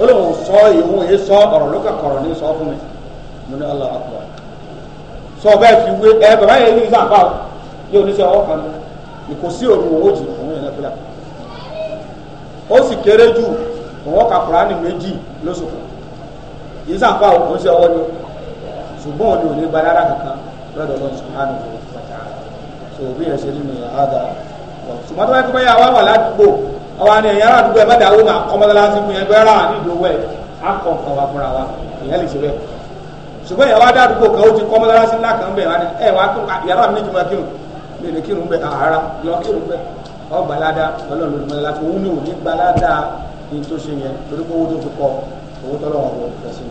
ó lóun sọ ìhun èyí sọ ọ̀rọ̀ ló kọ̀rọ̀ ní sọ fún mi mo ní allah akbar sọ bẹ́ẹ̀ fi wé ẹ bàbá yẹn ní ìsàǹpá o ní oníṣẹ́ ọwọ́ kan ní kò sí òru owó jì òun yẹn lẹ́fílà ó sì kéré jù òun ọkà kùránì méjì lóṣù kan ìsàǹpá o oníṣẹ́ ọwọ́ ni ṣùgbọ́n òun ò ní gbadára kankan lọ́dọ̀ lọ́dọ̀ sùhánù wọ̀tá so bí àwọn àni ẹ̀yìn aládùúgbò ẹ̀ má dàwó máa kọ́ mọ́tàlásí fún yẹn bẹ́ẹ̀ rà ní ìdòwò ẹ̀ á kọ́ nǹkan wa fúnra wa ìyẹn lè ṣe bẹ́ẹ̀ ṣùgbọ́n ìyàwó adádùúgbò kan ó ti kọ́ mọ́tàlásí ńlá kan bẹ́ẹ̀ wá ní ẹ̀ wá yàrá mi níjùmọ̀ kírun mi ní kírun bẹ́ẹ̀ àárá lọ kírun bẹ́ẹ̀ ọ gbalada ọlọ́run ló mọ́tàlásí òun ni òní gbalada ní tó ṣe yẹn torí pé owó tó fi kọ owó tọ́lọ́wọ́n kò fẹ́ sí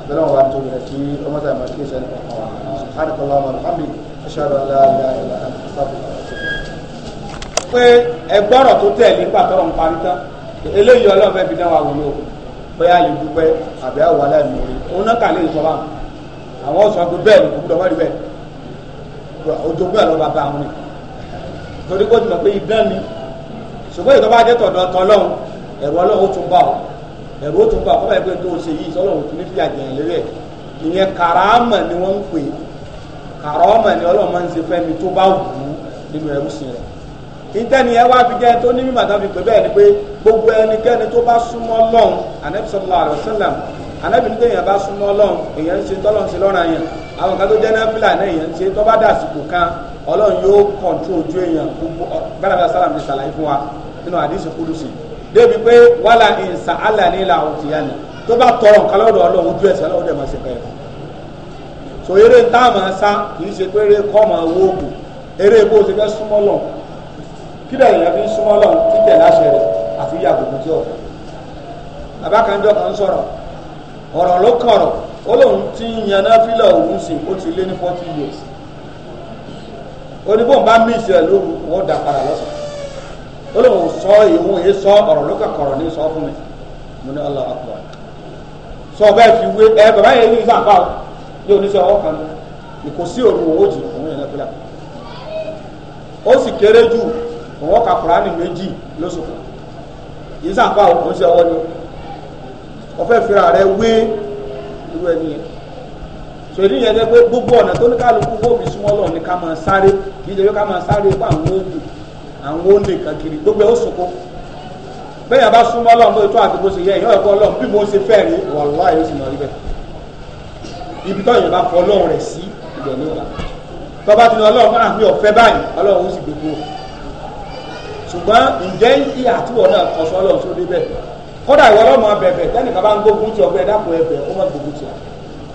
abẹ́lẹ́wọ̀n wa tó yẹ kí ọmọ tàbí kí ìṣẹ́ni pé ẹgbọ́rọ̀ tó tẹ̀ nípa tọrọ nǹkan tán eléyìí ọlọ́run fẹ́ fi dán wa wò ló bóyá yìí dúpẹ́ àbí àwọn aláìní orí òun náà kà lè sọ báwọn àwọn sọ pé bẹ́ẹ̀ ni kò gbúdọ̀ wọ́n rí bẹ́ẹ̀ ojú bẹ́ẹ̀ lọ́ba bá wọn ni torí kó tìmọ̀ pé idán ni ṣùgbọ́n ìtọ́ bá tọ̀dọ̀ tọ́ lọ́hùn ẹ̀rù ọlọ́run ó tún bá ọ ẹ̀rù ó tún bá ọ kọ́ bá tó o ṣe yìí sọ́lọ́run ò ìtẹ́ni ẹ wá fi jẹ́ tó ní mímọ̀ tán fi pè bẹ́ẹ̀ ni pé gbogbo ẹnikẹ́ni tó bá súnmọ́ Ọlọ́run anabi sallallahu alaihi wasallam anabi ní tẹ̀yìn bá súnmọ́ Ọlọ́run èèyàn ń ṣe tọ́lọ́run ṣe lọ́ra yẹn àwọn kan tó jẹ́ nẹ́fìlà náà èèyàn ń ṣe tó bá dàsìkò kan Ọlọ́run yóò kọ̀ǹtró ojú èèyàn gbogbo bẹ́ẹ̀ sálàm ti ṣàlàyé fún wa nínú àdìsí kúrúsì débi pé wàhálà ìsà alàní la òtì yá ni tó bá tọrọ nǹkan lọ́dọ̀ Ọlọ́run ojú ẹ̀sẹ̀ Ọlọ́run dẹ̀ máa ṣe bẹ́ẹ̀ so eré táwọn sá kì í ṣe pé eré kọ́ máa wó oògùn eré bó ṣe fẹ́ súnmọ́ Ọlọ́run kí lè yẹn fi ń súnmọ́ lọ títẹ̀ láṣẹ rẹ̀ àfi yà gbogbo tí ọ̀fẹ́ bàbá kan jọ kan sọ̀rọ̀ ọ̀rọ̀ ló kọ̀rọ̀ ó lóun ti ń yan náfìlà òun sì ó ti lé ní forty years oníbò ń bá míìsì rẹ̀ lóru wọn ó dà padà lọ́sàn ó lóun sọ ìhun èé sọ ọ̀rọ̀ ló kọ̀rọ̀ ní sọ fún mi mo ní Allah akbar sọ bẹ́ẹ̀ fi wé ẹ bàbá yẹn ní sàǹfà yóò ní sọ ọwọ́ kan ní kò sí òru òun ó jì òun yẹn náfìlà ó òun ka kuraani méjì lóṣùkù yìí sàǹkó àwọn kò ń ṣe ọwọ́ ni ọ̀fẹ́ fira rẹ wé irú ẹni yẹn sòrí yẹn dẹ́ pé gbogbo ọ̀nà tó ní kálukú fóònù súnmọ́ lọ ní ká máa sáré kì í ṣe pé ká máa sáré pé àwọn oògùn àwọn oòlè kankiri gbogbo ẹ̀ ó sòkó bẹ́ẹ̀ yẹn bá súnmọ́ lọ bó tó àti bó ṣe yẹ ìyá ẹ̀kọ́ lọ bí mo ṣe fẹ́ rí wàhálà yóò sì mọ̀ rí bẹ́ẹ̀ ibi tó yẹn bá fọ ọlọ́run rẹ̀ sí ibẹ̀ ní ọ̀la tọ́ba ti ní ọlọ́run fún àfihàn ọ̀fẹ́ báyìí ọlọ́run ó sì gbogbo ṣùgbọ́n ǹjẹ́ ìdí àtúwọ̀ náà kọ sọ́lọ̀ tó débẹ̀ kódà ìwọ lọ́mọ bẹ̀bẹ̀ tẹ́nìkan bá ń gbógun ti ọgbẹ́ dàpọ̀ ẹbẹ̀ kó má gbógun ti à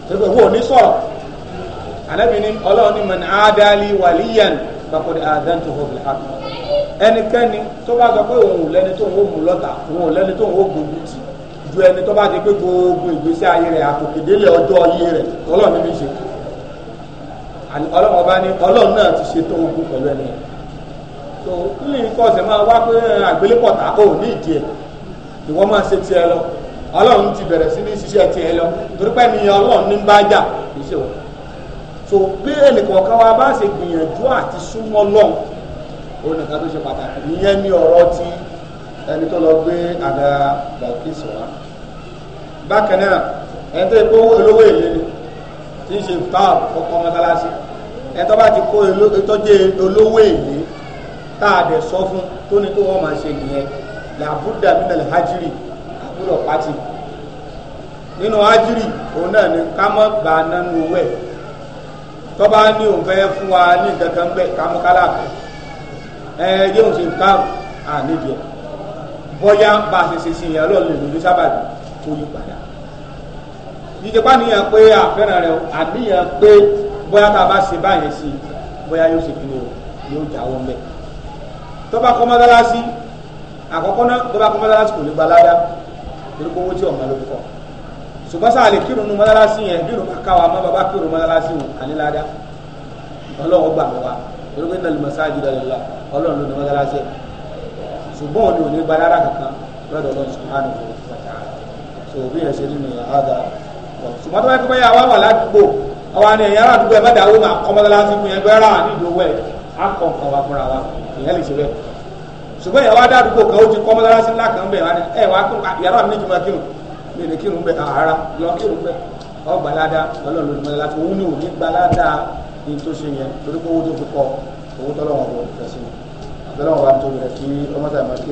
tẹ́lẹ̀ wo ní sọ̀rọ̀ alẹ́bi ni ọlọ́run ni mọ̀nà àádáálí wàlíyàn bàkọ́dé àádán tó fọ́ọ̀bì hàbí ẹnikẹ́ni tó bá sọ pé òun ò lẹ́ni tó ń wò mú lọ́tà òun ò lẹ́ni tó ń wò gbógun ti ju ẹni tó bá ti pé gbogbo ìgbésí ayé rẹ̀ àtòkèdélé ọjọ́ ayé rẹ̀ ọlọ́run ní mi ṣe ọlọ́run ọba ni ọlọ́run náà ti ṣe tó ogun pẹ̀lú ẹni yẹn lọ kílì ń kọsẹ̀ máa wá pé eh, àgbélépọ̀tà ò ní ìdí ẹ̀ ìwọ máa ṣe tiẹ̀ lọ ọlọ́run ti bẹ̀rẹ̀ sí ní ṣiṣẹ́ tiẹ̀ lọ torí pé ni ọlọ́run ní bá jà kì í ṣe wọn. so bí ẹnìkọ̀ọ̀kan wa bá ṣe gbìyànjú àti súnmọ́ lọ́hùn ó nìkan tó ṣe pàtàkì nìyẹn ní ọ̀rọ̀ tí ẹni tó lọ gbé àga bàkísì wa. bákan náà ẹni tó yẹ kó olówó èlé ni tí ń ṣe táàbù fọkàn mọ́tálásí tá a dẹ̀ sọ fún tó ní kó wọ́n máa ṣe nìyẹn làbúdà mílẹ̀ hajiri àbúrò pati nínú hajiri òun náà ni ká mọ́ gbà nánú owó ẹ̀ tó bá ní òun fẹ́ fún wa ní kankan bẹ́ẹ̀ ká mọ́ kálá fẹ́ ẹ yé òun ṣe kárùn àníjẹ bóyá bá a ṣe ṣe sìn yẹn lọ́ọ̀lù lórí sábàbí tó yí padà yíyẹ bá níyàn pé àfẹ́ràn rẹ àníyàn pé bóyá tá a bá ṣe báyẹn sí bóyá yóò ṣe kí ni o yóò jáwọ́ mẹ́ẹ̀ tọ́ba kọ́ mọ́sálásí àkọ́kọ́ náà tọ́ba kọ́ mọ́sálásí kò lè gba ládá torí kó owó tí ọ̀mọ́ ló kọ́ ṣùgbọ́n sáà lè kírun nu mọ́sálásí yẹn bí ìrùbá ká wa mọ́ bàbá kírun mọ́sálásí wọn àní ládá ọlọ́run gbà wá torí pé nàlẹ́ mọ́sáàjì lọ́lọ́ ọlọ́run ló ní mọ́sálásí ẹ̀ ṣùgbọ́n òní òní gba lára kankan lọ́dọ̀ ọlọ́run subhanahu wa ta'ala so bí yẹn ṣe nínú àádá ṣùgbọ́n tó bá yẹ kó bá yà wá wà ládùúgbò á kọ nǹkan wa fúnra wa ìyẹn lè ṣe bẹ́ẹ̀ ṣùgbọ́n ìyàwó adádúgbò kan ó ti kọ́ mọ́sálásí ńlá kan bẹ̀ wá ní ẹ̀ wá kírun yàrá mi ní jùmọ̀ kírun mi ní kírun bẹ̀ àárá ah, lọ kírun bẹ̀ ọgbàládá lọ́lọ́ lórí mọ́sálásí òun ni òun ní gbaládá ní tó ṣe yẹn torí pé owó tó fi kọ owó tọ́lọ́wọ́n bọ̀ fẹ́ sí i àbẹ̀lọ́wọ́n wa tó rẹ̀ kí ọmọdé àmọ́ kí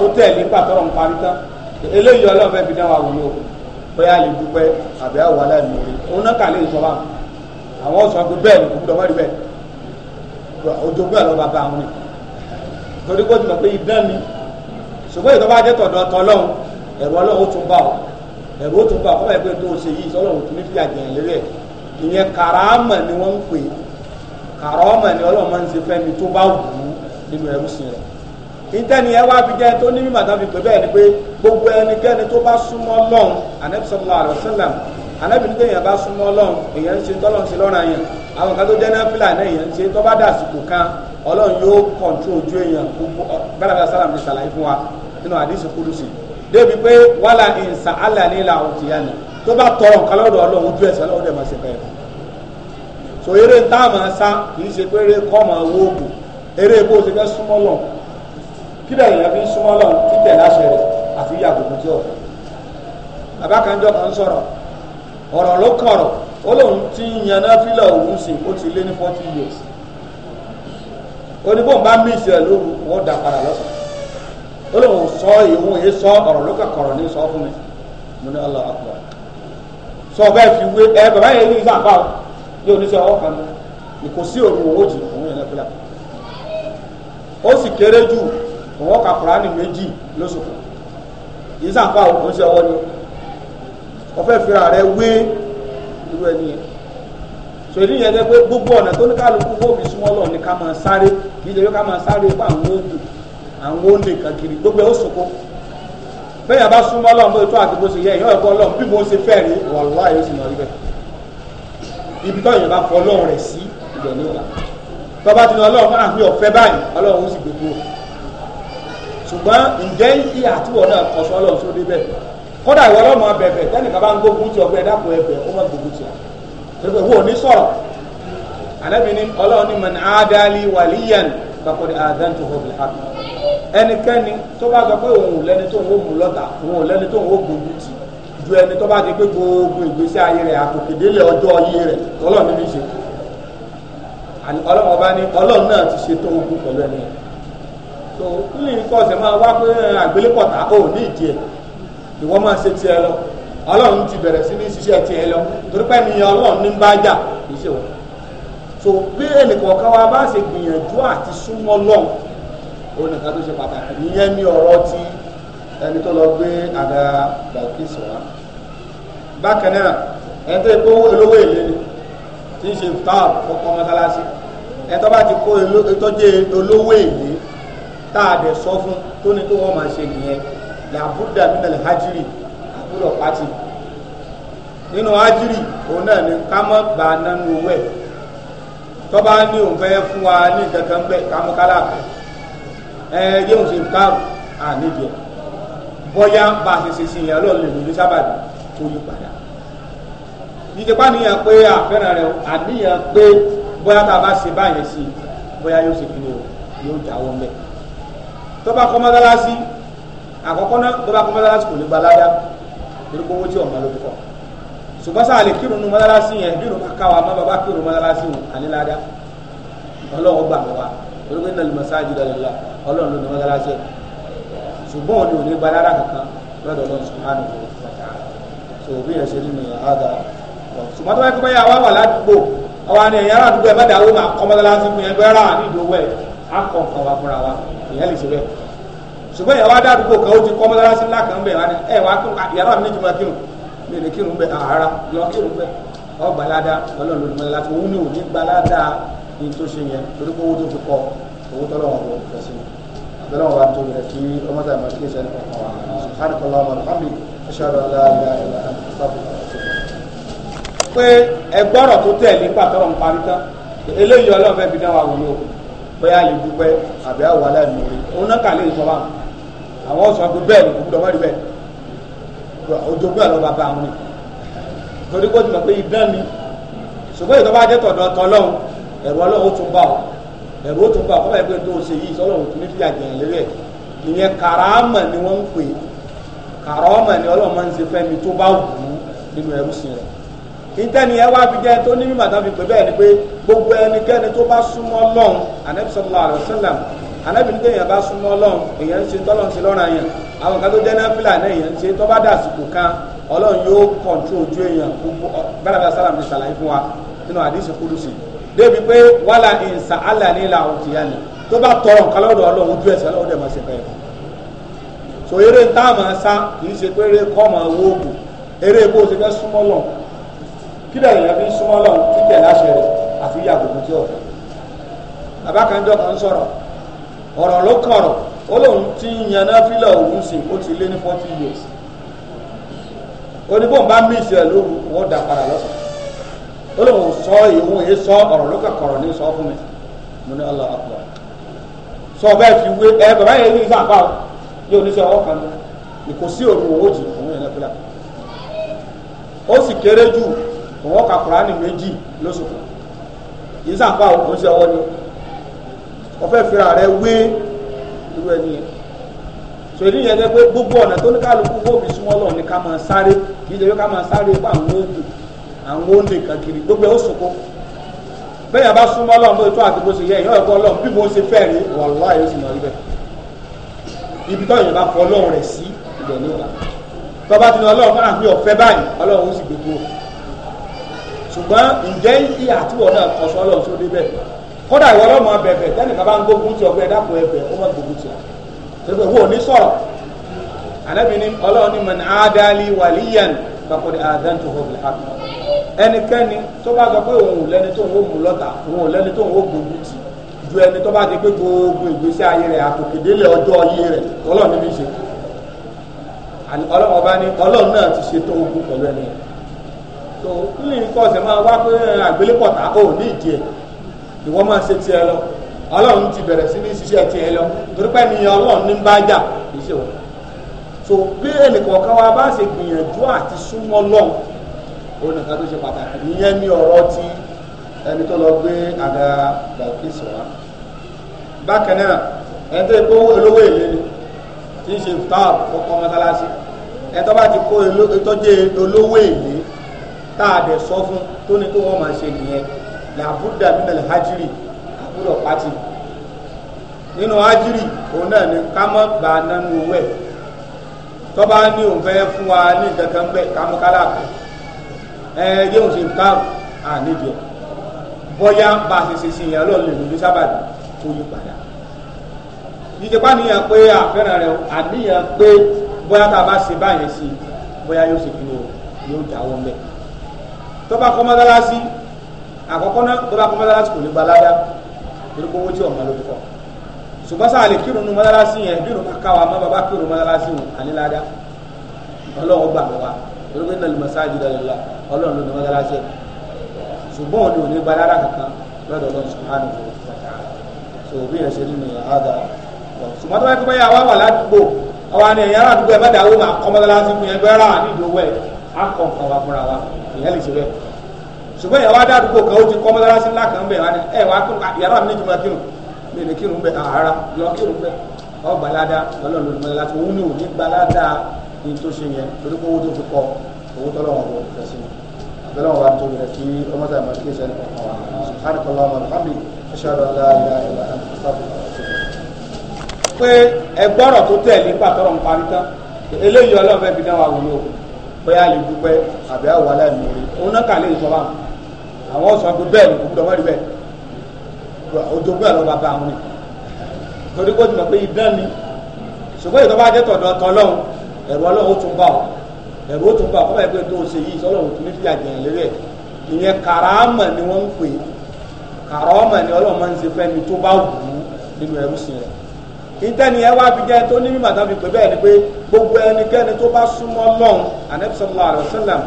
tó tẹ̀lé pàtọ́rọ̀ ń parí tán eléyìí ọlọ́run fẹ́ fi dá wa wò ní òkú bóyá lè dúpẹ́ àbí àwọn aláìmoore òun náà kà lè sọ bá àwọn sọ pé bẹ́ẹ̀ ni kò gbọ́dọ̀ mọ́rí bẹ́ẹ̀ ojogún ẹ̀ lọ́ba bá àwọn ni torí kó tìmọ̀ pé idán ni ṣùgbọ́n ìtọ́ bá jẹ́ tọ̀dọ̀ tọ́lọ́hún ẹ̀rù ọlọ́run ó tún bá ọ ẹ̀rù ó tún bá ọ kọ́ báyìí pé tó o ṣe yìí sọlọ́run tún ní fìyà jẹ̀yìn lérí ẹ̀ ìyẹn kàràmọ̀ ni wọ́n ń pè kàràmọ̀ ni ọlọ́run máa ń ṣe fẹ́ni tó bá wù ú nínú ẹrú sí rẹ̀ ìtẹ́ni ẹ wá fi jẹ́ tó ní mímọ̀ tán fi pè bẹ́ẹ̀ ni pé gbogbo ẹnikẹ́ni tó bá súnmọ́ lọ́hùn anabi sallallahu alaihi wasallam anabi nígbà èèyàn bá súnmọ́ lọ́hùn èèyàn ń ṣe tọ́lọ́hùn sí lọ́ra yẹn àwọn kan tó jẹ́ náfìlà náà èèyàn ń ṣe tó bá dàsìkò kan ọlọ́run yóò kọ̀ǹtró ojú èèyàn gbogbo gbàdàgbà sálàm ti sàlàyé fún wa nínú àdìsí kúdùsì débi pé wàhálà ìǹsà àlà ní ilà òtì yá ni tó bá tọrọ nǹkan lọ́dọ̀ ọlọ́run ojú ẹ̀sẹ̀ ọlọ́run dẹ̀ máa ṣe bẹ́ẹ̀ so eré táàmù sá kì í ṣe pé eré kọ́ máa wó oògùn eré bó ṣe fẹ́ súnmọ́ lọ́hùn kí fi ń súnmọ́ lọ títẹ̀ láṣẹ rẹ̀ àfi yàgò fún tí ọ̀fẹ́ abákanjọ kan sọ̀rọ̀ ọ̀rọ̀ ló kọ̀rọ̀ ó lóun ti ń yan náfìlà òun sì ó ti lé ní forty years oníbòun bá mí ìṣẹ̀ lóru wọ́n dà padà lọ́sàn ó lóun sọ ìhun èyí sọ ọ̀rọ̀ ló kọ̀rọ̀ ní sọ fún mi mo ní Allah akbar sọ bẹ́ẹ̀ fi wé ẹ bàbá yẹn ní ìsàpá yóò ní kò sí òru jù òun yẹn ó òun ọ̀ka kùránì méjì lóṣùkù yìí sàǹpà òun ṣe ọwọ́ ni ọ̀fẹ́ fira rẹ wé irú ẹni yẹn so èyí yẹn pé gbogbo ọ̀nà tó ní kálukú fóònù súnmọ́ lọ ní ká máa sáré kì í ṣe pé ká máa sáré fún àwọn oògùn àwọn oòlè kankiri gbogbo ẹ̀ ó sòkó bẹ́ẹ̀ yẹn bá súnmọ́ lọ́n bó tó àti bó ṣe yẹ ìyọ́ ẹ̀kọ́ lọ́n bí mo ṣe fẹ́ rí wàhálà yóò sì mọ̀ níbẹ̀ ibi tó yẹn bá fọ ọlọ́run rẹ̀ sí ibẹ̀ ní ọ̀la tó bá ti lọ ọlọ́run ah, máa ń pè ọ̀fẹ́ báyìí ọlọ́run ó sì gbogbo ṣùgbọ́n ǹjẹ́ ìyá àtúwọ̀ náà kọ sọ́lọ̀ tó débẹ̀ kódà ìwọ lọ́mọ bẹ̀bẹ̀ tẹ́nìkan bá ń gbógun ti ọgbẹ́ dákun ẹ̀bẹ̀ ó má gbógun ti à pẹ̀lú wo ní sọ̀rọ̀ alẹ́mi ni ọlọ́run ni mọ̀nà ádáli wàlíyàn kakọ́dé àdán tó hóbi hàp ẹnikẹ́ni tó bá sọ pé òun ò lẹ́ni tó ń wó mú lọ́tà òun ò lẹ́ni tó ń wó gbógun ti ju ẹni tó bá ti gbé gbogbo ìgbésí ayé rẹ̀ àtòkèdélé ọjọ́ ayé rẹ̀ ọlọ́run ní ṣe ọlọ́run ọba ni ọlọ́run náà ti ṣe tó ogun pẹ̀lú ẹni yẹn tó kílì ń kọ́ ọ̀sẹ̀ máa wá pé àgbélépọ̀tà ò ní ìdí ẹ̀ ìwọ máa ṣe tiẹ̀ lọ ọlọ́run ti bẹ̀rẹ̀ sí ní ṣiṣẹ́ tiẹ̀ lọ torí pé ni ọlọ́run ní bá jà kì í ṣe wọ́n so bí ẹnìkọ̀ọ̀kan wa bá ṣe gbìyànjú àti súnmọ́ lọ́hùn ó nìkan tó ṣe pàtàkì ìyẹn ní ọ̀rọ̀ ti ẹni tó lọ gbé àga Bilqis wá bákan náà ẹni tó kó olówó èlé ni tí ń ṣe táàbù kọ́kọ́ mọ́sálásí ẹni tó bá ti kó ìtọ́jú olówó èlé tá a dẹ̀ sọ fún tó ní kó wọ́n máa ṣe nìyẹn làbúdà nílẹ̀ hajiri àbúrò pati nínú hajiri òun náà ni ká mọ́ gbà nánú owó ẹ̀ tọ́ba ní òun fẹ́ fún wa ní kankan bẹ́ẹ̀ ká mú ẹ yé òun ṣe kárù àníjẹ bóyá bá a ṣe ṣe sí ìyàlọ́ lè lórí sábàbí tó yí padà ìjẹpá níyàn pé àfẹ́ràn rẹ̀ àníyàn pé bóyá tá a bá ṣe báyẹn sí bóyá yóò ṣe kí ni o yóò jáwọ́ mẹ́ẹ̀ tọ́ba kọ́ mọ́sálásí àkọ́kọ́ náà tọ́ba kọ́ mọ́sálásí kò lè gba ládá torí pé owó tí ọ̀ma ló kọ́ ṣùgbọ́n sáà lè kírun nu mọ́sálásí yẹn bí irun ká wa má bàbá kírun mọ́sálásí wọn àní ládá ọlọ́run gbà wá torí pé nàlùmọ̀ sáájú dàlẹ́lá ọlọ́run ló ní mọ́sálásí ẹ̀ ṣùgbọ́n òní ò ní gba ládá kankan lọ́dọ̀ ọlọ́run subhanahu wa ta'ala so bí ẹ̀ ṣe nínú àgà ṣùgbọ́n tó bá kí báyà wà wà ládùúgbò àwa ni ẹ̀yìn ará àdúgbò ẹ̀ má dàwó máa kọ́ mọ́sálásí fún yẹn gbẹ́rà ní ìdòwò ẹ̀ á kọ̀ ọ̀kan wa fúnra wa ìyẹn lè ṣe bẹ́ẹ̀ ṣùgbọ́n ìyàwó adádúgbò kan ó ti kọ́ mọ́sálásí ńlá kan bẹ̀ wani ẹ̀ wá kírun ìyàrá mi ní jùmọ̀ kírun mi ní kírun bẹ̀ àárá ah, lọ kírun bẹ̀ ọ gbalada ọlọ́run lórí mọ́sálásí òun ni ò ní gbalada ní tó ṣe yẹn torí pé owó tó fi kọ owó tọ́lọ́wọ́n bọ̀ fẹ́ sí abẹ́lẹ́wọ̀n wa tó yẹ kí ọmọdé àmọ́ kí ìṣẹ́ nípa kan wà subhanakallah wa alhamdi aṣáájú aláìlá ìlà pé ẹgbọ́rọ̀ tó tẹ̀lé pàtọ́rọ̀ ń parí tán bóyá lè dúpẹ́ àbí àwọn aláìní orí òun náà kà lè sọ bá àwọn ọ̀sán àgbo bẹ́ẹ̀ ni kò gbúdọ̀ wọ́n rí bẹ́ẹ̀ ojogún ẹ̀ lọ bàbá àwọn ni torí kó ti mọ̀ pé idán ni ṣùgbọ́n ìtọ́ bá jẹ́ tọ̀dọ̀ tọ́lọ́hún ẹ̀rù ọlọ́run tún bá ọ ẹ̀rù tún bá ọ kọ́ bá yẹ pé tó o ṣe yìí sọlọ́run tún ní fìyà jẹ̀yàn lérí ẹ̀ ìyẹn kàràmà ni wọ́n ń pè kàràmà ni ọlọ́run máa ń ṣe fẹ́ni tó bá wù ú nínú ẹrú sí rẹ̀ ìtẹ́ni ẹ wá fi jẹ́ tó ní mímọ̀ tán fi pè bẹ́ẹ̀ ni pé gbogbo ẹnikẹ́ni tó bá súnmọ́ Ọlọ́run anabi sallallahu alayhi wa sallam anabi ní kéèyàn bá súnmọ́ Ọlọ́run èèyàn ń ṣe tọ́lọ́run sí lọ́rùn àyàn àwọn kan tó jẹ́ náfìlà náà èèyàn ń ṣe tó bá dàsìkò kan Ọlọ́run yóò kọ̀ǹtró ojú èèyàn gbogbo bàbá sálàm ní sàlàyé fún wa nínú àdìsí kúrúsì débi pé wàhálà ìǹsà alàní la òtí yanni tó bá tọrọ nǹkan lọ́dọ̀ Ọlọ́run ojú ẹ̀sẹ̀ Ọlọ́run so eré táàmù sá kì í ṣe pé eré kọ́ máa wó oògùn eré bó ṣe fẹ́ súnmọ́ àfi yàgò fún tí ọ̀dà bàbá kan jọ kan sọ̀rọ̀ ọ̀rọ̀ ló kọ̀rọ̀ ó lóun ti ń yan náfìlà òun sí ó ti lé ní forty years oníbọ̀n bá mísì ẹ̀ lóru wọ́n dà padà lọ́sàn ó lóun sọ ìhun èé sọ ọ̀rọ̀ ló kọ̀rọ̀ ní sọ fún mi mo ní Allah akbar sọ bẹ́ẹ̀ fi wé ẹ bàbá yẹn ní sàpá o yóò ní sọ ọwọ́ kan ní kò sí òru owó jì òun yẹn náfìlà ó sì kéré jù òun ọkà kùránì méjì lóṣù kan kì í sàǹpá òkun sí ọwọ́ ni ọ̀fẹ́ fira rẹ wé irú ẹni yẹn so èdè yẹn lẹ pé gbogbo ọ̀nà tó ní kálukú fóbi súnmọ́ lọ ní ká máa sáré kì í ṣe pé ká máa sáré pa àwọn oògùn àwọn oògùn nìkan kiri gbogbo ẹ̀ ó sòkó bẹ́ẹ̀ yẹn bá súnmọ́ lọ bó tó àti bó ṣe yẹ ìyá ẹ̀kọ́ lọ bí mo ṣe fẹ́ rí wàhálà yóò sì mọ̀ ibẹ̀ ibi tó yẹn bá fọ ọlọ́run rẹ̀ sí ibẹ̀ ní ọ̀la tó bá ti ní ọlọ́run fún àfihàn ọ̀fẹ́ báyìí ọlọ́run ó sì gbogbo ṣùgbọ́n ǹjẹ́ ìyà àti wọn náà kọ sọ́lọ̀ tó débẹ̀ kódà ìwọ lọ́mọ bẹ̀bẹ̀ tẹ́nìkan bá ń gbógun ti ọgbẹ́ dàpọ̀ ẹbẹ̀ ó má gbógun ti ọ tẹ́lẹ̀ wo ní sọ̀rọ̀ ànábì ni ọlọ́run ní man adali waliyan kakọ̀ di adan tó hó bilẹ̀ hàpì ẹnikẹ́ni tó bá sọ pé òun ò lẹ́ni tó ń wò mú lọ́tà òun ò lẹ́ni tó ń wò gbógun ti ju ẹni tó bá di pé gbogbo ìgbésí ayé rẹ̀ àtòkèdélé ọjọ́ ayé rẹ̀ ọlọ́run ní bí ṣe ọlọ́run ọba ní ọlọ́run náà ti ṣe tó ogun pẹ̀lú ẹni yẹn tó nílé nǹkan ọ̀sẹ̀ máa wá pé àgbélépọ̀tà ò ní ìdí ẹ̀ ìwọ máa ṣe tiẹ̀ lọ ọlọ́run ti bẹ̀rẹ̀ sí ní ṣiṣẹ́ tiẹ̀ lọ torí pé ènìyàn ọlọ́run ní bá jà kì í ṣe wọn. so bí ẹnìkọ̀ọ̀kan wa bá ṣe gbìyànjú àti súnmọ́ lọ́hùn ó nìkan tó ṣe pàtàkì ìyẹn ní ọ̀rọ̀ ti ẹni tó lọ gbé àga gbàgbèsè wa. bákan náà ẹni tó yẹ kó olówó èlé ni tí ń ṣe táàbù kọ́kọ́ mọ́sálásí ẹni tó bá ti kó olówó èlé tá a dẹ̀ sọ fún tó ní kó wọ́n máa ṣe nìyẹn làbúdà mímẹ́lẹ̀ hajiri àbúrò pati nínú hajiri òun náà ni ká mọ́ gbà nánú owó ẹ̀ tọ́ba ní òun fẹ́ fún wa ní kankan bẹ́ẹ̀ ká mọ́ kálá kan ẹ yé òun ṣe kárù àníjẹ bọ́yá bá a ṣe ṣe sí ìyẹn lọ́ọ̀ lè lórí sábàbí kó yí padà ìjọba níyàn pé àfẹ́ràn rẹ̀ àníyàn pé bóyá tá a bá ṣe báyẹn sí bóyá yóò ṣe kí ni o yóò jáwọ́ mẹ́ẹ̀ tó bá kọ́ mọ́sálásí àkọ́kọ́ náà tó bá kọ́ mọ́sálásí kò lè gba ládá torí pé owó tí ọ̀mọ́ ló fi kọ́ ṣùgbọ́n sáà lè kírun nu mọ́sálásí yẹn bí ìrùkà káwa má bàbá kírun mọ́sálásí wọn àní ládá ọlọ́run gbà wá torí pé nàlùmọ́ sáájú dàlùlá ọlọ́run ló ní mọ́sálásí ẹ̀ ṣùgbọ́n òní òní gba ládá kankan lọ́dọ̀ ọlọ́run subhanahu wa ta'ala so bí ẹ̀ ṣe nínú àádá ṣùgbọ́n tó bá yẹ kó bá yà wá wà ládùúgbò àwọn àni ẹ̀yà àdúgbò ẹ̀ má dàrú mà kọ́ mọ́sálásí fún yẹn gbẹ́rà nídìí owó á kọ nǹkan wa fúnra wa ìyẹn lè ṣe bẹ́ẹ̀ ṣùgbọ́n ìyàwó adádúgbò kan ó ti kọ́ mọ́sálásí ńlá kan bẹ́ẹ̀ wá ní ẹ̀ wá yàrá mi ní jùmọ̀ kírun mi ní kírun bẹ́ẹ̀ àárá lọ kírun bẹ́ẹ̀ ọ gbalada lọ́lọ́ lórí mọ́sálásí òun ni òní gbalada ní tó ṣe yẹn torí pé owó tó fi kọ owó tọ́lọ́wọ́n bọ̀ fẹ́ sí i abẹ́lẹ́wọ̀n wa tó yẹ kí ọmọdé àmọ́ kí ẹsẹ̀ nípa wa subhanakallah wa alhamdulilayi ashhadu an la ilaha illa anta astaghfiruka wa atubu ilayk. pé ẹgbọ́rọ̀ tó tẹ̀lé pàtọ́rọ̀ ń parí tán eléyìí ọlọ́run fẹ́ fi dá wa wò ní òkú bóyá lè dúpẹ́ àbí àwọn aláìmoore òun náà kà lè sọ bá àwọn sọ pé bẹ́ẹ̀ ni kò gbọ́dọ̀ mọ́rí bẹ́ẹ̀ ojoogun ẹ̀ lọ́ bá bá àwọn ni torí kó tìmọ̀ pé idán ni ṣùgbọ́n ìtọ́ bá jẹ́ tọ̀dọ̀ tọ́lọ́hún ẹ̀rù ọlọ́run ó tún bá ọ ẹ̀rù ó tún bá ọ kọ́ báyìí pé tó o ṣe yìí sọlọ́run tún ní fìyà jẹ̀yìn lérí ẹ̀ ìyẹn kàràmà ni wọ́n ń pè kàràmà ni ọlọ́run máa ń ṣe fẹ́ni tó bá wù ú nínú ẹrú sí rẹ̀ ìtẹ́ni ẹ wá fi jẹ́ tó ní mímọ̀ tàbí pé bẹ́ẹ̀ ni pé gbogbo ẹnikẹ́ni tó bá súnmọ́ lọ́hùn anabi sallallahu alaihi wasallam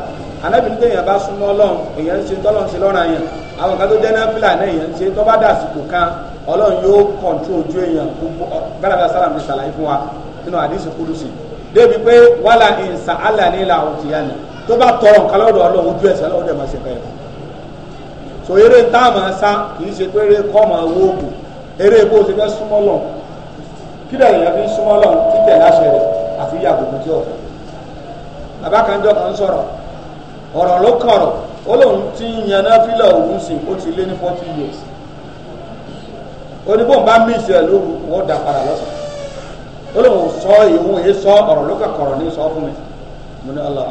anabi ní tẹ̀yìn bá súnmọ́ lọ́hùn èèyàn ń ṣe tọ́lọ́hùn ṣe lọ́ra yẹn àwọn kan tó jẹ́ náfìlà náà èèyàn ń ṣe tó bá dàsìkò kan ọlọ́run yóò kọ̀ǹtró ojú èèyàn gbogbo gbàdàgbà sálàmù ti sàlàyé fún wa nínú àdìsí kúrúsì débi pé wàhálà ìsà àlà ní ilà àwọn tìyà so eré táàmù sá kì í ṣe pé eré kọ́ máa fẹ́ súnmọ́ lọ́hùn kí èèyàn fi ń súnmọ́ lọ títẹ̀ láṣẹ rẹ̀ àfi yàgò fún bàbá kan jọ kan sọ̀rọ̀ ọ̀rọ̀ ló kọ̀rọ̀ ó lóun ti ń yan náfìlà lé ní forty years oníbòun bá mí ìṣẹ̀lẹ̀ lóru wọn dà padà lọ́sàn ó lóun sọ ìhun èyí sọ ọ̀rọ̀ ló kọ̀rọ̀ ní sọ fún mi mo ní Allah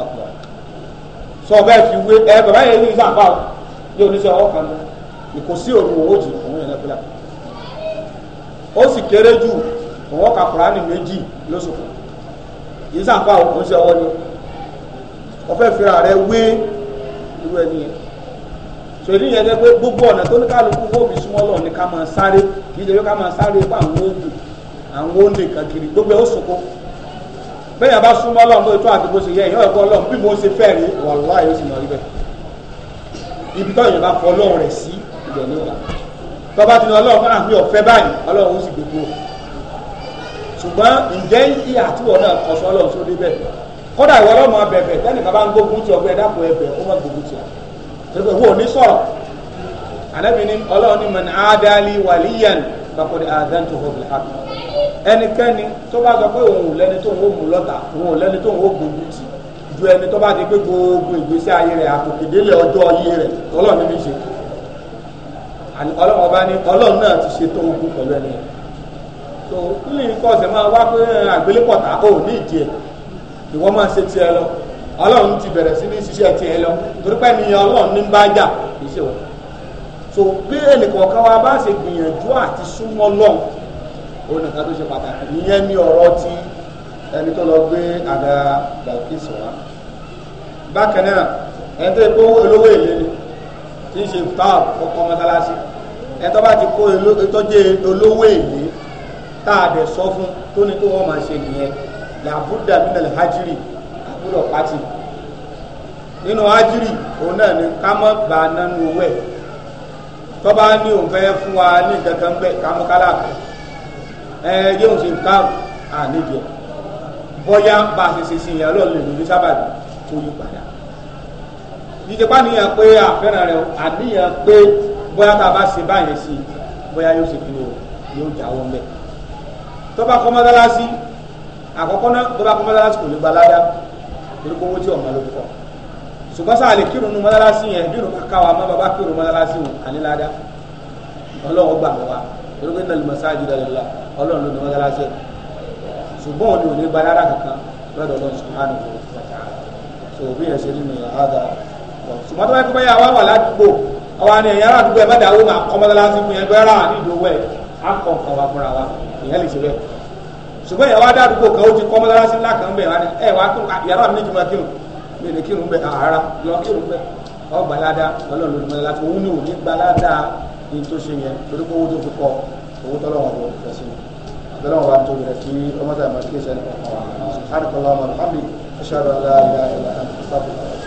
sọ bẹ́ẹ̀ fi wé ẹ bàbá yẹn ní sàǹfà ní oníṣẹ́ ọwọ́ kan ní kò sí òru jù òun yẹn náfìlà ó sì òun ka kùránì méjì lóṣùkù yìí sàǹfà òkun sí ọwọ́ ni ọ̀fẹ́ fira rẹ wé irú ẹni yẹn so èyí yẹn pé gbogbo ọ̀nà tó ní kálukú fóònù súnmọ́ lọ ní ká máa sáré kì í ṣe pé ká máa sáré pa àwọn oògùn àwọn oúnjẹ kankiri gbogbo ẹ̀ ó sòkò bẹ́ẹ̀ yẹn bá súnmọ́ lọ́n bó tó àti bó ṣe yẹ ìyá ẹ̀kọ́ lọ́n bí mo ṣe fẹ́ rí wàláhì ó sì mọ̀ níbẹ̀ ibi tó yẹn bá fọ ọlọ́run rẹ̀ sí ibẹ̀ ní ọ̀la tó bá ti ní ọlọ́run fún àmì ọ̀fẹ́ báyìí ọlọ́run ó sì gbogbo ṣùgbọ́n ǹjẹ́ ìyí àtúwọ̀ náà kọ sọ́lọ̀ tó débẹ̀ kódà ìwọ lọ́mọ bẹ̀bẹ̀ tẹ́nìkan bá ń gbógun ti ọgbẹ́ dàpọ̀ ẹbẹ̀ ó má gbógun ti à tẹ́lẹ̀ wo ní sọ̀rọ̀ ànábì ni ọlọ́run ni man adali waliyan bakọ̀dé adan tó hàn hàn ẹnikẹ́ni tó bá sọ pé òun ò lẹ́ni tó ń wò mú lọ́tà òun ò lẹ́ni tó ń wò gbógun ti ju ẹni tó bá ti gbé gbogbo ìgbésí ayé rẹ̀ àtòkèdélé ọjọ́ ayé rẹ̀ ọlọ́run ní mi ṣe ọlọ́run ọba ni ọlọ́run náà ti ṣe tó ogun pẹ̀lú ẹni tó kílì ń kọ̀ọ̀sẹ̀ máa wá pé àgbélépọ̀tà ò ní ìdí ẹ̀ ìwọ máa ṣe tiẹ̀ lọ ọlọ́run ti bẹ̀rẹ̀ sí ní ṣiṣẹ́ tiẹ̀ lọ torí pé ni ọlọ́run ní bá jà kì í ṣe wọ́n so bí ẹnìkọ̀ọ̀kan wa bá ṣe gbìyànjú àti súnmọ́ lọ́n ó nìkan tó ṣe pàtàkì ìyẹn ní ọ̀rọ̀ tí ẹni tó lọ gbé àga gbàgbésọ̀ wa bákan náà ẹni tó kó olówó èlé ni tí ń ṣe táàbù ọkọ̀ mọ́tálásí ẹni tó bá ti kó ìtọ́jú olówó èlé tá a dẹ̀ sọ fún tó ní kí wọ́n máa ṣe nìyẹn làbúdà nínú hajiri àbúrò pati nínú hajiri òun náà ni ká mọ́ gbà nánú owó ẹ̀ tọ́ba ní òun fẹ́ fún wa ní kankan bẹ́ẹ̀ ká mọ́ ẹ yé òun ṣe nǹkan àníjẹ bọ́yá bá a ṣe ṣe ṣe ìyàlọ́ lè lórí sábàbí tó yí padà ìjẹpá nìyẹn pé àfẹ́ràn rẹ̀ àníyàn pé bóyá tá a bá ṣe báyẹn sí bóyá yóò ṣe kí ni o yóò jáwọ́ mẹ́ẹ̀ tọ́ba kọ́ mọ́sálásí àkọ́kọ́ náà tọ́ba kọ́ mọ́sálásí kò lè gba ládá torí kówó tí ọ̀ma ló kọ́ ṣùgbọ́n sáà lè kírun nu mọ́sálásí yẹn bí irun kàkà wa má bàbá kírun mọ́sálásí wọn àní ládá ọlọ́run gbà wá torí pé nàlùmọ́ sáájú dàlẹ́lá ọlọ́run ló ní mọ́sálásí ṣùgbọ́n òní ò ní gba ládá kankan lọ́dọ̀ ọlọ́run subhanahu wa ta'ala so bí yẹn ṣe nínú àádá ṣùgbọ́n tó bá kí báyà wá wà ládùúgbò àwa ni ẹ̀yà àdúgbò ẹ̀ má dàwó mà kọ́ mọ́sálásí fún yẹn gbẹ́rà àdìdòwẹ̀ á kọ̀ ọ̀kan wa fúnra wa ìyẹn lè ṣe bẹ́ẹ̀ ṣùgbọ́n ìyàwó adádúgbò kan ó ti kọ́ mọ́sálásí ńlá kan bẹ̀ wani ẹ̀ wá kírun yàrá mi ní jùmọ̀ kírun mi ní kírun bẹ̀ àárá ah, lọ kírun bẹ̀ ọ gbalada ọlọ́run lórí mọ́sálásí òun ni òun ní gbalada ní tó ṣe yẹn torí pé owó tó fi kọ owó tọ́lọ́wọ́n bò fẹ́ sí i. بلا وعد في رمضان ما فيش أنا أشهد أن لا إله إلا أنت أستغفرك